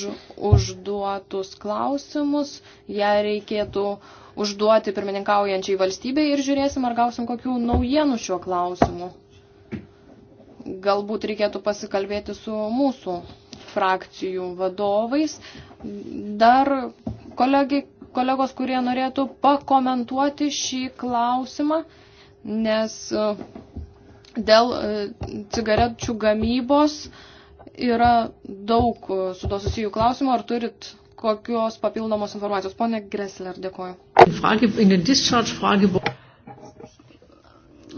užduotus klausimus. Ja reikėtų uh, užduoti pirmininkaujančiai valstybei ir žiūrėsim, ar gausim kokių naujienų šiuo klausimu. Galbūt reikėtų pasikalbėti su mūsų frakcijų vadovais. Dar kolegi, kolegos, kurie norėtų pakomentuoti šį klausimą, nes e, dėl e, cigarečių gamybos yra daug e, su to susijų klausimų, ar turit kokios papildomos informacijos. Pone Gressler, dėkoju.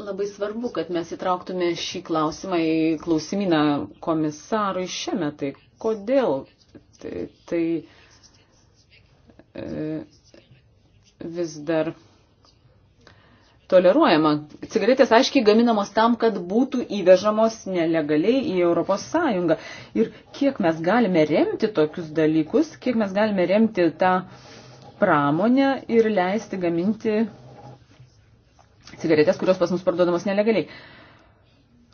Labai svarbu, kad mes įtrauktume šį klausimą į klausimyną komisarui šiame. Tai kodėl? Tai, tai e, vis dar toleruojama. Cigaretės aiškiai gaminamos tam, kad būtų įvežamos nelegaliai į Europos Sąjungą. Ir kiek mes galime remti tokius dalykus, kiek mes galime remti tą pramonę ir leisti gaminti cigaretės, kurios pas mus parduodamos nelegaliai.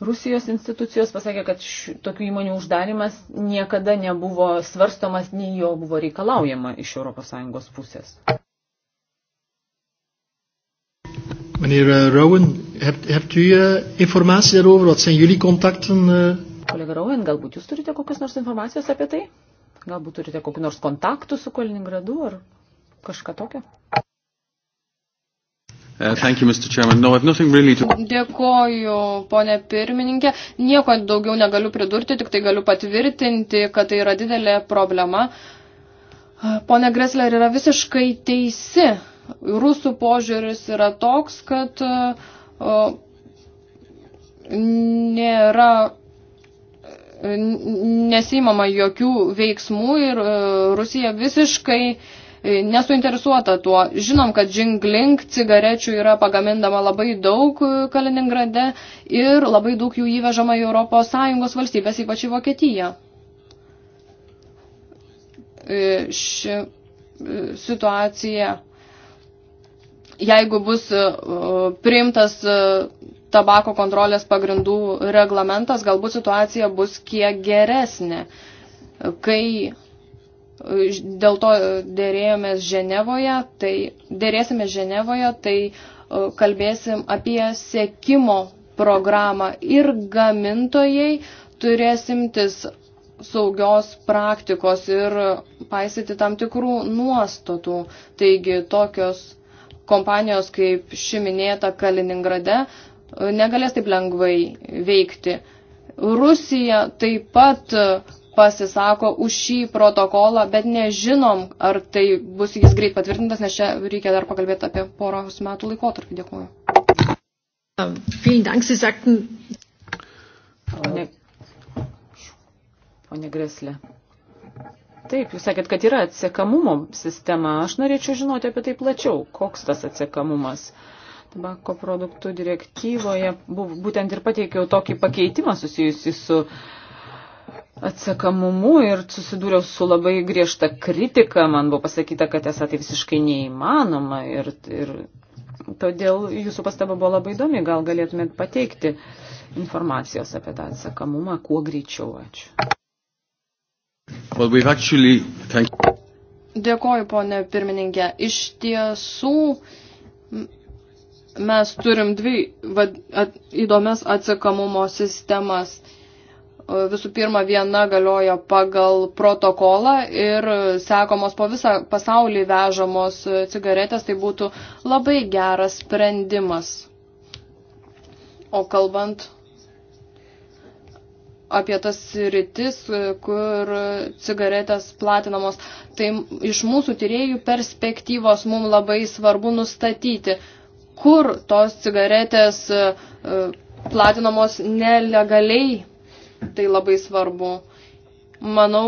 Rusijos institucijos pasakė, kad š, tokių įmonių uždarimas niekada nebuvo svarstomas, nei jo buvo reikalaujama iš ES pusės. Meneer uh, Rowan, hebt, hebt u uh, informatie daarover? Wat zijn jullie contacten? Uh? Eh? Kolega Rowan, galbūt jūs turite kokios nors informacijos apie tai? Galbūt turite kokių nors kontaktų su Kaliningradu ar kažką tokio? Uh, thank you, Mr. Chairman. No, I've nothing really to... Dėkoju, ponė pirmininkė. Nieko daugiau negaliu pridurti, tik tai galiu patvirtinti, kad tai yra didelė problema. Pone Gressler yra visiškai teisi rusų požiūris yra toks, kad e, nėra nesimama jokių veiksmų ir e, Rusija visiškai e, nesuinteresuota tuo. Žinom, kad džinglink cigarečių yra pagamindama labai daug Kaliningrade ir labai daug jų įvežama į ES valstybės, ypač į Vokietiją. Ši situacija jeigu bus e, priimtas e, tabako kontrolės pagrindų reglamentas, galbūt situacija bus kiek geresnė. Kai e, dėl to dėrėjomės Ženevoje, tai dėrėsime Ženevoje, tai kalbėsim apie sėkimo programą ir gamintojai turės imtis saugios praktikos ir paisyti tam tikrų nuostatų. Taigi tokios kompanijos, kaip ši minėta Kaliningrade, e, negalės taip lengvai veikti. Rusija taip pat e, pasisako už šį protokolą, bet nežinom, ar tai bus jis greit patvirtintas, nes čia reikia dar pakalbėti apie poros metų laikotarpį. Dėkuoju. Um, pone, pone Greslė. Taip, jūs sakėt, kad yra atsiekamumo sistema. Aš norėčiau žinoti apie tai plačiau, koks tas atsiekamumas. Tabako produktų direktyvoje būtent ir pateikiau tokį pakeitimą susijusi su atsakamumu ir susidūriau su labai griežta kritika. Man buvo pasakyta, kad esą tai visiškai neįmanoma ir, ir todėl jūsų pastaba buvo labai įdomi. Gal galėtumėt pateikti informacijos apie tą atsakamumą kuo greičiau. Ačiū. Well, we've actually... Thank you. Dėkoju, ponė pirmininkė. Iš tiesų, mes turim dvi vad, at, įdomias atsakamumo sistemas. Visų pirma, viena galioja pagal protokolą ir sekomos po visą pasaulį vežamos cigaretės, tai būtų labai geras sprendimas. O kalbant apie tas rytis, kur cigaretės platinamos. Tai iš mūsų tyriejų perspektyvos mums labai svarbu nustatyti, kur tos cigaretės e, platinamos nelegaliai. Tai labai svarbu. Manau,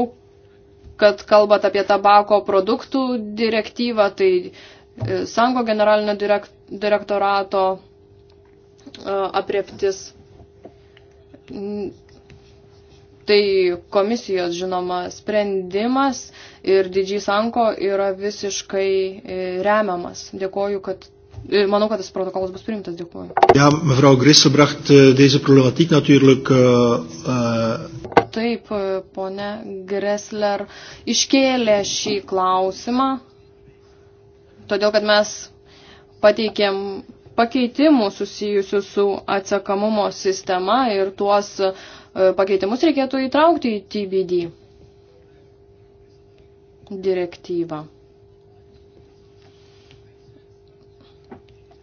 kad kalbat apie tabako produktų direktyvą, tai e, Sango generalinio direktorato e, apreptis Tai komisijos žinoma sprendimas ir didžiai sanko yra visiškai e, remiamas. Dėkoju, kad. E, manau, kad tas protokolas bus priimtas. Dėkuoju. Ja, mevrouw Grisse bracht eh, deze problematiek natuurlijk. Uh, uh... Taip, e, ponė Gressler iškėlė šį klausimą, todėl kad mes pateikėm pakeitimų susijusių su atsakamumo sistema ir tuos uh, pakeitimus reikėtų įtraukti į TBD direktyvą.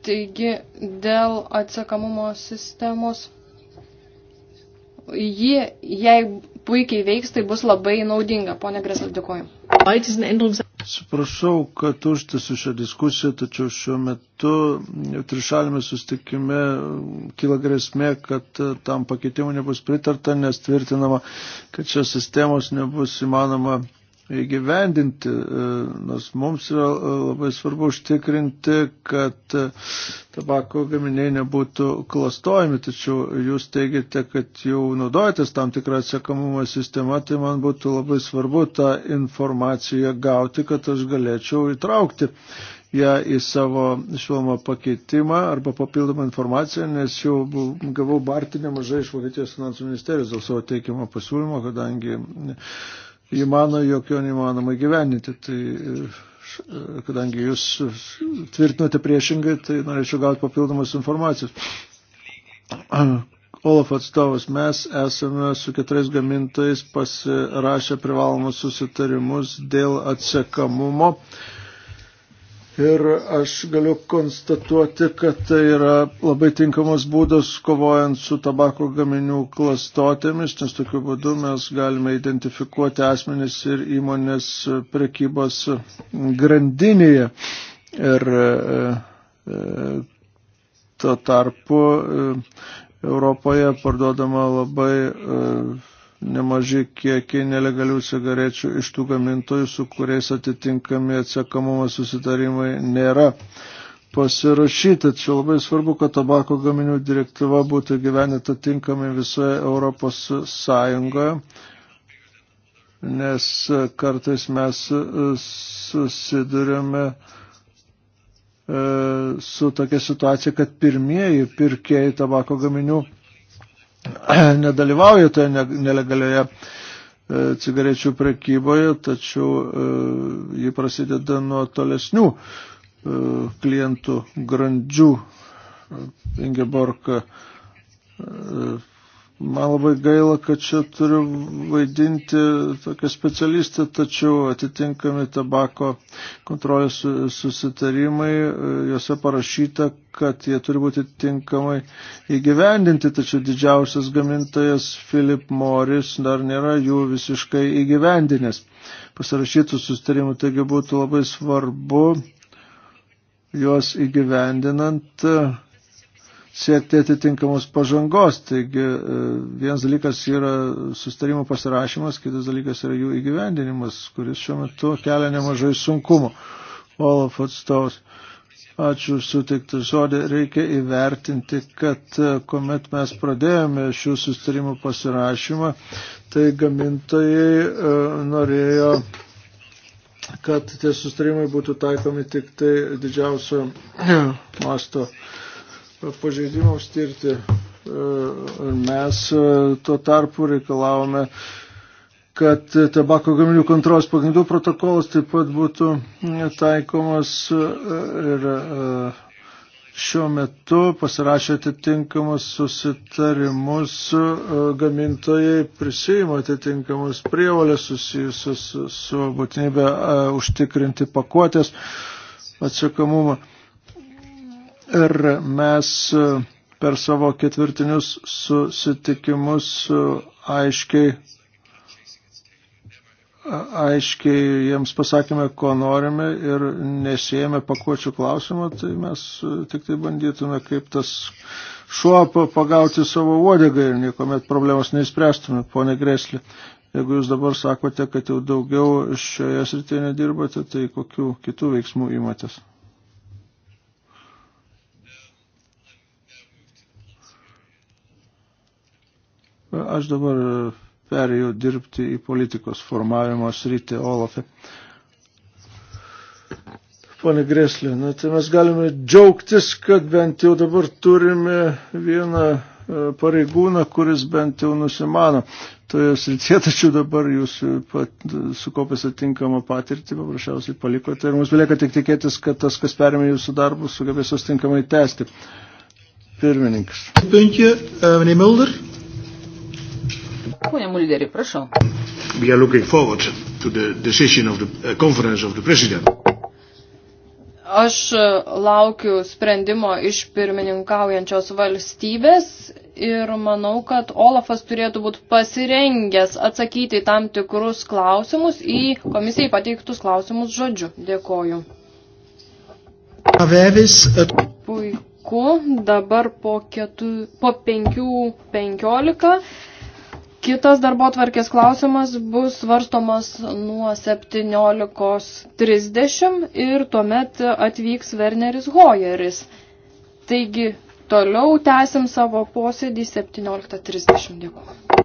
Taigi, dėl atsakamumo sistemos, ji, jei puikiai veiks, tai bus labai naudinga. Pone Gresel, dėkoju. Suprašau, kad užtisiu šią diskusiją, tačiau šiuo metu trišalime sustikime kyla grėsmė, kad tam pakeitimu nebus pritarta, nes tvirtinama, kad šios sistemos nebus įmanoma įgyvendinti, e, nors mums yra e, labai svarbu užtikrinti, kad e, tabako gaminiai nebūtų klastojami, tačiau jūs teigiate, kad jau naudojatės tam tikrą atsiekamumo sistemą, tai man būtų labai svarbu tą informaciją gauti, kad aš galėčiau įtraukti ją į savo šilomą pakeitimą arba papildomą informaciją, nes jau gavau bartinę mažai iš Vokietijos finansų ministerijos dėl savo teikimo pasiūlymo, kadangi jį mano, jog jo neįmanoma gyveninti. Tai, kadangi jūs tvirtinote priešingai, tai norėčiau gauti papildomas informacijos. <clears throat> Olaf atstovas, mes esame su keturiais gamintojais pasirašę privalomus susitarimus dėl atsekamumo. Uh, Ir aš galiu konstatuoti, kad tai yra labai tinkamas būdas kovojant su tabako gaminių klastotėmis, nes tokiu būdu mes galime identifikuoti asmenis ir įmonės prekybos grandinėje. Ir e, e, tuo tarpu e, Europoje parduodama labai nemaži kiekiai nelegalių cigarečių iš tų gamintojų, su kuriais atitinkami atsiekamumo susitarimai nėra pasirašyti. Čia labai svarbu, kad tabako gaminių direktyva būtų gyvenita tinkamai visoje Europos Sąjungoje, nes kartais mes susidurėme e, su tokia situacija, kad pirmieji pirkėjai tabako gaminių <clears throat> nedalyvauja toje nelegalioje e, cigarečių prekyboje, tačiau e, ji prasideda nuo tolesnių e, klientų grandžių. Ingeborg Man labai gaila, kad čia turiu vaidinti tokią specialistę, tačiau atitinkami tabako kontrolės susitarimai, juose parašyta, kad jie turi būti tinkamai įgyvendinti, tačiau didžiausias gamintojas Philip Morris dar nėra jų visiškai įgyvendinęs pasirašytų susitarimų, taigi būtų labai svarbu juos įgyvendinant siekti atitinkamos pažangos. Taigi e, vienas dalykas yra sustarimų pasirašymas, kitas dalykas yra jų įgyvendinimas, kuris šiuo metu kelia nemažai sunkumų. Olaf atstovas. Ačiū sutikti žodį. Reikia įvertinti, kad e, kuomet mes pradėjome šių sustarimų pasirašymą, tai gamintojai e, norėjo kad tie sustarimai būtų taikomi tik tai didžiausio <clears throat> masto pažeidimams tirti. E, mes e, tuo tarpu reikalavome, kad tabako gaminių kontrolės pagrindų protokolas taip pat būtų e, taikomas ir šiuo metu pasirašę atitinkamus susitarimus gamintojai prisijima atitinkamus prievalės susijusius su būtinybė užtikrinti pakuotės atsakomumą. Ir mes e, per savo ketvirtinius susitikimus e, aiškiai, aiškiai jiems pasakėme, ko norime ir nesėjame pakuočių klausimą, tai mes e, tik tai bandytume kaip tas šuo pagauti savo uodegą ir niekuomet problemos neįspręstume, ponė Greslė. Jeigu jūs dabar sakote, kad jau daugiau šioje srityje nedirbate, tai kokių kitų veiksmų įmatės? Aš dabar perėjau dirbti į politikos formavimo sritį Olafė. Pane Greslė, na, tai mes galime džiaugtis, kad bent jau dabar turime vieną e, pareigūną, kuris bent jau nusimano toje srityje, tačiau dabar jūs pat, sukopęs atinkamą patirtį paprasčiausiai palikote ir mums belieka tik tikėtis, kad tas, kas perėmė jūsų darbus, sugebės juos tinkamai tęsti. Pirmininkas. Puntje, e, meneer Mulder. Pone Mulderi, prašau. We are looking forward to the decision of the uh, conference of the president. Aš e, laukiu sprendimo iš pirmininkaujančios valstybės ir manau, kad Olafas turėtų būti pasirengęs atsakyti tam tikrus klausimus į komisijai pateiktus klausimus žodžiu. Dėkoju. E, Puiku, dabar po, ketu, po penkių penkiolika. Kitas darbo tvarkės klausimas bus svarstomas nuo 17.30 ir tuomet atvyks Werneris Hoyeris. Taigi toliau tęsim savo posėdį 17.30. Dėkuoju.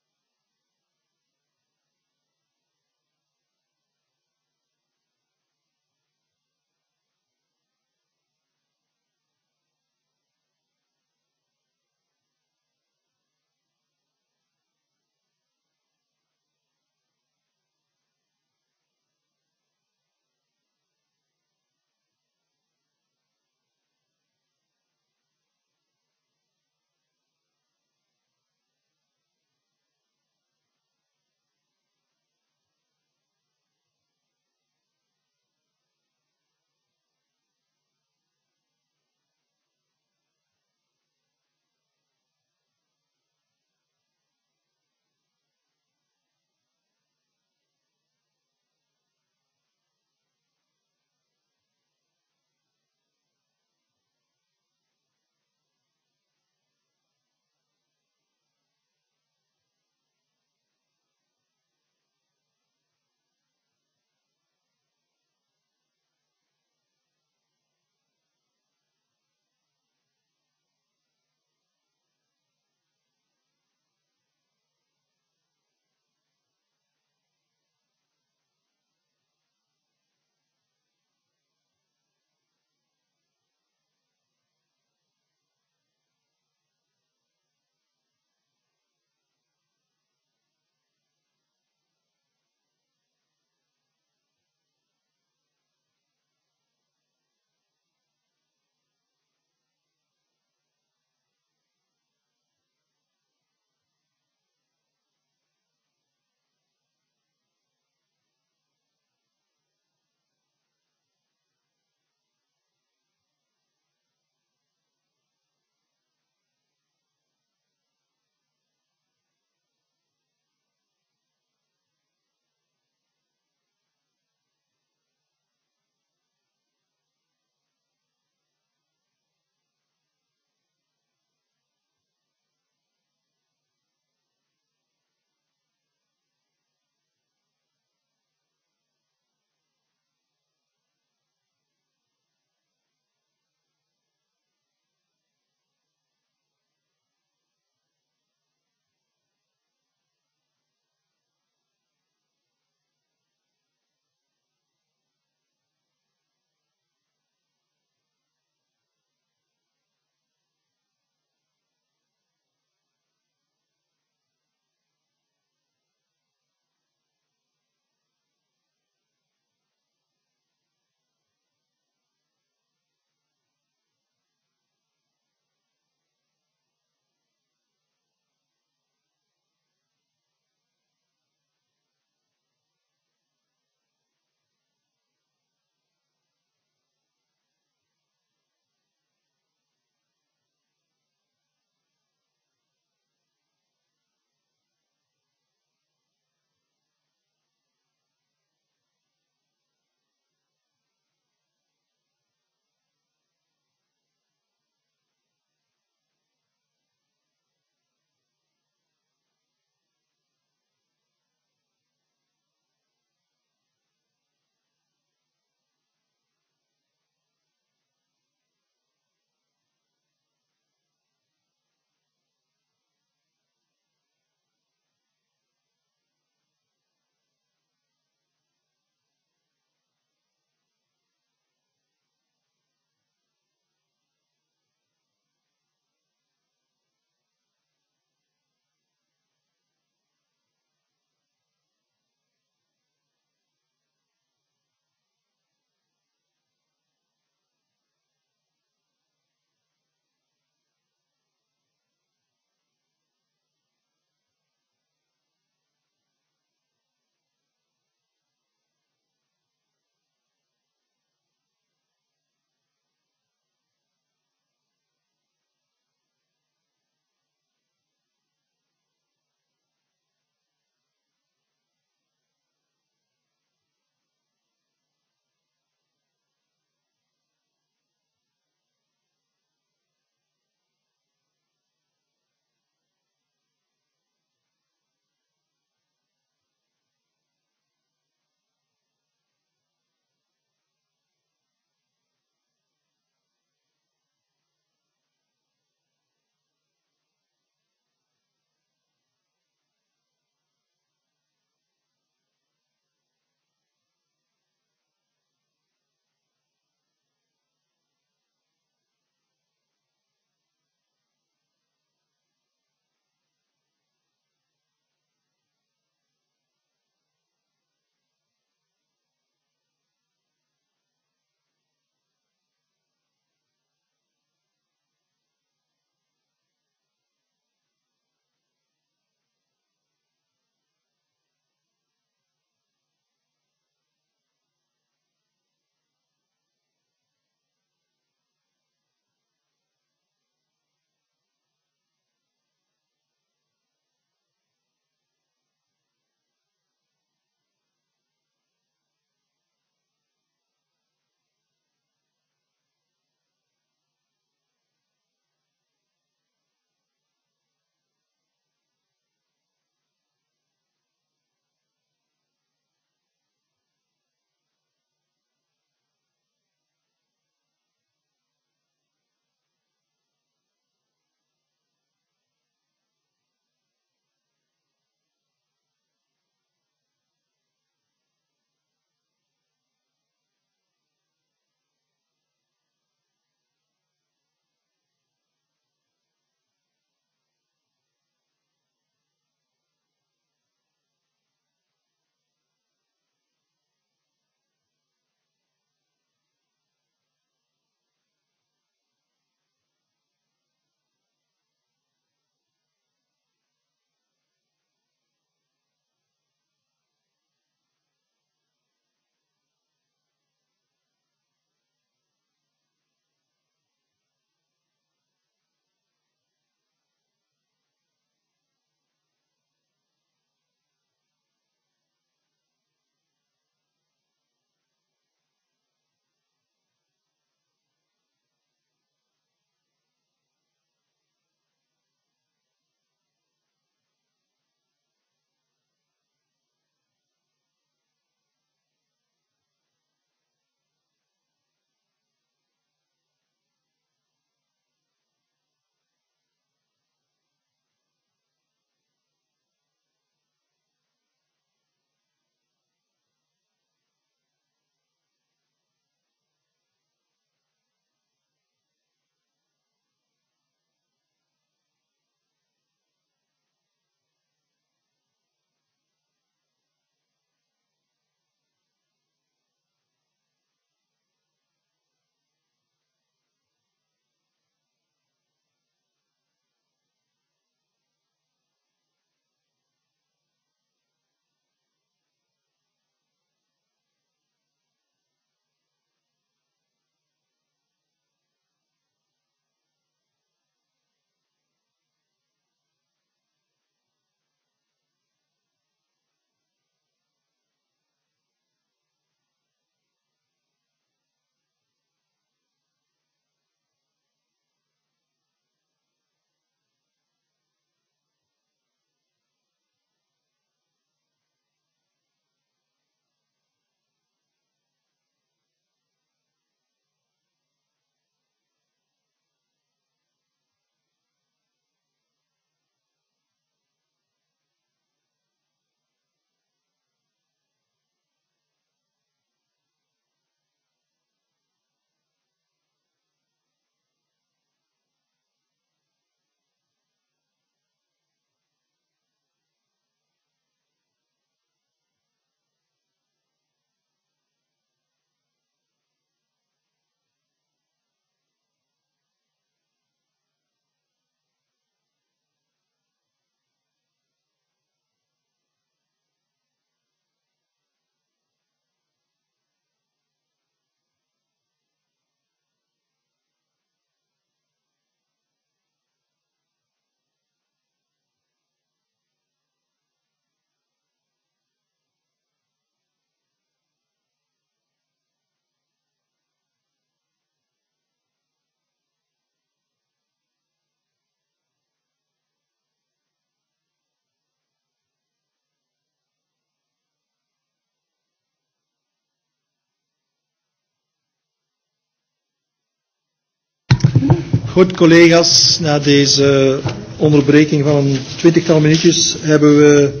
Goed, collega's, na deze onderbreking van een twintigtal minuutjes hebben we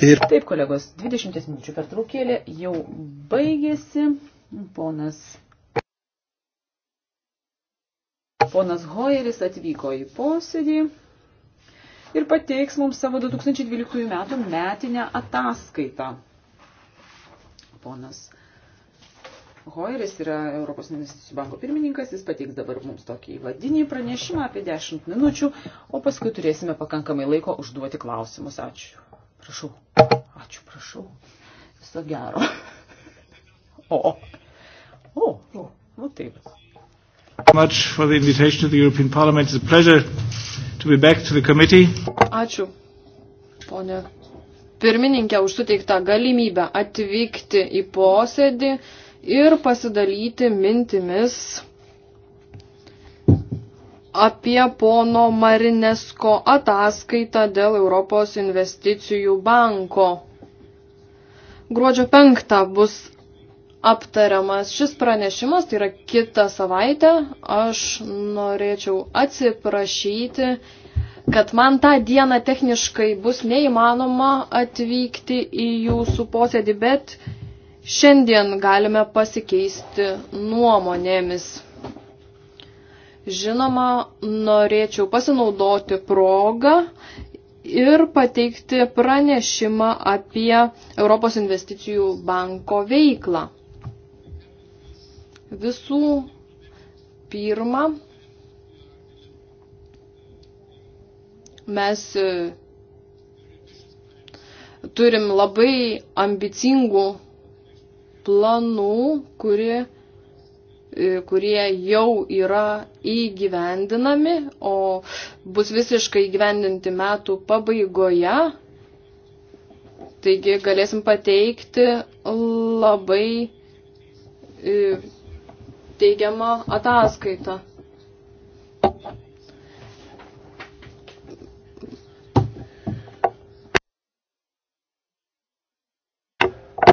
ir... Taip, kolegos, 20 minučių pertraukėlė jau baigėsi. Ponas, ponas Hoeris atvyko į posėdį ir pateiks mums savo 2012 metų metinę ataskaitą. Ponas Hoeris yra Europos investicijų banko pirmininkas, jis pateiks dabar mums tokį įvadinį pranešimą apie 10 minučių, o paskui turėsime pakankamai laiko užduoti klausimus. Ačiū. Prašau. Ačiū, prašau. Viso gero. O. O. O. O nu taip. Much for the invitation to the European Parliament. It's a pleasure to be back to the committee. Ačiū, ponė pirmininkė, už suteiktą galimybę atvykti į posėdį ir pasidalyti mintimis apie pono Marinesko ataskaitą dėl Europos investicijų banko. Gruodžio 5 bus aptariamas šis pranešimas, tai yra kitą savaitę. Aš norėčiau atsiprašyti, kad man tą dieną techniškai bus neįmanoma atvykti į jūsų posėdį, bet Šiandien galime pasikeisti nuomonėmis. Žinoma, norėčiau pasinaudoti progą ir pateikti pranešimą apie Europos investicijų banko veiklą. Visų pirma, mes e, turim labai ambicingų planų, kuri, e, kurie jau yra įgyvendinami, o bus visiškai įgyvendinti metų pabaigoje. Taigi galėsim pateikti labai e, teigiamą ataskaitą.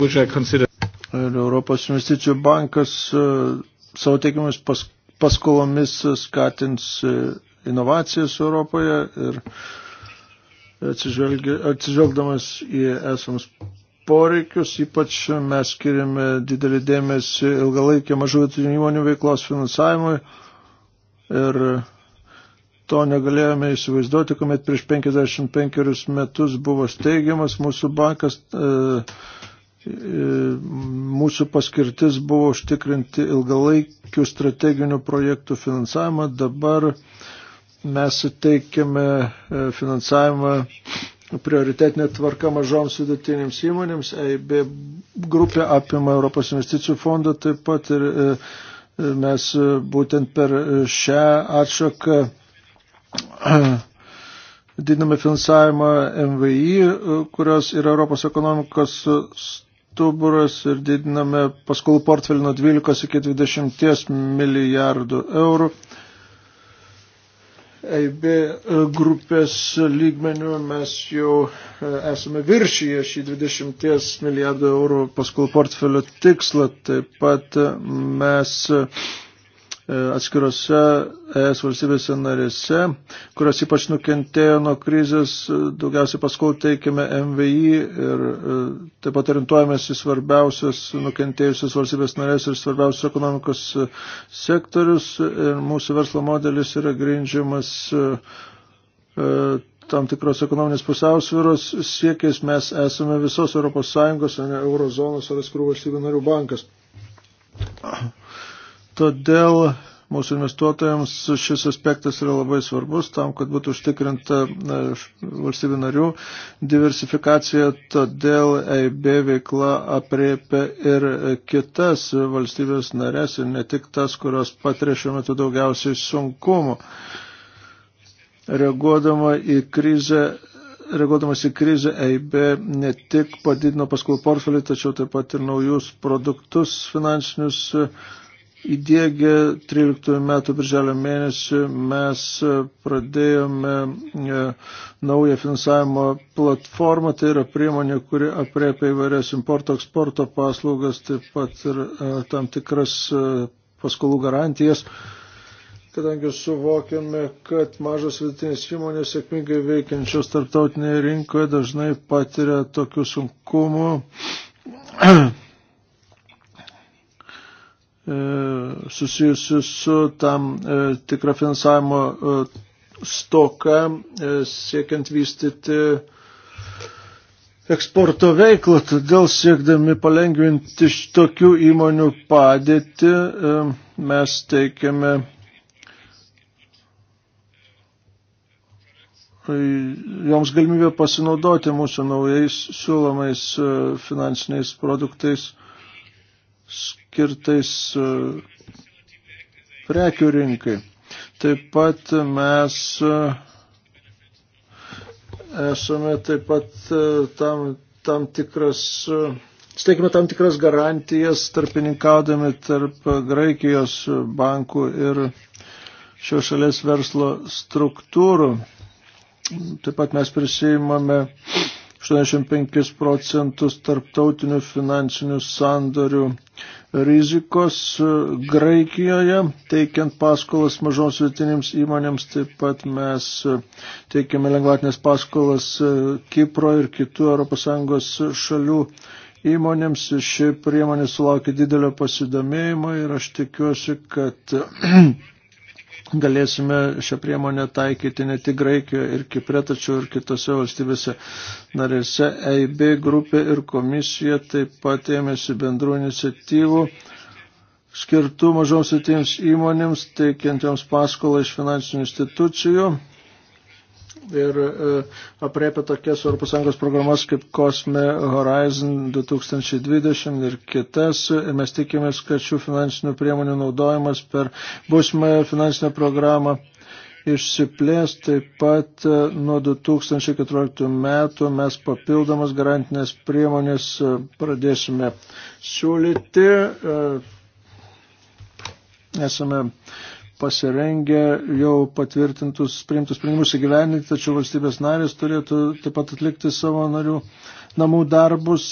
which I consider Europos investicijų bankas e, savo teikiamis pas, paskolomis skatins e, inovacijas Europoje ir atsižvelgdamas į esamus poreikius, ypač mes skiriame didelį dėmesį ilgalaikė mažų įmonių veiklos finansavimui ir to negalėjome įsivaizduoti, kuomet prieš 55 metus buvo steigiamas mūsų bankas. E, mūsų paskirtis buvo užtikrinti ilgalaikių strateginių projektų finansavimą. Dabar mes suteikiame e, finansavimą prioritetinė tvarka mažoms sudėtinėms įmonėms. EIB grupė apima Europos investicijų fondą taip pat ir e, e, mes būtent per šią atšaką <clears throat> didiname finansavimą MVI, kurios yra Europos ekonomikos stuburas ir didiname paskolų portfelį nuo 12 iki 20 milijardų eurų. EIB e, grupės lygmenių mes jau e, esame viršyje šį 20 milijardų eurų paskolų portfelio tikslą. Taip pat mes E, atskirose ES valstybėse narėse, kurios ypač nukentėjo nuo krizės, e, daugiausiai paskolų teikiame MVI ir e, taip pat orientuojamės į svarbiausias nukentėjusias valstybės narės ir svarbiausius ekonomikos sektorius. Ir mūsų verslo modelis yra grindžiamas tam tikros ekonominės pusiausvyros siekis mes esame visos ES, o ne eurozonos ar atskirų valstybių narių bankas. Todėl mūsų investuotojams šis aspektas yra labai svarbus tam, kad būtų užtikrinta valstybių narių diversifikacija, todėl EIB veikla apriepia ir kitas valstybės narės ir ne tik tas, kurios patiria šiuo metu daugiausiai sunkumų. Reaguodama į krizę reaguodamas į krizę EIB ne tik padidino paskolų portfelį, tačiau taip pat ir naujus produktus finansinius įdėgę 13 metų birželio mėnesį mes e, pradėjome e, naują finansavimo platformą, tai yra priemonė, kuri apriepia įvairias importo, eksporto paslaugas, taip pat ir e, tam tikras paskolų garantijas. Kadangi suvokiame, kad mažos vidutinės įmonės sėkmingai veikiančios tarptautinėje rinkoje dažnai patiria tokių sunkumų, E, susijusi su tam e, tikra finansavimo e, stoka, siekiant vystyti eksporto veiklą. Todėl siekdami palengvinti tokių įmonių padėtį, mes teikiame joms galimybę pasinaudoti mūsų naujais siūlomais finansiniais produktais skirtais e, prekių rinkai. Taip pat mes e, esame taip pat e, tam, tam tikras, steikime tam tikras garantijas tarpininkaudami tarp Graikijos bankų ir šios šalies verslo struktūrų. Taip pat mes prisijimame uh, 85 procentus tarptautinių finansinių sandorių rizikos e, Graikijoje, teikiant paskolas mažoms vietinėms įmonėms, taip pat mes e, teikiame lengvatinės paskolas e, Kipro ir kitų ES šalių įmonėms. Ši priemonė sulaukė didelio pasidomėjimo ir aš tikiuosi, kad <clears throat> galėsime šią priemonę taikyti ne tik Graikijoje ir Kipre, tačiau ir kitose valstybėse narėse. EIB grupė ir komisija taip pat ėmėsi bendrų iniciatyvų skirtų mažoms ir tiems įmonėms, teikiant joms paskolą iš finansinių institucijų ir e, apriepia tokias ES programas kaip Cosme Horizon 2020 ir kitas. Ir mes tikimės, kad šių finansinių priemonių naudojimas per būsimą finansinę programą išsiplės. Taip pat e, nuo 2014 metų mes papildomas garantinės priemonės e, pradėsime siūlyti. Esame pasirengę jau patvirtintus, priimtus sprendimus įgyveninti, tačiau valstybės narės turėtų taip pat atlikti savo narių namų darbus.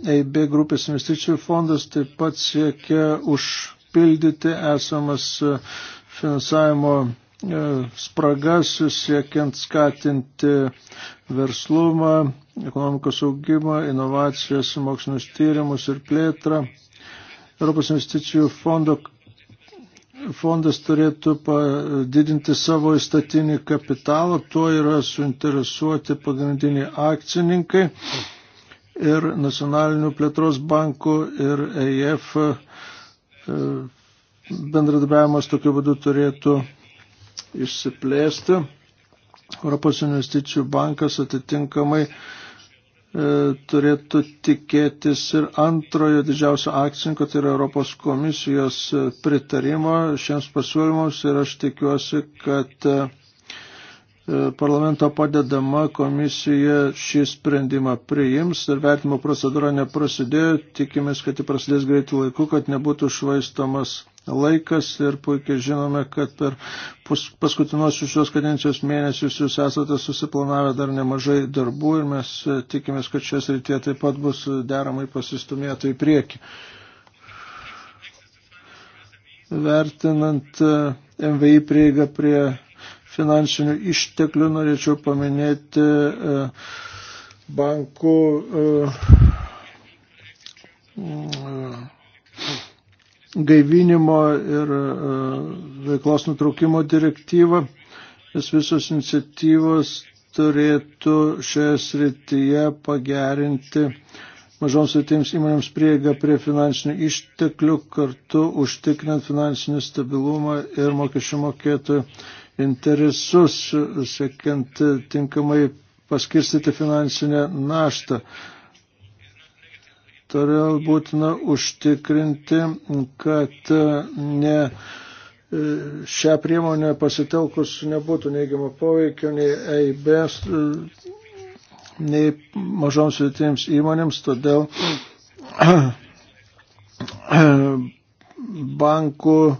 EIB grupės investicijų fondas taip pat siekia užpildyti esamas e, finansavimo e, spragas, siekiant skatinti verslumą, ekonomikos augimą, inovacijas, mokslinius tyrimus ir plėtrą. Europos investicijų fondo fondas turėtų padidinti savo įstatinį kapitalą, tuo yra suinteresuoti pagrindiniai akcininkai ir nacionalinių plėtros bankų ir EIF e, bendradarbiavimas tokiu būdu turėtų išsiplėsti. Europos investicijų bankas atitinkamai uh, E, turėtų tikėtis ir antrojo didžiausio akcininko, tai yra Europos komisijos e, pritarimo šiems pasiūlymams ir aš tikiuosi, kad e, parlamento padedama komisija šį sprendimą priims ir vertimo procedūra neprasidėjo, tikimės, kad ji prasidės greitų laikų, kad nebūtų švaistomas laikas ir puikiai žinome, kad per paskutiniosius šios kadencijos mėnesius jūs esate susiplanavę dar nemažai darbų ir mes tikimės, kad šias rytė taip pat bus deramai pasistumėta į priekį. Vertinant e, MVI prieigą prie finansinių išteklių, norėčiau paminėti e, bankų e, gaivinimo ir e, veiklos nutraukimo direktyvą, nes visos iniciatyvos turėtų šioje srityje pagerinti mažoms sritims įmonėms prieigą prie finansinių išteklių, kartu užtikrinant finansinį stabilumą ir mokesčių mokėtojų interesus, siekiant tinkamai paskirstyti finansinę naštą. Todėl būtina užtikrinti, kad ne e, šią priemonę pasitelkus nebūtų neigiamo poveikio nei EIBės, nei mažoms vietiniams įmonėms, todėl <clears throat> bankų e,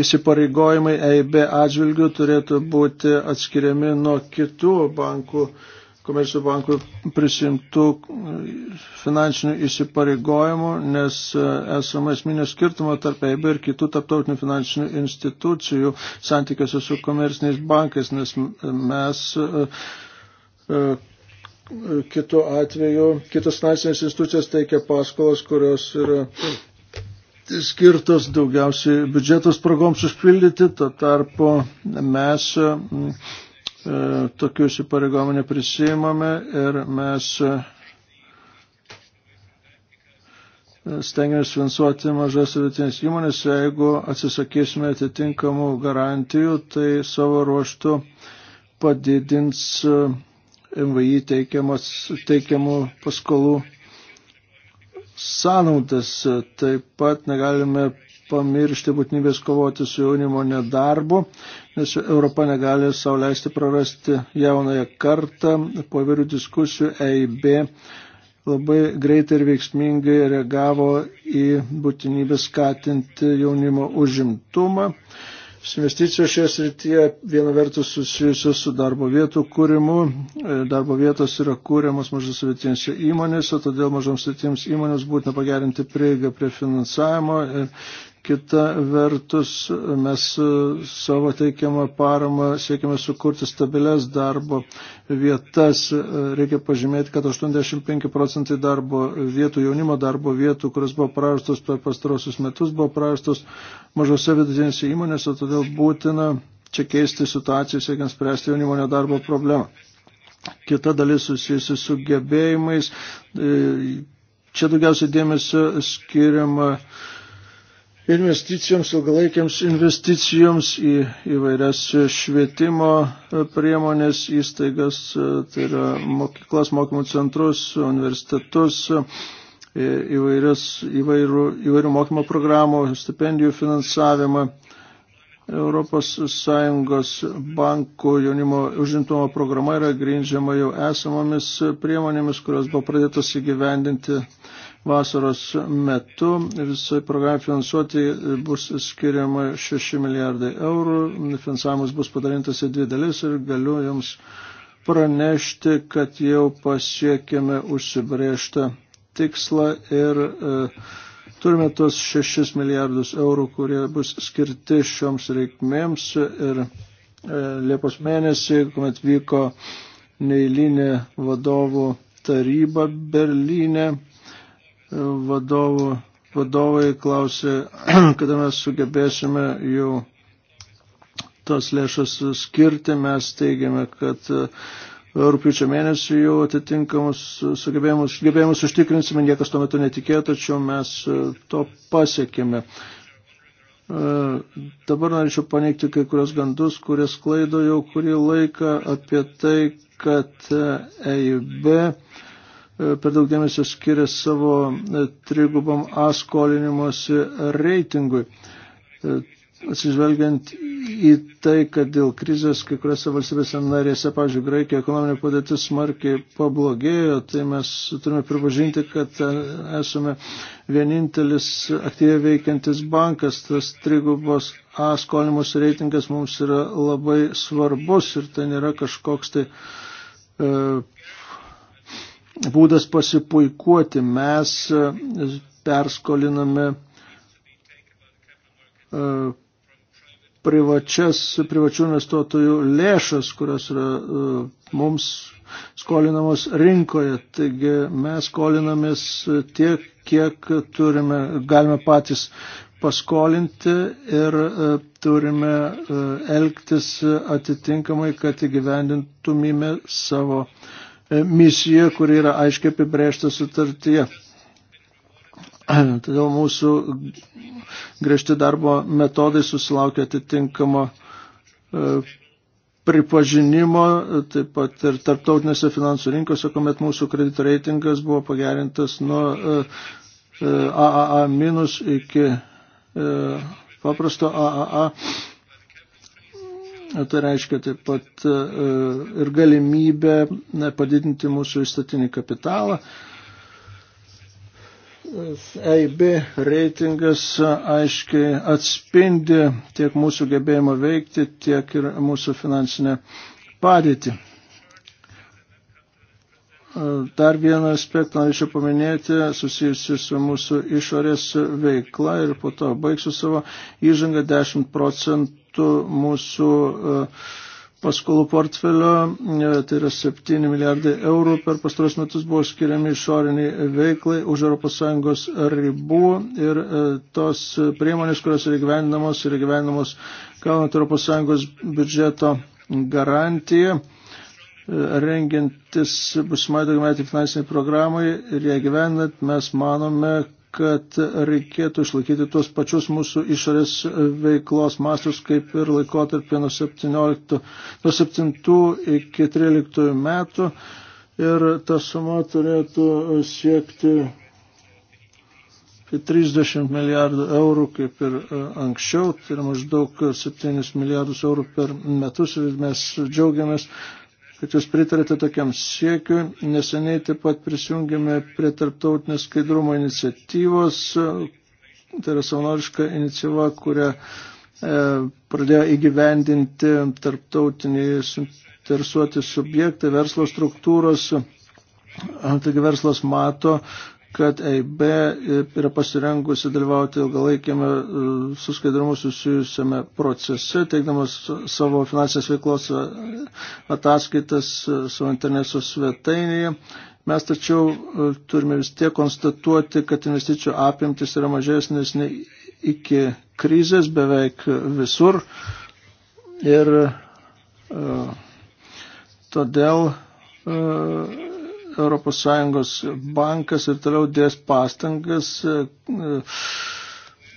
įsipareigojimai EIB atžvilgių turėtų būti atskiriami nuo kitų bankų uh, komercijų bankų prisimtų finansinių įsipareigojimų, nes e, esama esminio skirtumo tarp EIB ir kitų tarptautinių finansinių institucijų santykiuose su komerciniais bankais, nes mes e, e, kitu atveju, kitos finansinės institucijos teikia paskolas, kurios yra skirtos daugiausiai biudžetos progoms užpildyti, to tarpu mes E, tokių įsipareigomų neprisimame ir mes e, stengiamės finansuoti mažas vidutinės įmonės. Jeigu atsisakysime atitinkamų garantijų, tai savo ruoštų padidins e, MVI teikiamų paskolų sąnaudas. Taip pat negalime pamiršti būtinybės kovoti su jaunimo nedarbu, nes Europa negali sauliaisti prarasti jaunąją kartą. Po įvairių diskusijų EIB labai greitai ir veiksmingai reagavo į būtinybę skatinti jaunimo užimtumą. Investicijos šioje srityje viena vertus susijusios su darbo vietų kūrimu. E, darbo vietos yra kūriamos mažos vietinėse įmonėse, todėl mažoms vietiniams įmonėms būtina pagerinti prieigą prie finansavimo ir Kita vertus, mes e, savo teikiamą paramą siekime sukurti stabilias darbo vietas. E, reikia pažymėti, kad 85 procentai darbo vietų, jaunimo darbo vietų, kuris buvo prarastos per pastarosius metus, buvo prarastos mažose vidutinėse įmonėse, todėl būtina čia keisti situaciją, siekiant spręsti jaunimo nedarbo problemą. Kita dalis susijusi su gebėjimais. E, čia daugiausiai dėmesio skiriama investicijoms, ilgalaikiams investicijoms į įvairias švietimo priemonės įstaigas, e, tai yra mokyklas, mokymų centrus, universitetus, e, įvairias, įvairių, įvairių mokymo programų, stipendijų finansavimą. ES bankų jaunimo užimtumo programa yra grindžiama jau esamomis priemonėmis, kurios buvo pradėtos įgyvendinti vasaros metu. Visai programai finansuoti bus skiriama 6 milijardai eurų. Finansavimas bus padalintas į dvi dalis ir galiu Jums pranešti, kad jau pasiekėme užsibrėžtą tikslą ir e, turime tuos 6 milijardus eurų, kurie bus skirti šioms reikmėms. Ir e, Liepos mėnesį, kuomet vyko neįlinė vadovų taryba Berlyne, vadovų, vadovai klausė, <clears throat> kada mes sugebėsime jau tos lėšas skirti. Mes teigiame, kad e, rūpiučio mėnesį jau atitinkamus sugebėjimus, sugebėjimus užtikrinsime, niekas tuo metu netikėjo, tačiau mes e, to pasiekime. E, dabar norėčiau paneigti kai kurios gandus, kurie sklaido jau kurį laiką apie tai, kad EIB E, per daug dėmesio skiria savo e, trigubam A skolinimuose reitingui. E, atsižvelgiant į tai, kad dėl krizės kai kuriuose valstybėse narėse, pavyzdžiui, Graikija ekonominė padėtis smarkiai pablogėjo, tai mes turime pripažinti, kad esame vienintelis aktyviai veikiantis bankas, tas trigubos A skolimus reitingas mums yra labai svarbus ir tai nėra kažkoks tai e, būdas pasipuikuoti. Mes e, perskoliname e, privačias, privačių investuotojų lėšas, kurios yra e, mums skolinamos rinkoje. Taigi mes skolinamės tiek, kiek turime, galime patys paskolinti ir turime elgtis atitinkamai, kad įgyvendintumėme savo E, misiją, kuri yra aiškiai apibrėžta sutartyje. <clears throat> Todėl mūsų griežti darbo metodai susilaukia atitinkamo e, pripažinimo, taip pat ir tarptautinėse finansų rinkose, kuomet mūsų kredito reitingas buvo pagerintas nuo AAA e, minus iki paprasto AAA Tai reiškia taip pat e, ir galimybę padidinti mūsų įstatinį kapitalą. EIB reitingas aiškiai atspindi tiek mūsų gebėjimą veikti, tiek ir mūsų finansinę padėtį. Dar vieną aspektą norėčiau paminėti, susijusi su mūsų išorės veikla ir po to baigsiu savo įžangą 10 procentų mūsų paskolų portfelio, tai yra 7 milijardai eurų per pastaros metus buvo skiriami išoriniai veiklai už ES ribų ir tos priemonės, kurios yra gyvenamos, yra gyvenamos kalbant ES biudžeto garantiją rengiantis busimai daugiametį finansiniai programai ir ją gyvenant, mes manome, kad reikėtų išlaikyti tuos pačius mūsų išorės veiklos mastus, kaip ir laikotarpį nuo 17, nuo 7 iki 13 metų. Ir ta suma turėtų siekti 30 milijardų eurų, kaip ir e, anksčiau, tai yra maždaug 7 milijardus eurų per metus ir mes džiaugiamės kad jūs pritarėte tokiam siekiui. Neseniai taip pat prisijungėme prie tarptautinės skaidrumo iniciatyvos, tai yra savanoriška iniciatyva, kurią e, pradėjo įgyvendinti tarptautiniai suinteresuoti subjektai, verslo struktūros. Taigi verslas mato, kad EIB yra pasirengusi dalyvauti ilgalaikėme suskaidrumu susijusiame procese, teikdamas savo finansinės veiklos e, ataskaitas e, savo interneto svetainėje. Mes tačiau e, turime vis tiek konstatuoti, kad investicijų apimtis yra mažesnis nei iki krizės beveik visur. Ir uh, todėl uh, ES bankas ir toliau dės pastangas,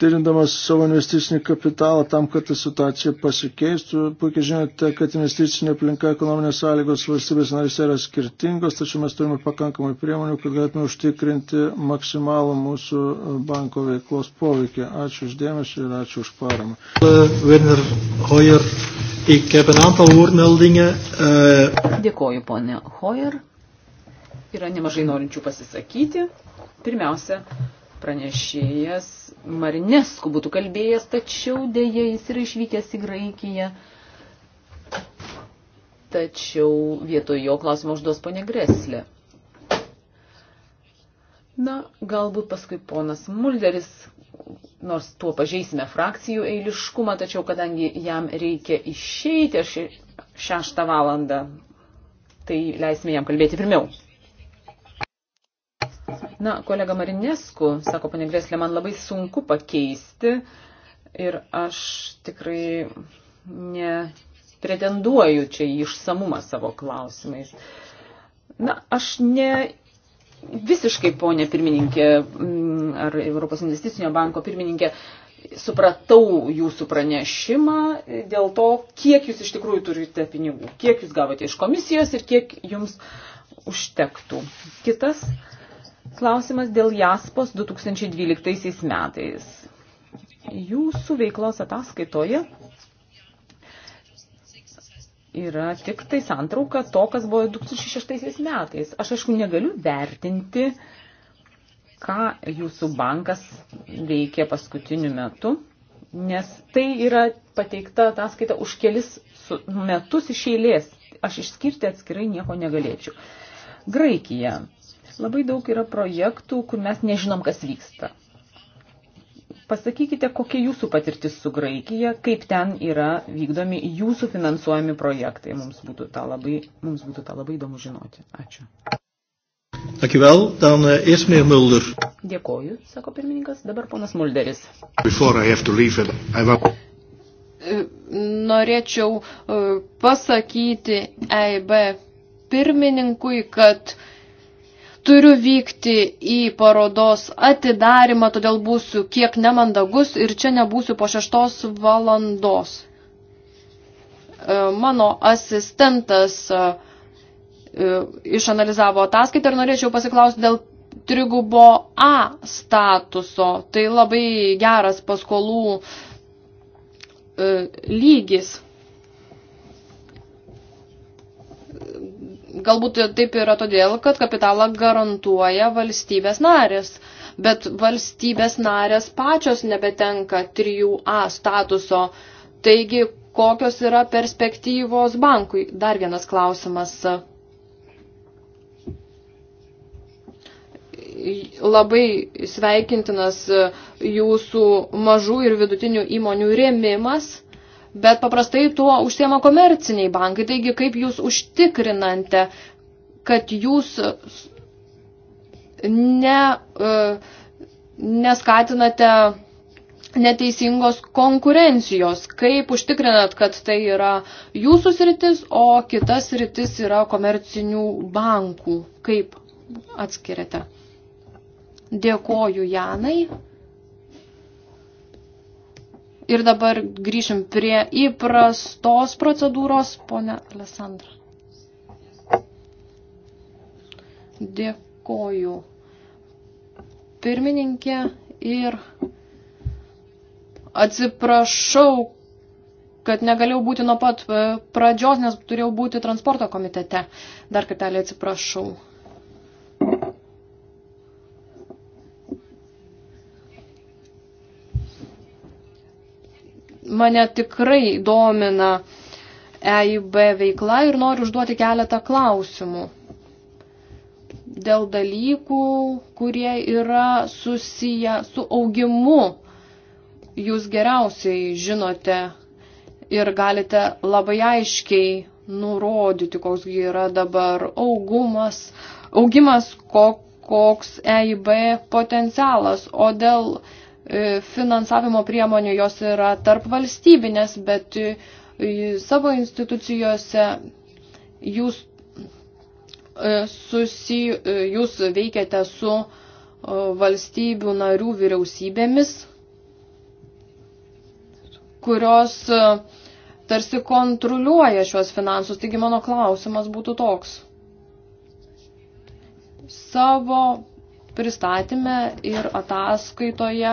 tyrindamas e, e, savo investicinį kapitalą tam, kad ta situacija pasikeistų. Puikiai žinote, kad investicinė aplinka, ekonominės sąlygos valstybės narėse yra skirtingos, tačiau mes turime pakankamai priemonių, kad galėtume užtikrinti maksimalų mūsų banko veiklos poveikį. Ačiū uždėmesį ir ačiū už paramą. Werner Hoyer, ik heb een aantal woordmeldingen. Uh... Äh, Dėkoju, ponė Hoyer. Yra nemažai norinčių pasisakyti. Pirmiausia, pranešėjas Marinesku būtų kalbėjęs, tačiau dėja jis yra išvykęs į Graikiją. Tačiau vietoj jo klausimą užduos ponė Greslė. Na, galbūt paskui ponas Mulderis, nors tuo pažeisime frakcijų eiliškumą, tačiau kadangi jam reikia išeiti šeštą valandą, tai leisime jam kalbėti pirmiau. Na, kolega Marinesku, sako ponė Greslė, man labai sunku pakeisti ir aš tikrai nepretenduoju čia į išsamumą savo klausimais. Na, aš ne visiškai, ponė pirmininkė, mm, ar Europos investicinio banko pirmininkė, supratau jūsų pranešimą dėl to, kiek jūs iš tikrųjų turite pinigų, kiek jūs gavote iš komisijos ir kiek jums užtektų. Kitas Klausimas dėl JASPOS 2012 metais. Jūsų veiklos ataskaitoje yra tik tai santrauka to, kas buvo 2006 metais. Aš aišku negaliu vertinti, ką jūsų bankas veikė paskutiniu metu, nes tai yra pateikta ataskaita už kelis metus iš eilės. Aš išskirti atskirai nieko negalėčiau. Graikija Labai daug yra projektų, kur mes nežinom, kas vyksta. Pasakykite, kokia jūsų patirtis su Graikija, kaip ten yra vykdomi jūsų finansuojami projektai. Mums būtų tą labai, mums būtų tą labai įdomu žinoti. Ačiū. Dankjewel. Dan uh, eerst meneer Mulder. Dėkoju, sako pirmininkas. Dabar ponas Mulderis. Before I have to leave it, I want... E, norėčiau e, pasakyti EIB pirmininkui, kad uh, Turiu vykti į parodos atidarimą, todėl būsiu kiek nemandagus ir čia nebūsiu po šeštos valandos. E, mano asistentas e, e, išanalizavo ataskaitą ir norėčiau pasiklausti dėl trigubo A statuso. Tai labai geras paskolų lygis. Galbūt taip yra todėl, kad kapitalą garantuoja valstybės narės, bet valstybės narės pačios nebetenka 3A statuso. Taigi, kokios yra perspektyvos bankui? Dar vienas klausimas. Labai sveikintinas jūsų mažų ir vidutinių įmonių rėmimas bet paprastai tuo užsiema komerciniai bankai. Taigi, kaip jūs užtikrinate, kad jūs ne, e, neskatinate neteisingos konkurencijos, kaip užtikrinat, kad tai yra jūsų sritis, o kitas sritis yra komercinių bankų, kaip atskiriate. Dėkoju Janai. Ir dabar grįšim prie įprastos procedūros, ponė Alessandra. Dėkoju pirmininkė ir atsiprašau, kad negalėjau būti nuo pat e, pradžios, nes turėjau būti transporto komitete. Dar kartelį atsiprašau. mane tikrai domina EIB veikla ir noriu užduoti keletą klausimų dėl dalykų, kurie yra susiję su augimu. Jūs geriausiai žinote ir galite labai aiškiai nurodyti, koks yra dabar augumas, augimas, koks EIB potencialas. O dėl E, finansavimo priemonių, jos yra tarp valstybinės, bet e, savo institucijose jūs, e, susi, jūs veikiate su valstybių narių vyriausybėmis, kurios tarsi kontroliuoja šios finansus. Taigi mano klausimas būtų toks. Savo pristatymę ir ataskaitoje,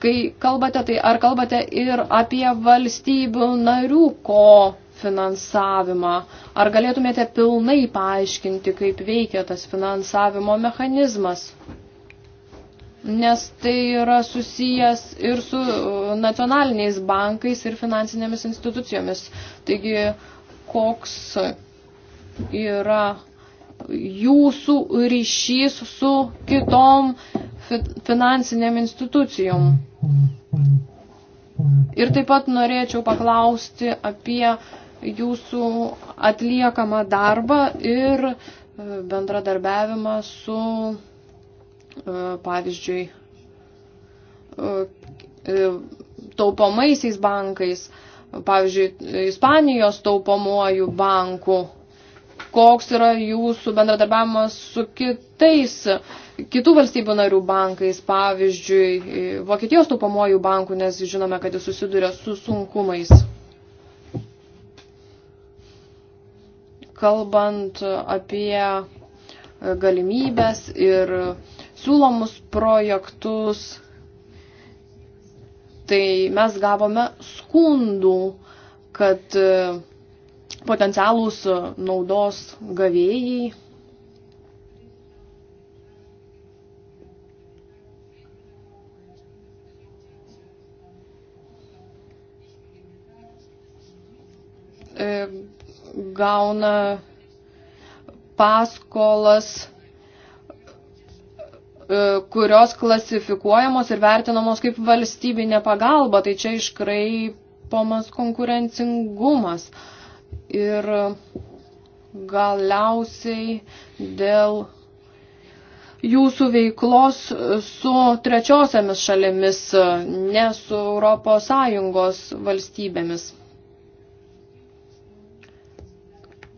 kai kalbate, tai ar kalbate ir apie valstybių narių ko finansavimą? Ar galėtumėte pilnai paaiškinti, kaip veikia tas finansavimo mechanizmas? Nes tai yra susijęs ir su uh, nacionaliniais bankais ir finansinėmis institucijomis. Taigi, koks yra jūsų ryšys su kitom finansinėm institucijom. Ir taip pat norėčiau paklausti apie jūsų atliekamą darbą ir e, bendradarbiavimą su, e, pavyzdžiui, e, taupomaisiais bankais, pavyzdžiui, Ispanijos taupomuoju banku koks yra jūsų bendradarbiavimas su kitais, kitų valstybių narių bankais, pavyzdžiui, Vokietijos taupamojų bankų, nes žinome, kad jis susiduria su sunkumais. Kalbant apie galimybės ir siūlomus projektus, tai mes gavome skundų, kad potencialūs e, naudos gavėjai. E, gauna paskolas, e, kurios klasifikuojamos ir vertinamos kaip valstybinė pagalba, tai čia iškraipomas konkurencingumas. Uh, ir galiausiai dėl jūsų veiklos su trečiosiamis šalimis, ne su Europos Sąjungos valstybėmis.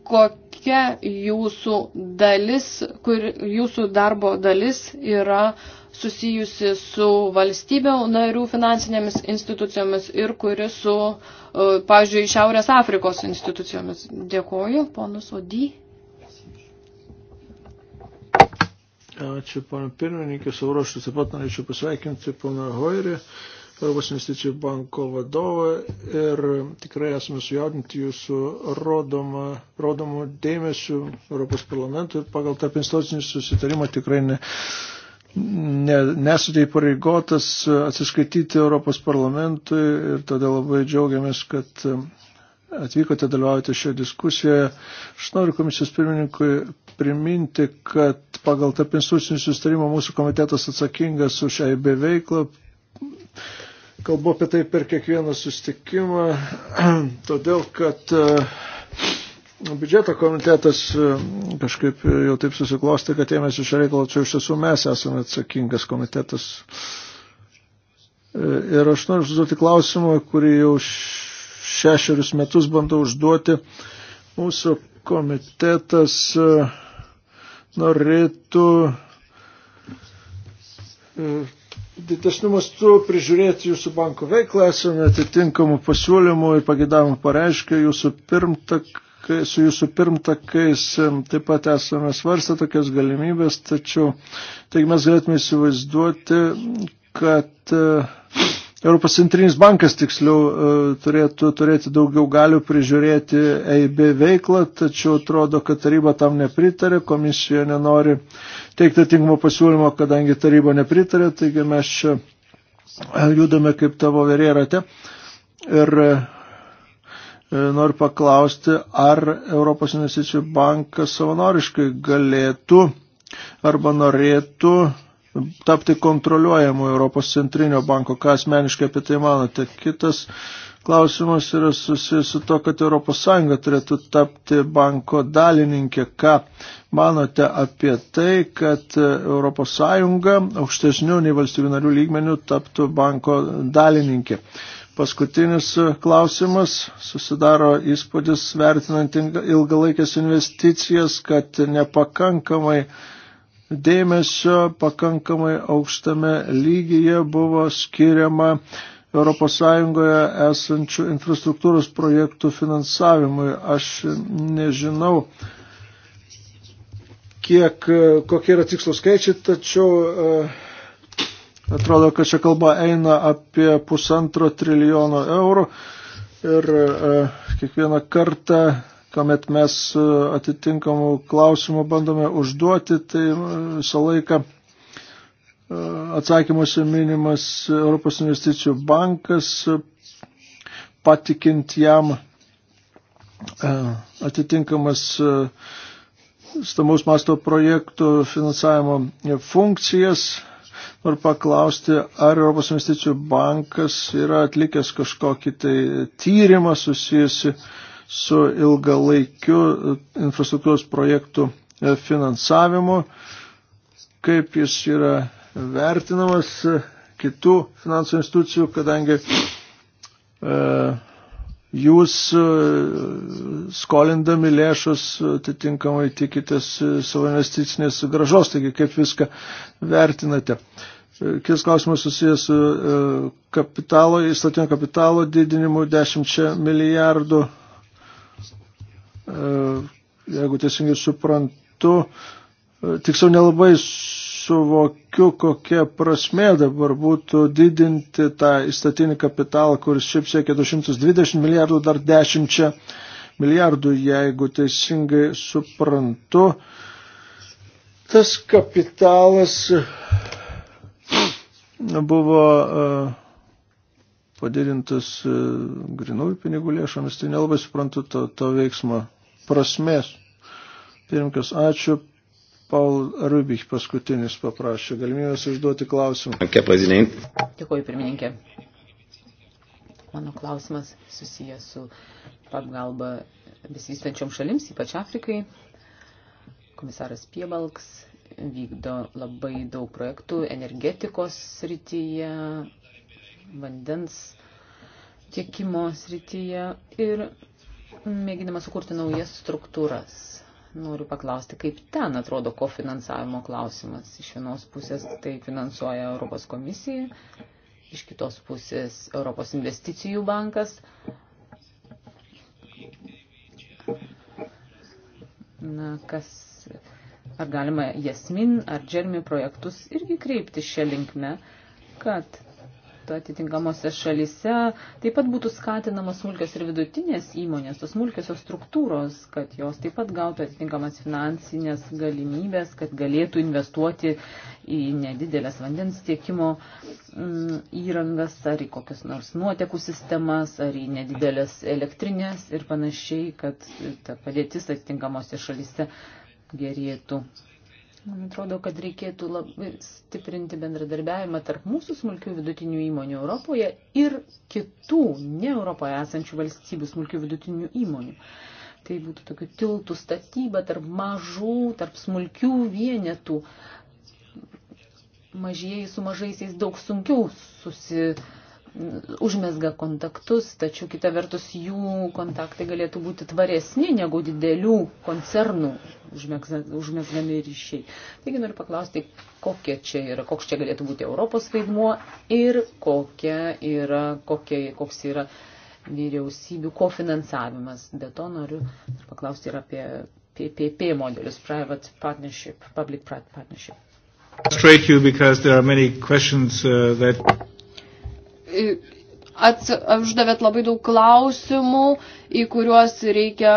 Kokia jūsų dalis, kur jūsų darbo dalis yra susijusi su valstybių narių finansinėmis institucijomis ir kuri su, e, pavyzdžiui, Šiaurės Afrikos institucijomis. Dėkoju, ponus Odį. Ačiū, pana pirmininkė, savo ruoštų taip pat norėčiau pasveikinti pana Hoirį, Europos investicijų banko vadovą ir tikrai esame sujaudinti jūsų rodomą, rodomų dėmesių Europos parlamentui ir pagal tarp institucinį susitarimą tikrai ne ne, nesate įpareigotas atsiskaityti Europos parlamentui ir todėl labai džiaugiamės, kad um, atvykote dalyvauti šioje diskusijoje. Aš noriu komisijos pirmininkui priminti, kad pagal tarp institucinį sustarimą mūsų komitetas atsakingas už AIB e veiklą. Kalbu apie tai per kiekvieną sustikimą, <clears throat> todėl kad uh, biudžeto komitetas e, kažkaip jau taip susiklosti, kad ėmėsi šio reikalo, čia iš tiesų mes esame atsakingas komitetas. E, ir aš noriu užduoti klausimą, kurį jau šešerius metus bandau užduoti. Mūsų komitetas e, norėtų didesnių mastų prižiūrėti jūsų banko veiklą, esame atitinkamų pasiūlymų ir pagėdavimų pareiškę, jūsų pirmtak su jūsų pirmtakais taip pat esame svarstę tokias galimybės, tačiau taigi mes galėtume įsivaizduoti, kad e, Europos centrinis bankas tiksliau e, turėtų turėti daugiau galių prižiūrėti EIB veiklą, tačiau atrodo, kad taryba tam nepritarė, komisija nenori teikti tinkamo pasiūlymo, kadangi taryba nepritarė, taigi mes čia e, judame kaip tavo verė rate. Ir E, noriu paklausti, ar Europos investicijų bankas savanoriškai galėtų arba norėtų tapti kontroliuojamu Europos centrinio banko. Ką asmeniškai apie tai manote? Kitas klausimas yra susijęs su to, kad ES turėtų tapti banko dalininkė. Ką manote apie tai, kad ES aukštesnių nei valstybių narių lygmenių taptų banko dalininkė? Uh, Paskutinis e, klausimas. Susidaro įspūdis vertinant ilgalaikės investicijas, kad nepakankamai dėmesio, pakankamai aukštame lygyje buvo skiriama ES esančių infrastruktūros projektų finansavimui. Aš nežinau, kiek, e, kokie yra tikslus skaičiai, tačiau uh, Atrodo, kad čia kalba eina apie pusantro trilijono eurų ir e, kiekvieną kartą, kuomet mes e, atitinkamų klausimų bandome užduoti, tai e, visą laiką e, atsakymuose minimas Europos investicijų bankas, patikint jam e, atitinkamas e, stamaus masto projektų finansavimo funkcijas Noriu paklausti, ar Europos investicijų bankas yra atlikęs kažkokį tai tyrimą susijusi su ilgalaikiu infrastruktūros projektų e, finansavimu, kaip jis yra vertinamas e, kitų finansų institucijų, kadangi e, jūs e, skolindami lėšus atitinkamai tikitės savo investicinės gražos, taigi kaip viską vertinate. E, Kitas klausimas susijęs su e, kapitalo, įstatinio kapitalo didinimu 10 milijardų. E, jeigu teisingai suprantu, e, tiksliau nelabai suvokiu, kokia prasme dabar būtų didinti tą įstatinį kapitalą, kuris šiaip siekia 220 milijardų, dar 10 milijardų, jeigu teisingai suprantu. Tas kapitalas buvo e, padidintas e, grinųjų pinigų lėšomis, tai nelabai suprantu to, to veiksmo prasmės. Pirmkas, ačiū. Paul Rubik paskutinis paprašė galimybės užduoti klausimą. Dėkuoju, pirmininkė. Mano klausimas susijęs su pagalba besivystančiom šalims, ypač Afrikai. Komisaras Piebalks vykdo labai daug projektų energetikos srityje, vandens tiekimo srityje ir mėginama sukurti naujas struktūras. Noriu paklausti, kaip ten atrodo kofinansavimo klausimas. Iš vienos pusės tai finansuoja Europos komisija, iš kitos pusės Europos investicijų bankas. Na, kas ar galima Jasmin ar Džermi projektus irgi kreipti šią linkmę, kad atitinkamose šalise taip pat būtų skatinamos smulkios ir vidutinės įmonės, tos smulkiosios struktūros, kad jos taip pat gautų atitinkamas finansinės galimybės, kad galėtų investuoti į nedidelės vandens tiekimo mm, įrangas ar į kokias nors nuotekų sistemas, ar į nedidelės elektrinės ir panašiai, kad ta padėtis atitinkamose šalise gerėtų. Man atrodo, kad reikėtų labai stiprinti bendradarbiavimą tarp mūsų smulkių vidutinių įmonių Europoje ir kitų ne Europoje esančių valstybių smulkių vidutinių įmonių. Tai būtų tokių tiltų statyba tarp mažų, tarp smulkių vienetų. Mažieji su mažaisiais daug sunkiau susitikti užmesga kontaktus, tačiau kita vertus jų kontaktai galėtų būti tvaresni negu didelių koncernų užmesgami ryšiai. Taigi noriu paklausti, kokie čia yra, koks čia galėtų būti Europos vaidmuo ir kokia yra, kokie, koks yra vyriausybių kofinansavimas. Be to noriu paklausti ir apie PPP modelius, Private Partnership, Public Private Partnership. Straight you because there are many questions uh, that ats, uždavėt labai daug klausimų, į kuriuos reikia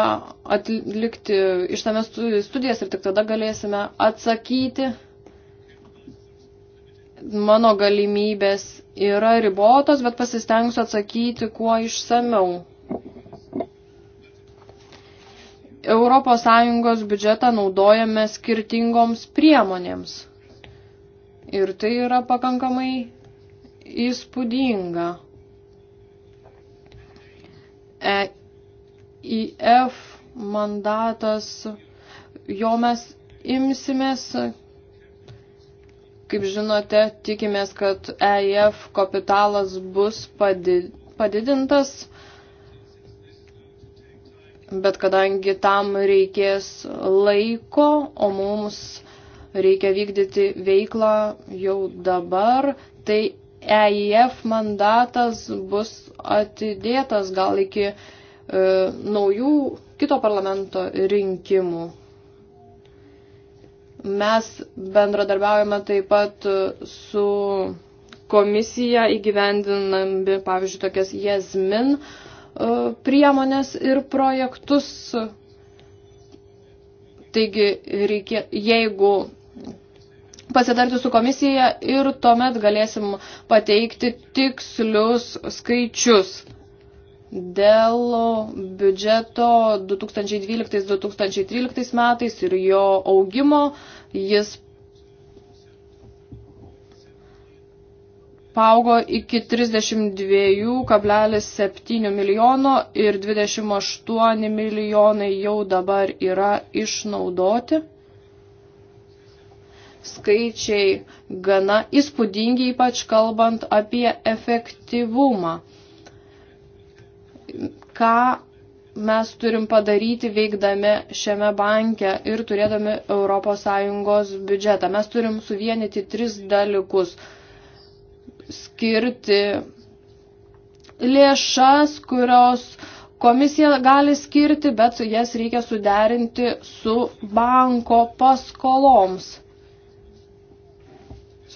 atlikti ištames studijas ir tik tada galėsime atsakyti. Mano galimybės yra ribotos, bet pasistengsiu atsakyti kuo išsameu. Europos Sąjungos biudžetą naudojame skirtingoms priemonėms. Ir tai yra pakankamai įspūdinga. EIF mandatas, jo mes imsimės, kaip žinote, tikimės, kad EIF kapitalas bus padidintas, bet kadangi tam reikės laiko, o mums reikia vykdyti veiklą jau dabar, tai EIF mandatas bus atidėtas gal iki e, naujų kito parlamento rinkimų. Mes bendradarbiaujame taip pat su komisija įgyvendinami, pavyzdžiui, tokias jasmin e, priemonės ir projektus. Taigi, reikia, jeigu pasitarti su komisija ir tuomet galėsim pateikti tikslius skaičius dėl biudžeto 2012-2013 metais ir jo augimo. Jis paaugo iki 32,7 milijono ir 28 milijonai jau dabar yra išnaudoti skaičiai gana įspūdingi, ypač kalbant apie efektyvumą. Ką mes turim padaryti veikdami šiame banke ir turėdami ES biudžetą. Mes turim suvienyti tris dalykus. Skirti lėšas, kurios komisija gali skirti, bet jas reikia suderinti su banko paskoloms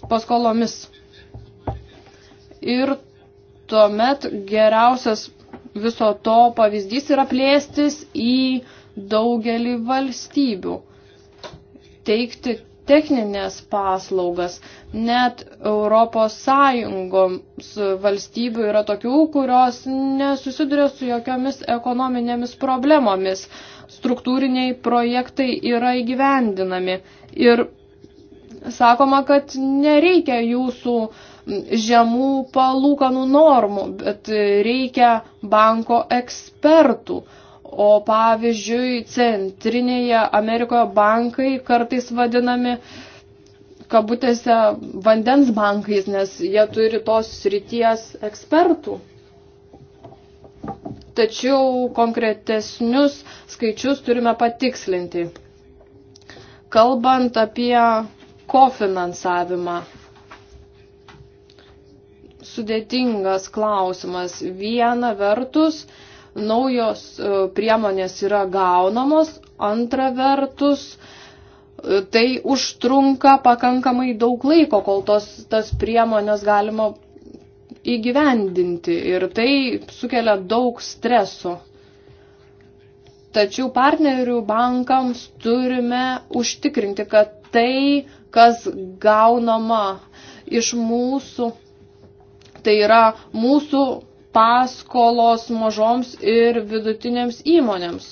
paskolomis. Ir tuomet geriausias viso to pavyzdys yra plėstis į daugelį valstybių, teikti techninės paslaugas. Net Europos Sąjungoms valstybių yra tokių, kurios nesusiduria su jokiomis ekonominėmis problemomis. Struktūriniai projektai yra įgyvendinami ir sakoma, kad nereikia jūsų žemų palūkanų normų, bet reikia banko ekspertų. O pavyzdžiui, centrinėje Amerikoje bankai kartais vadinami kabutėse vandens bankais, nes jie turi tos srities ekspertų. Tačiau konkretesnius skaičius turime patikslinti. Kalbant apie kofinansavimą. Sudėtingas klausimas. Viena vertus, naujos e, priemonės yra gaunamos, antra vertus, e, tai užtrunka pakankamai daug laiko, kol tos, tas priemonės galima įgyvendinti ir tai sukelia daug streso. Tačiau partnerių bankams turime užtikrinti, kad tai kas gaunama iš mūsų, tai yra mūsų paskolos mažoms ir vidutinėms įmonėms.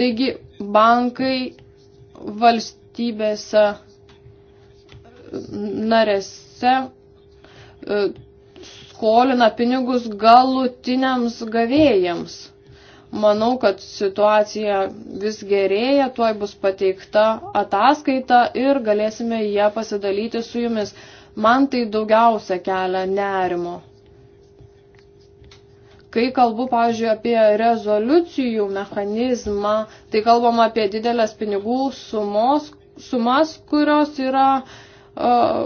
Taigi bankai valstybėse narėse e, skolina pinigus galutiniams gavėjams. Manau, kad situacija vis gerėja, tuoj bus pateikta ataskaita ir galėsime ją pasidalyti su jumis. Man tai daugiausia kelia nerimo. Kai kalbu, pavyzdžiui, apie rezoliucijų mechanizmą, tai kalbam apie didelės pinigų sumos, sumas, kurios yra, uh,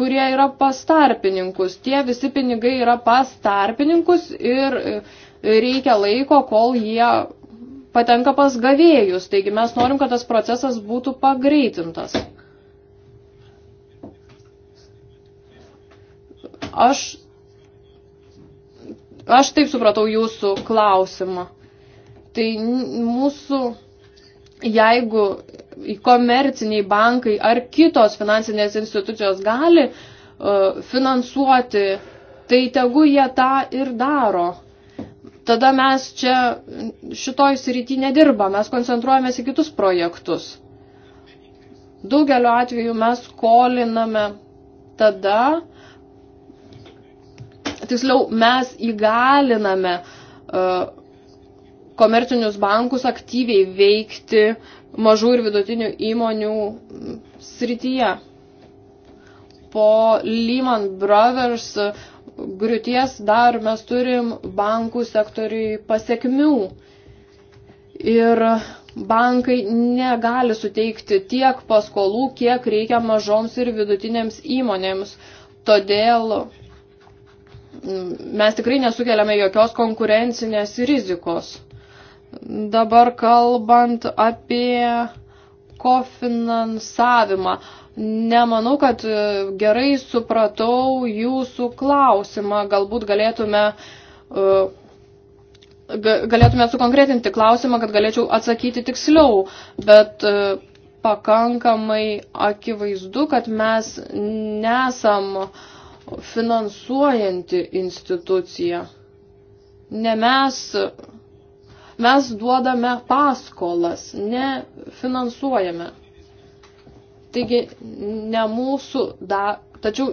kurie yra pas tarpininkus. Tie visi pinigai yra pas tarpininkus ir uh, reikia laiko, kol jie patenka pas gavėjus. Taigi mes norim, kad tas procesas būtų pagreitintas. Aš, aš taip supratau jūsų klausimą. Tai mūsų, jeigu komerciniai bankai ar kitos finansinės institucijos gali uh, finansuoti, tai tegu jie tą ir daro tada mes čia šitoj srity nedirbam, mes koncentruojamės į kitus projektus. Daugeliu atveju mes skoliname tada, tiksliau, mes įgaliname uh, komercinius bankus aktyviai veikti mažų ir vidutinių įmonių srityje. Po Lehman Brothers uh, griūties dar mes turim bankų sektoriui pasiekmių. Ir bankai negali suteikti tiek paskolų, kiek reikia mažoms ir vidutinėms įmonėms. Todėl mes tikrai nesukeliame jokios konkurencinės rizikos. Dabar kalbant apie kofinansavimą. Nemanau, kad e, gerai supratau jūsų klausimą. Galbūt galėtume, e, galėtume sukonkretinti klausimą, kad galėčiau atsakyti tiksliau, bet e, pakankamai akivaizdu, kad mes nesam finansuojanti institucija. Ne mes Mes duodame paskolas, ne finansuojame. Taigi, ne mūsų, da, tačiau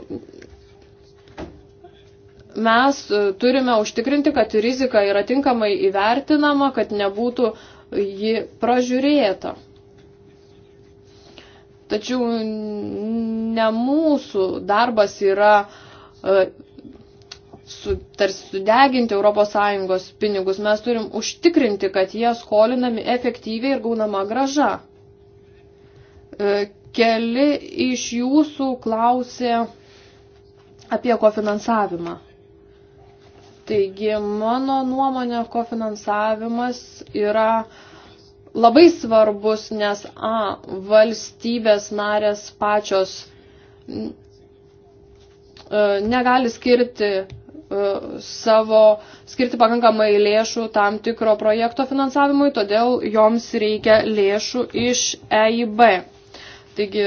mes turime užtikrinti, kad rizika yra tinkamai įvertinama, kad nebūtų ji pražiūrėta. Tačiau ne mūsų darbas yra e, su, tarsi sudeginti ES pinigus, mes turim užtikrinti, kad jie skolinami efektyviai ir gaunama graža. E, keli iš jūsų klausė apie kofinansavimą. Taigi, mano nuomonė, kofinansavimas yra labai svarbus, nes A, valstybės narės pačios e, negali skirti E, savo, skirti pakankamai lėšų tam tikro projekto finansavimui, todėl joms reikia lėšų iš EIB. Taigi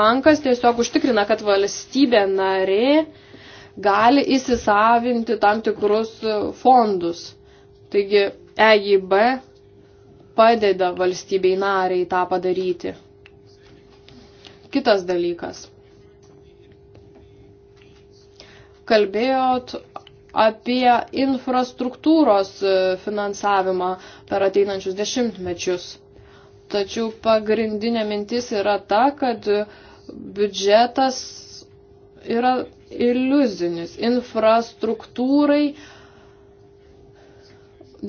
bankas tiesiog užtikrina, kad valstybė narė gali įsisavinti tam tikrus fondus. Taigi EIB padeda valstybei nariai tą padaryti. Kitas dalykas – kalbėjot apie infrastruktūros e, finansavimą per ateinančius dešimtmečius. Tačiau pagrindinė mintis yra ta, kad biudžetas yra iliuzinis. Infrastruktūrai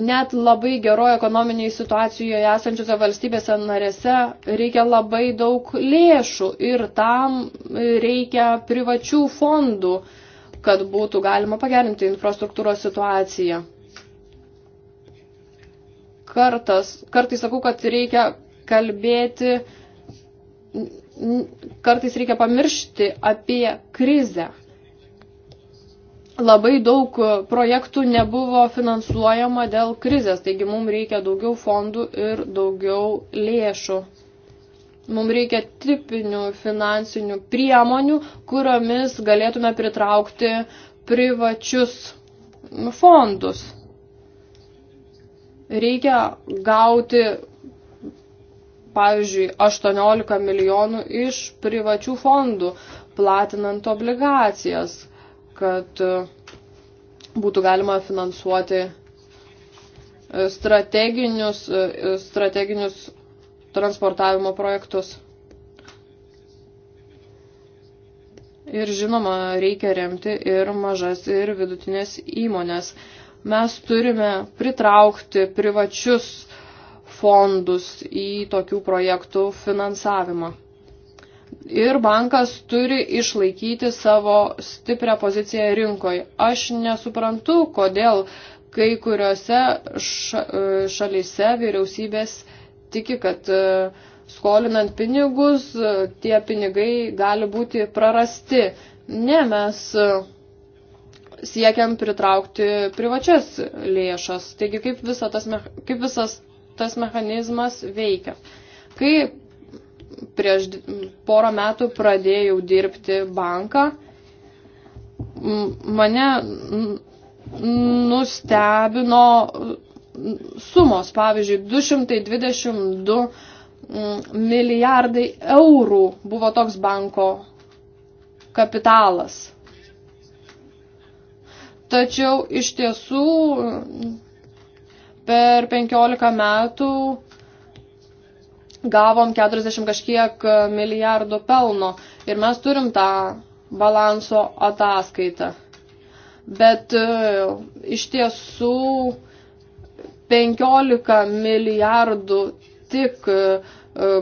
net labai geroje ekonominėje situacijoje esančiose valstybėse narėse reikia labai daug lėšų ir tam reikia privačių fondų kad būtų galima pagerinti infrastruktūros situaciją. Kartas, kartais sakau, kad reikia kalbėti, kartais reikia pamiršti apie krizę. Labai daug projektų nebuvo finansuojama dėl krizės, taigi mums reikia daugiau fondų ir daugiau lėšų. Mums reikia tipinių finansinių priemonių, kuriomis galėtume pritraukti privačius fondus. Reikia gauti, pavyzdžiui, 18 milijonų iš privačių fondų, platinant obligacijas, kad e, būtų galima finansuoti e, strateginius, e, strateginius transportavimo projektus. Ir žinoma, reikia remti ir mažas, ir vidutinės įmonės. Mes turime pritraukti privačius fondus į tokių projektų finansavimą. Ir bankas turi išlaikyti savo stiprią poziciją rinkoje. Aš nesuprantu, kodėl kai kuriuose šalyse vyriausybės uh, tiki, kad e, skolinant pinigus, e, tie pinigai gali būti prarasti. Ne, mes e, siekiam pritraukti privačias lėšas. Taigi, kaip, visa tas, kaip visas tas mechanizmas veikia. Kai prieš porą metų pradėjau dirbti banką, mane nustebino sumos, pavyzdžiui, 222 mm, milijardai eurų buvo toks banko kapitalas. Tačiau iš tiesų mm, per 15 metų gavom 40 kažkiek milijardų pelno ir mes turim tą balanso ataskaitą. Bet e, iš tiesų 15 milijardų tik e, e,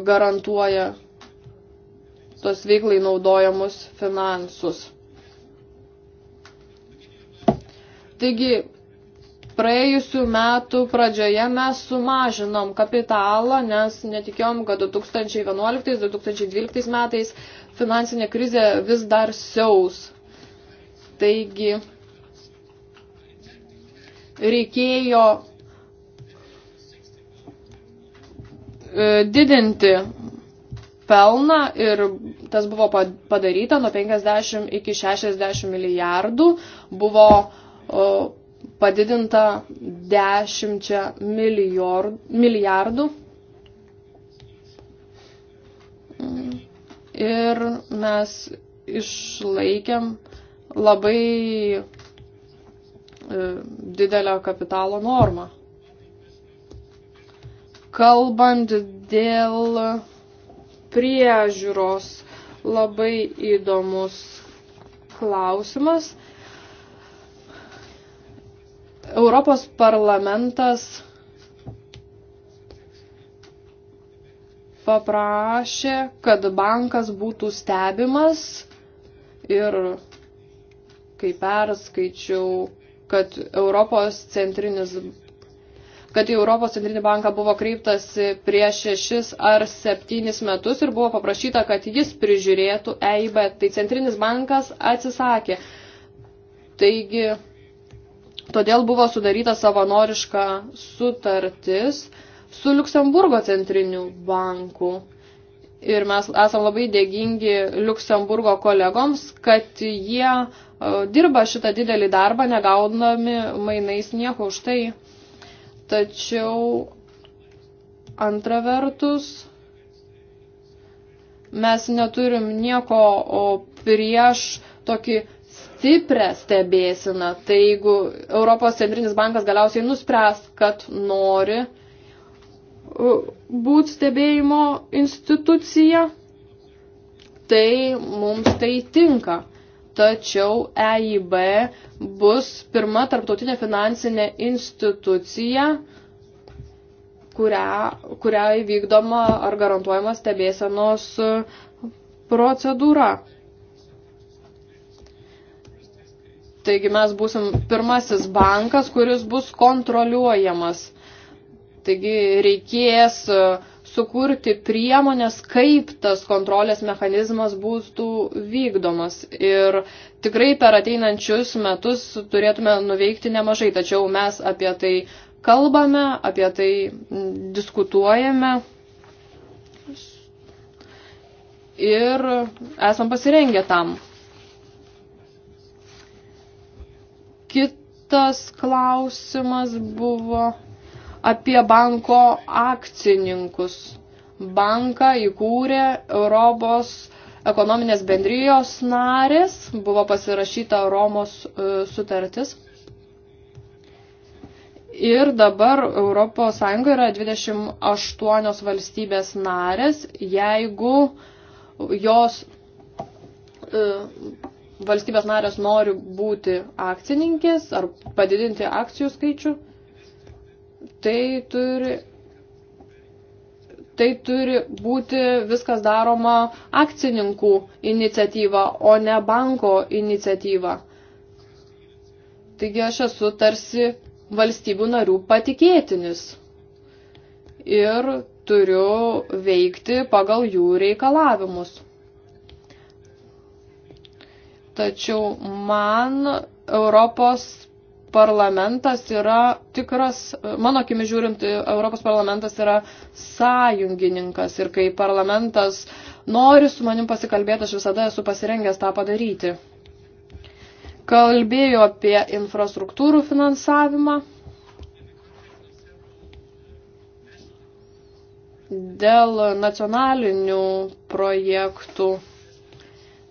garantuoja tos veiklai naudojamus finansus. Taigi, praėjusių metų pradžioje mes sumažinom kapitalą, nes netikėjom, kad 2011-2012 metais finansinė krizė vis dar siaus. Taigi, reikėjo E, didinti pelną ir tas buvo padaryta nuo 50 iki 60 milijardų, buvo e, padidinta 10 milijardų. Ir mes išlaikėm labai e, didelę kapitalo normą. Kalbant dėl priežiūros, labai įdomus klausimas. Europos parlamentas paprašė, kad bankas būtų stebimas ir kai perskaičiau, kad Europos centrinis kad į Europos centrinį banką buvo kreiptas prieš šešis ar septynis metus ir buvo paprašyta, kad jis prižiūrėtų EIB. Tai centrinis bankas atsisakė. Taigi, todėl buvo sudaryta savanoriška sutartis su Luksemburgo centriniu banku. Ir mes esam labai dėgingi Luksemburgo kolegoms, kad jie e, dirba šitą didelį darbą, negaudami mainais nieko už tai. Tačiau antra vertus, mes neturim nieko prieš tokį stiprią stebėsiną. Tai jeigu Europos centrinis bankas galiausiai nuspręs, kad nori uh, būti stebėjimo institucija, tai mums tai tinka tačiau EIB bus pirma tarptautinė finansinė institucija, kurią, kuriai vykdoma ar garantuojama stebėsenos procedūra. Taigi mes būsim pirmasis bankas, kuris bus kontroliuojamas. Taigi reikės uh, sukurti priemonės, kaip tas kontrolės mechanizmas būtų vykdomas. Ir tikrai per ateinančius metus turėtume nuveikti nemažai, tačiau mes apie tai kalbame, apie tai diskutuojame ir esam pasirengę tam. Kitas klausimas buvo apie banko akcininkus. Banką įkūrė Europos ekonominės bendrijos narės, buvo pasirašyta Romos e, sutartis. Ir dabar ES yra 28 valstybės narės, jeigu jos e, valstybės narės nori būti akcininkės ar padidinti akcijų skaičių, tai turi, tai turi būti viskas daroma akcininkų iniciatyva, o ne banko iniciatyva. Taigi aš esu tarsi valstybių narių patikėtinis ir turiu veikti pagal jų reikalavimus. Tačiau man Europos parlamentas yra tikras, mano akimi žiūrint, Europos parlamentas yra sąjungininkas ir kai parlamentas nori su manim pasikalbėti, aš visada esu pasirengęs tą padaryti. Kalbėjau apie infrastruktūrų finansavimą. Dėl nacionalinių projektų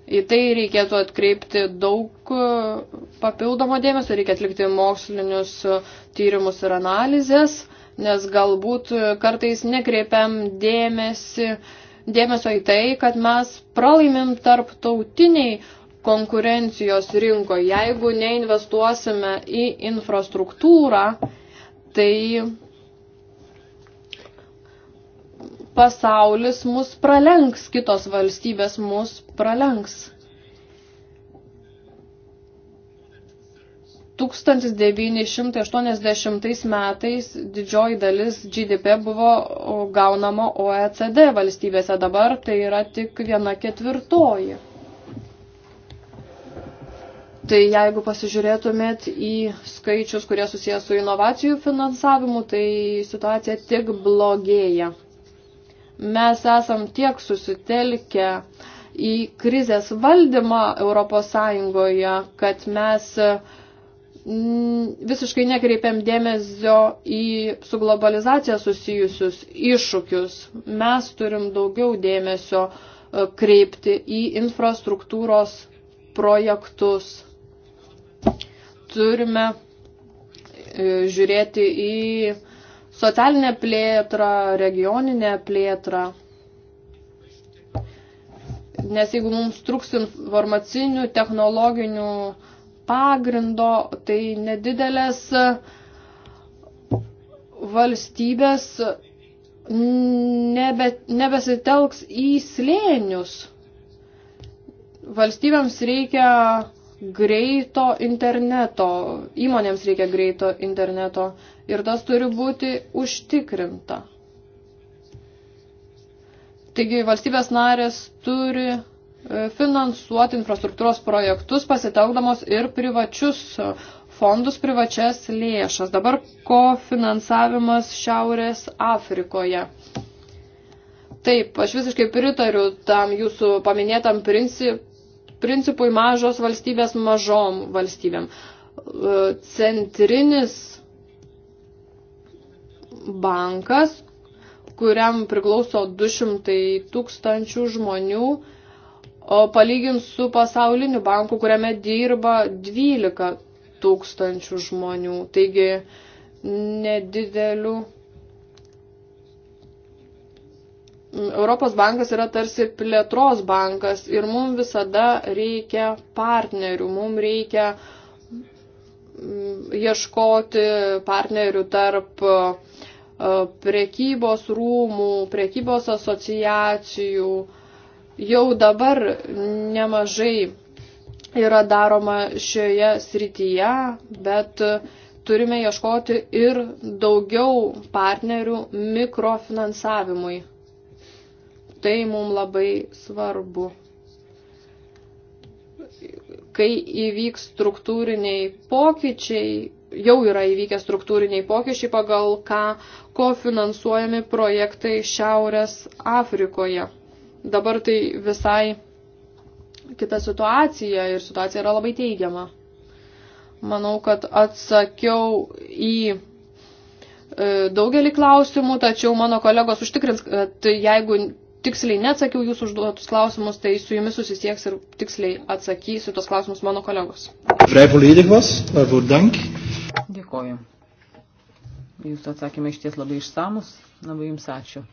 Į tai reikėtų atkreipti daug e, papildomo dėmesio, reikia atlikti mokslinius e, tyrimus ir analizės, nes galbūt e, kartais nekreipiam dėmesį, dėmesio į tai, kad mes pralaimim tarptautiniai konkurencijos rinkoje. Jeigu neinvestuosime į infrastruktūrą, tai pasaulis mus pralenks, kitos valstybės mus pralenks. 1980 metais didžioji dalis GDP buvo gaunama OECD valstybėse, dabar tai yra tik viena ketvirtoji. Tai jeigu pasižiūrėtumėt į skaičius, kurie susijęs su inovacijų finansavimu, tai situacija tik blogėja mes esam tiek susitelkę į krizės valdymą Europos Sąjungoje, kad mes mm, visiškai nekreipiam dėmesio į su globalizacija susijusius iššūkius. Mes turim daugiau dėmesio e, kreipti į infrastruktūros projektus. Turime e, žiūrėti į socialinę plėtrą, regioninę plėtrą. Nes jeigu mums truks informacinių, technologinių pagrindo, tai nedidelės valstybės nebe, nebesitelks į slėnius. Valstybėms reikia greito interneto, įmonėms reikia greito interneto, ir tas turi būti užtikrinta. Taigi valstybės narės turi e, finansuoti infrastruktūros projektus, pasitaukdamos ir privačius e, fondus, privačias lėšas. Dabar kofinansavimas Šiaurės Afrikoje. Taip, aš visiškai pritariu tam jūsų paminėtam princip, principui mažos valstybės mažom valstybėm. E, centrinis bankas, kuriam priklauso 200 tūkstančių žmonių, o palygint su pasauliniu banku, kuriame dirba 12 tūkstančių žmonių. Taigi nedidelių. Europos bankas yra tarsi plėtros bankas ir mums visada reikia partnerių, mums reikia mm, ieškoti partnerių tarp uh, E, prekybos rūmų, prekybos asociacijų. Jau dabar nemažai yra daroma šioje srityje, bet turime ieškoti ir daugiau partnerių mikrofinansavimui. Tai mums labai svarbu. Kai įvyks struktūriniai pokyčiai, jau yra įvykę struktūriniai pokyčiai, pagal ką kofinansuojami projektai Šiaurės Afrikoje. Dabar tai visai kita situacija ir situacija yra labai teigiama. Manau, kad atsakiau į e, daugelį klausimų, tačiau mano kolegos užtikrins, kad jeigu tiksliai neatsakiau jūsų užduotus klausimus, tai su jumis susisieks ir tiksliai atsakysiu tos klausimus mano kolegos. Dėkoju. Jūsų atsakymai iš ties labai išsamus. Labai jums ačiū.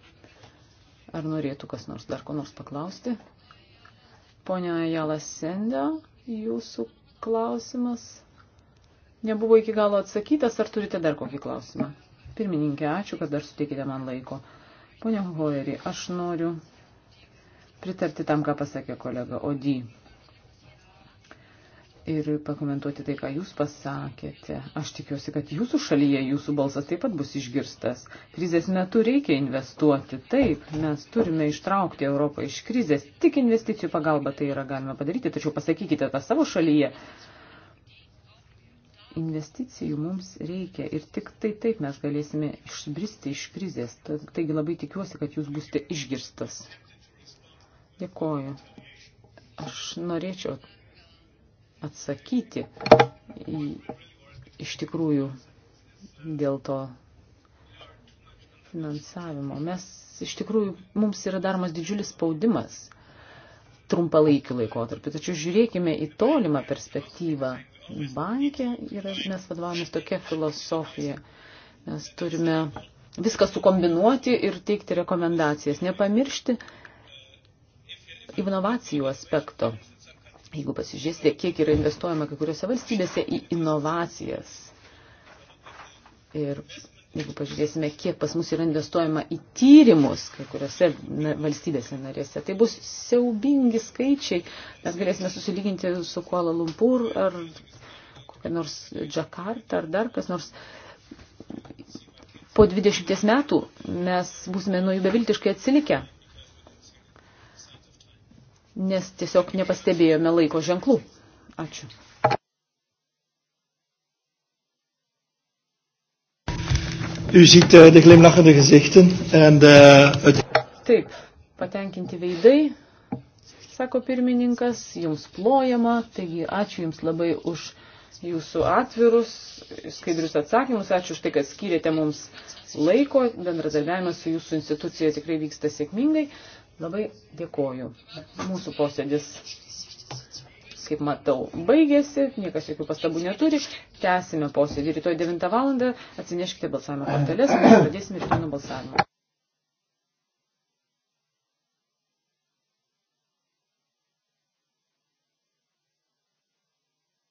Ar norėtų kas nors dar ko nors paklausti? Pone Jala Sendė, jūsų klausimas nebuvo iki galo atsakytas. Ar turite dar kokį klausimą? Pirmininkė, ačiū, kad dar suteikite man laiko. Pone Hoerį, aš noriu pritarti tam, ką pasakė kolega Odį. Ir pakomentuoti tai, ką jūs pasakėte. Aš tikiuosi, kad jūsų šalyje jūsų balsas taip pat bus išgirstas. Krizės metu reikia investuoti. Taip, mes turime ištraukti Europą iš krizės. Tik investicijų pagalba tai yra galima padaryti. Tačiau pasakykite tą savo šalyje, investicijų mums reikia ir tik tai taip mes galėsime išbristi iš krizės. Taigi labai tikiuosi, kad jūs būsite išgirstas. Dėkoju. Aš norėčiau atsakyti į, iš tikrųjų dėl to finansavimo. Mes iš tikrųjų, mums yra daromas didžiulis spaudimas trumpalaikiu laikotarpiu. Tačiau žiūrėkime į tolimą perspektyvą bankė ir mes vadovavomės tokia filosofija. Mes turime viską sukombinuoti ir teikti rekomendacijas. Nepamiršti inovacijų aspekto. Jeigu pasižiūrėsite, kiek yra investuojama kai kuriuose valstybėse į inovacijas. Ir jeigu pažiūrėsime, kiek pas mus yra investuojama į tyrimus kai kuriuose valstybėse narėse, tai bus siaubingi skaičiai. Mes galėsime susilyginti su Kuala Lumpur ar kokia nors Džakarta ar dar kas nors. Po 20 metų mes būsime nuo jų beviltiškai atsilikę, nes tiesiog nepastebėjome laiko ženklų. Ačiū. U ziet uh, de glimlachende gezichten en de... Eh, het... Taip, patenkinti veidai, sako pirmininkas, jums plojama, taigi ačiū jums labai už jūsų atvirus, skaidrius atsakymus, ačiū už tai, kad skyrėte mums laiko, bendradarbiavimas su jūsų institucija tikrai vyksta sėkmingai. Labai dėkoju. Mūsų posėdis kaip matau, baigėsi, niekas jokių pastabų neturi. Tęsime posėdį rytoj 9 val. Atsineškite balsavimo korteles ir pradėsime rytoj nuo balsavimo.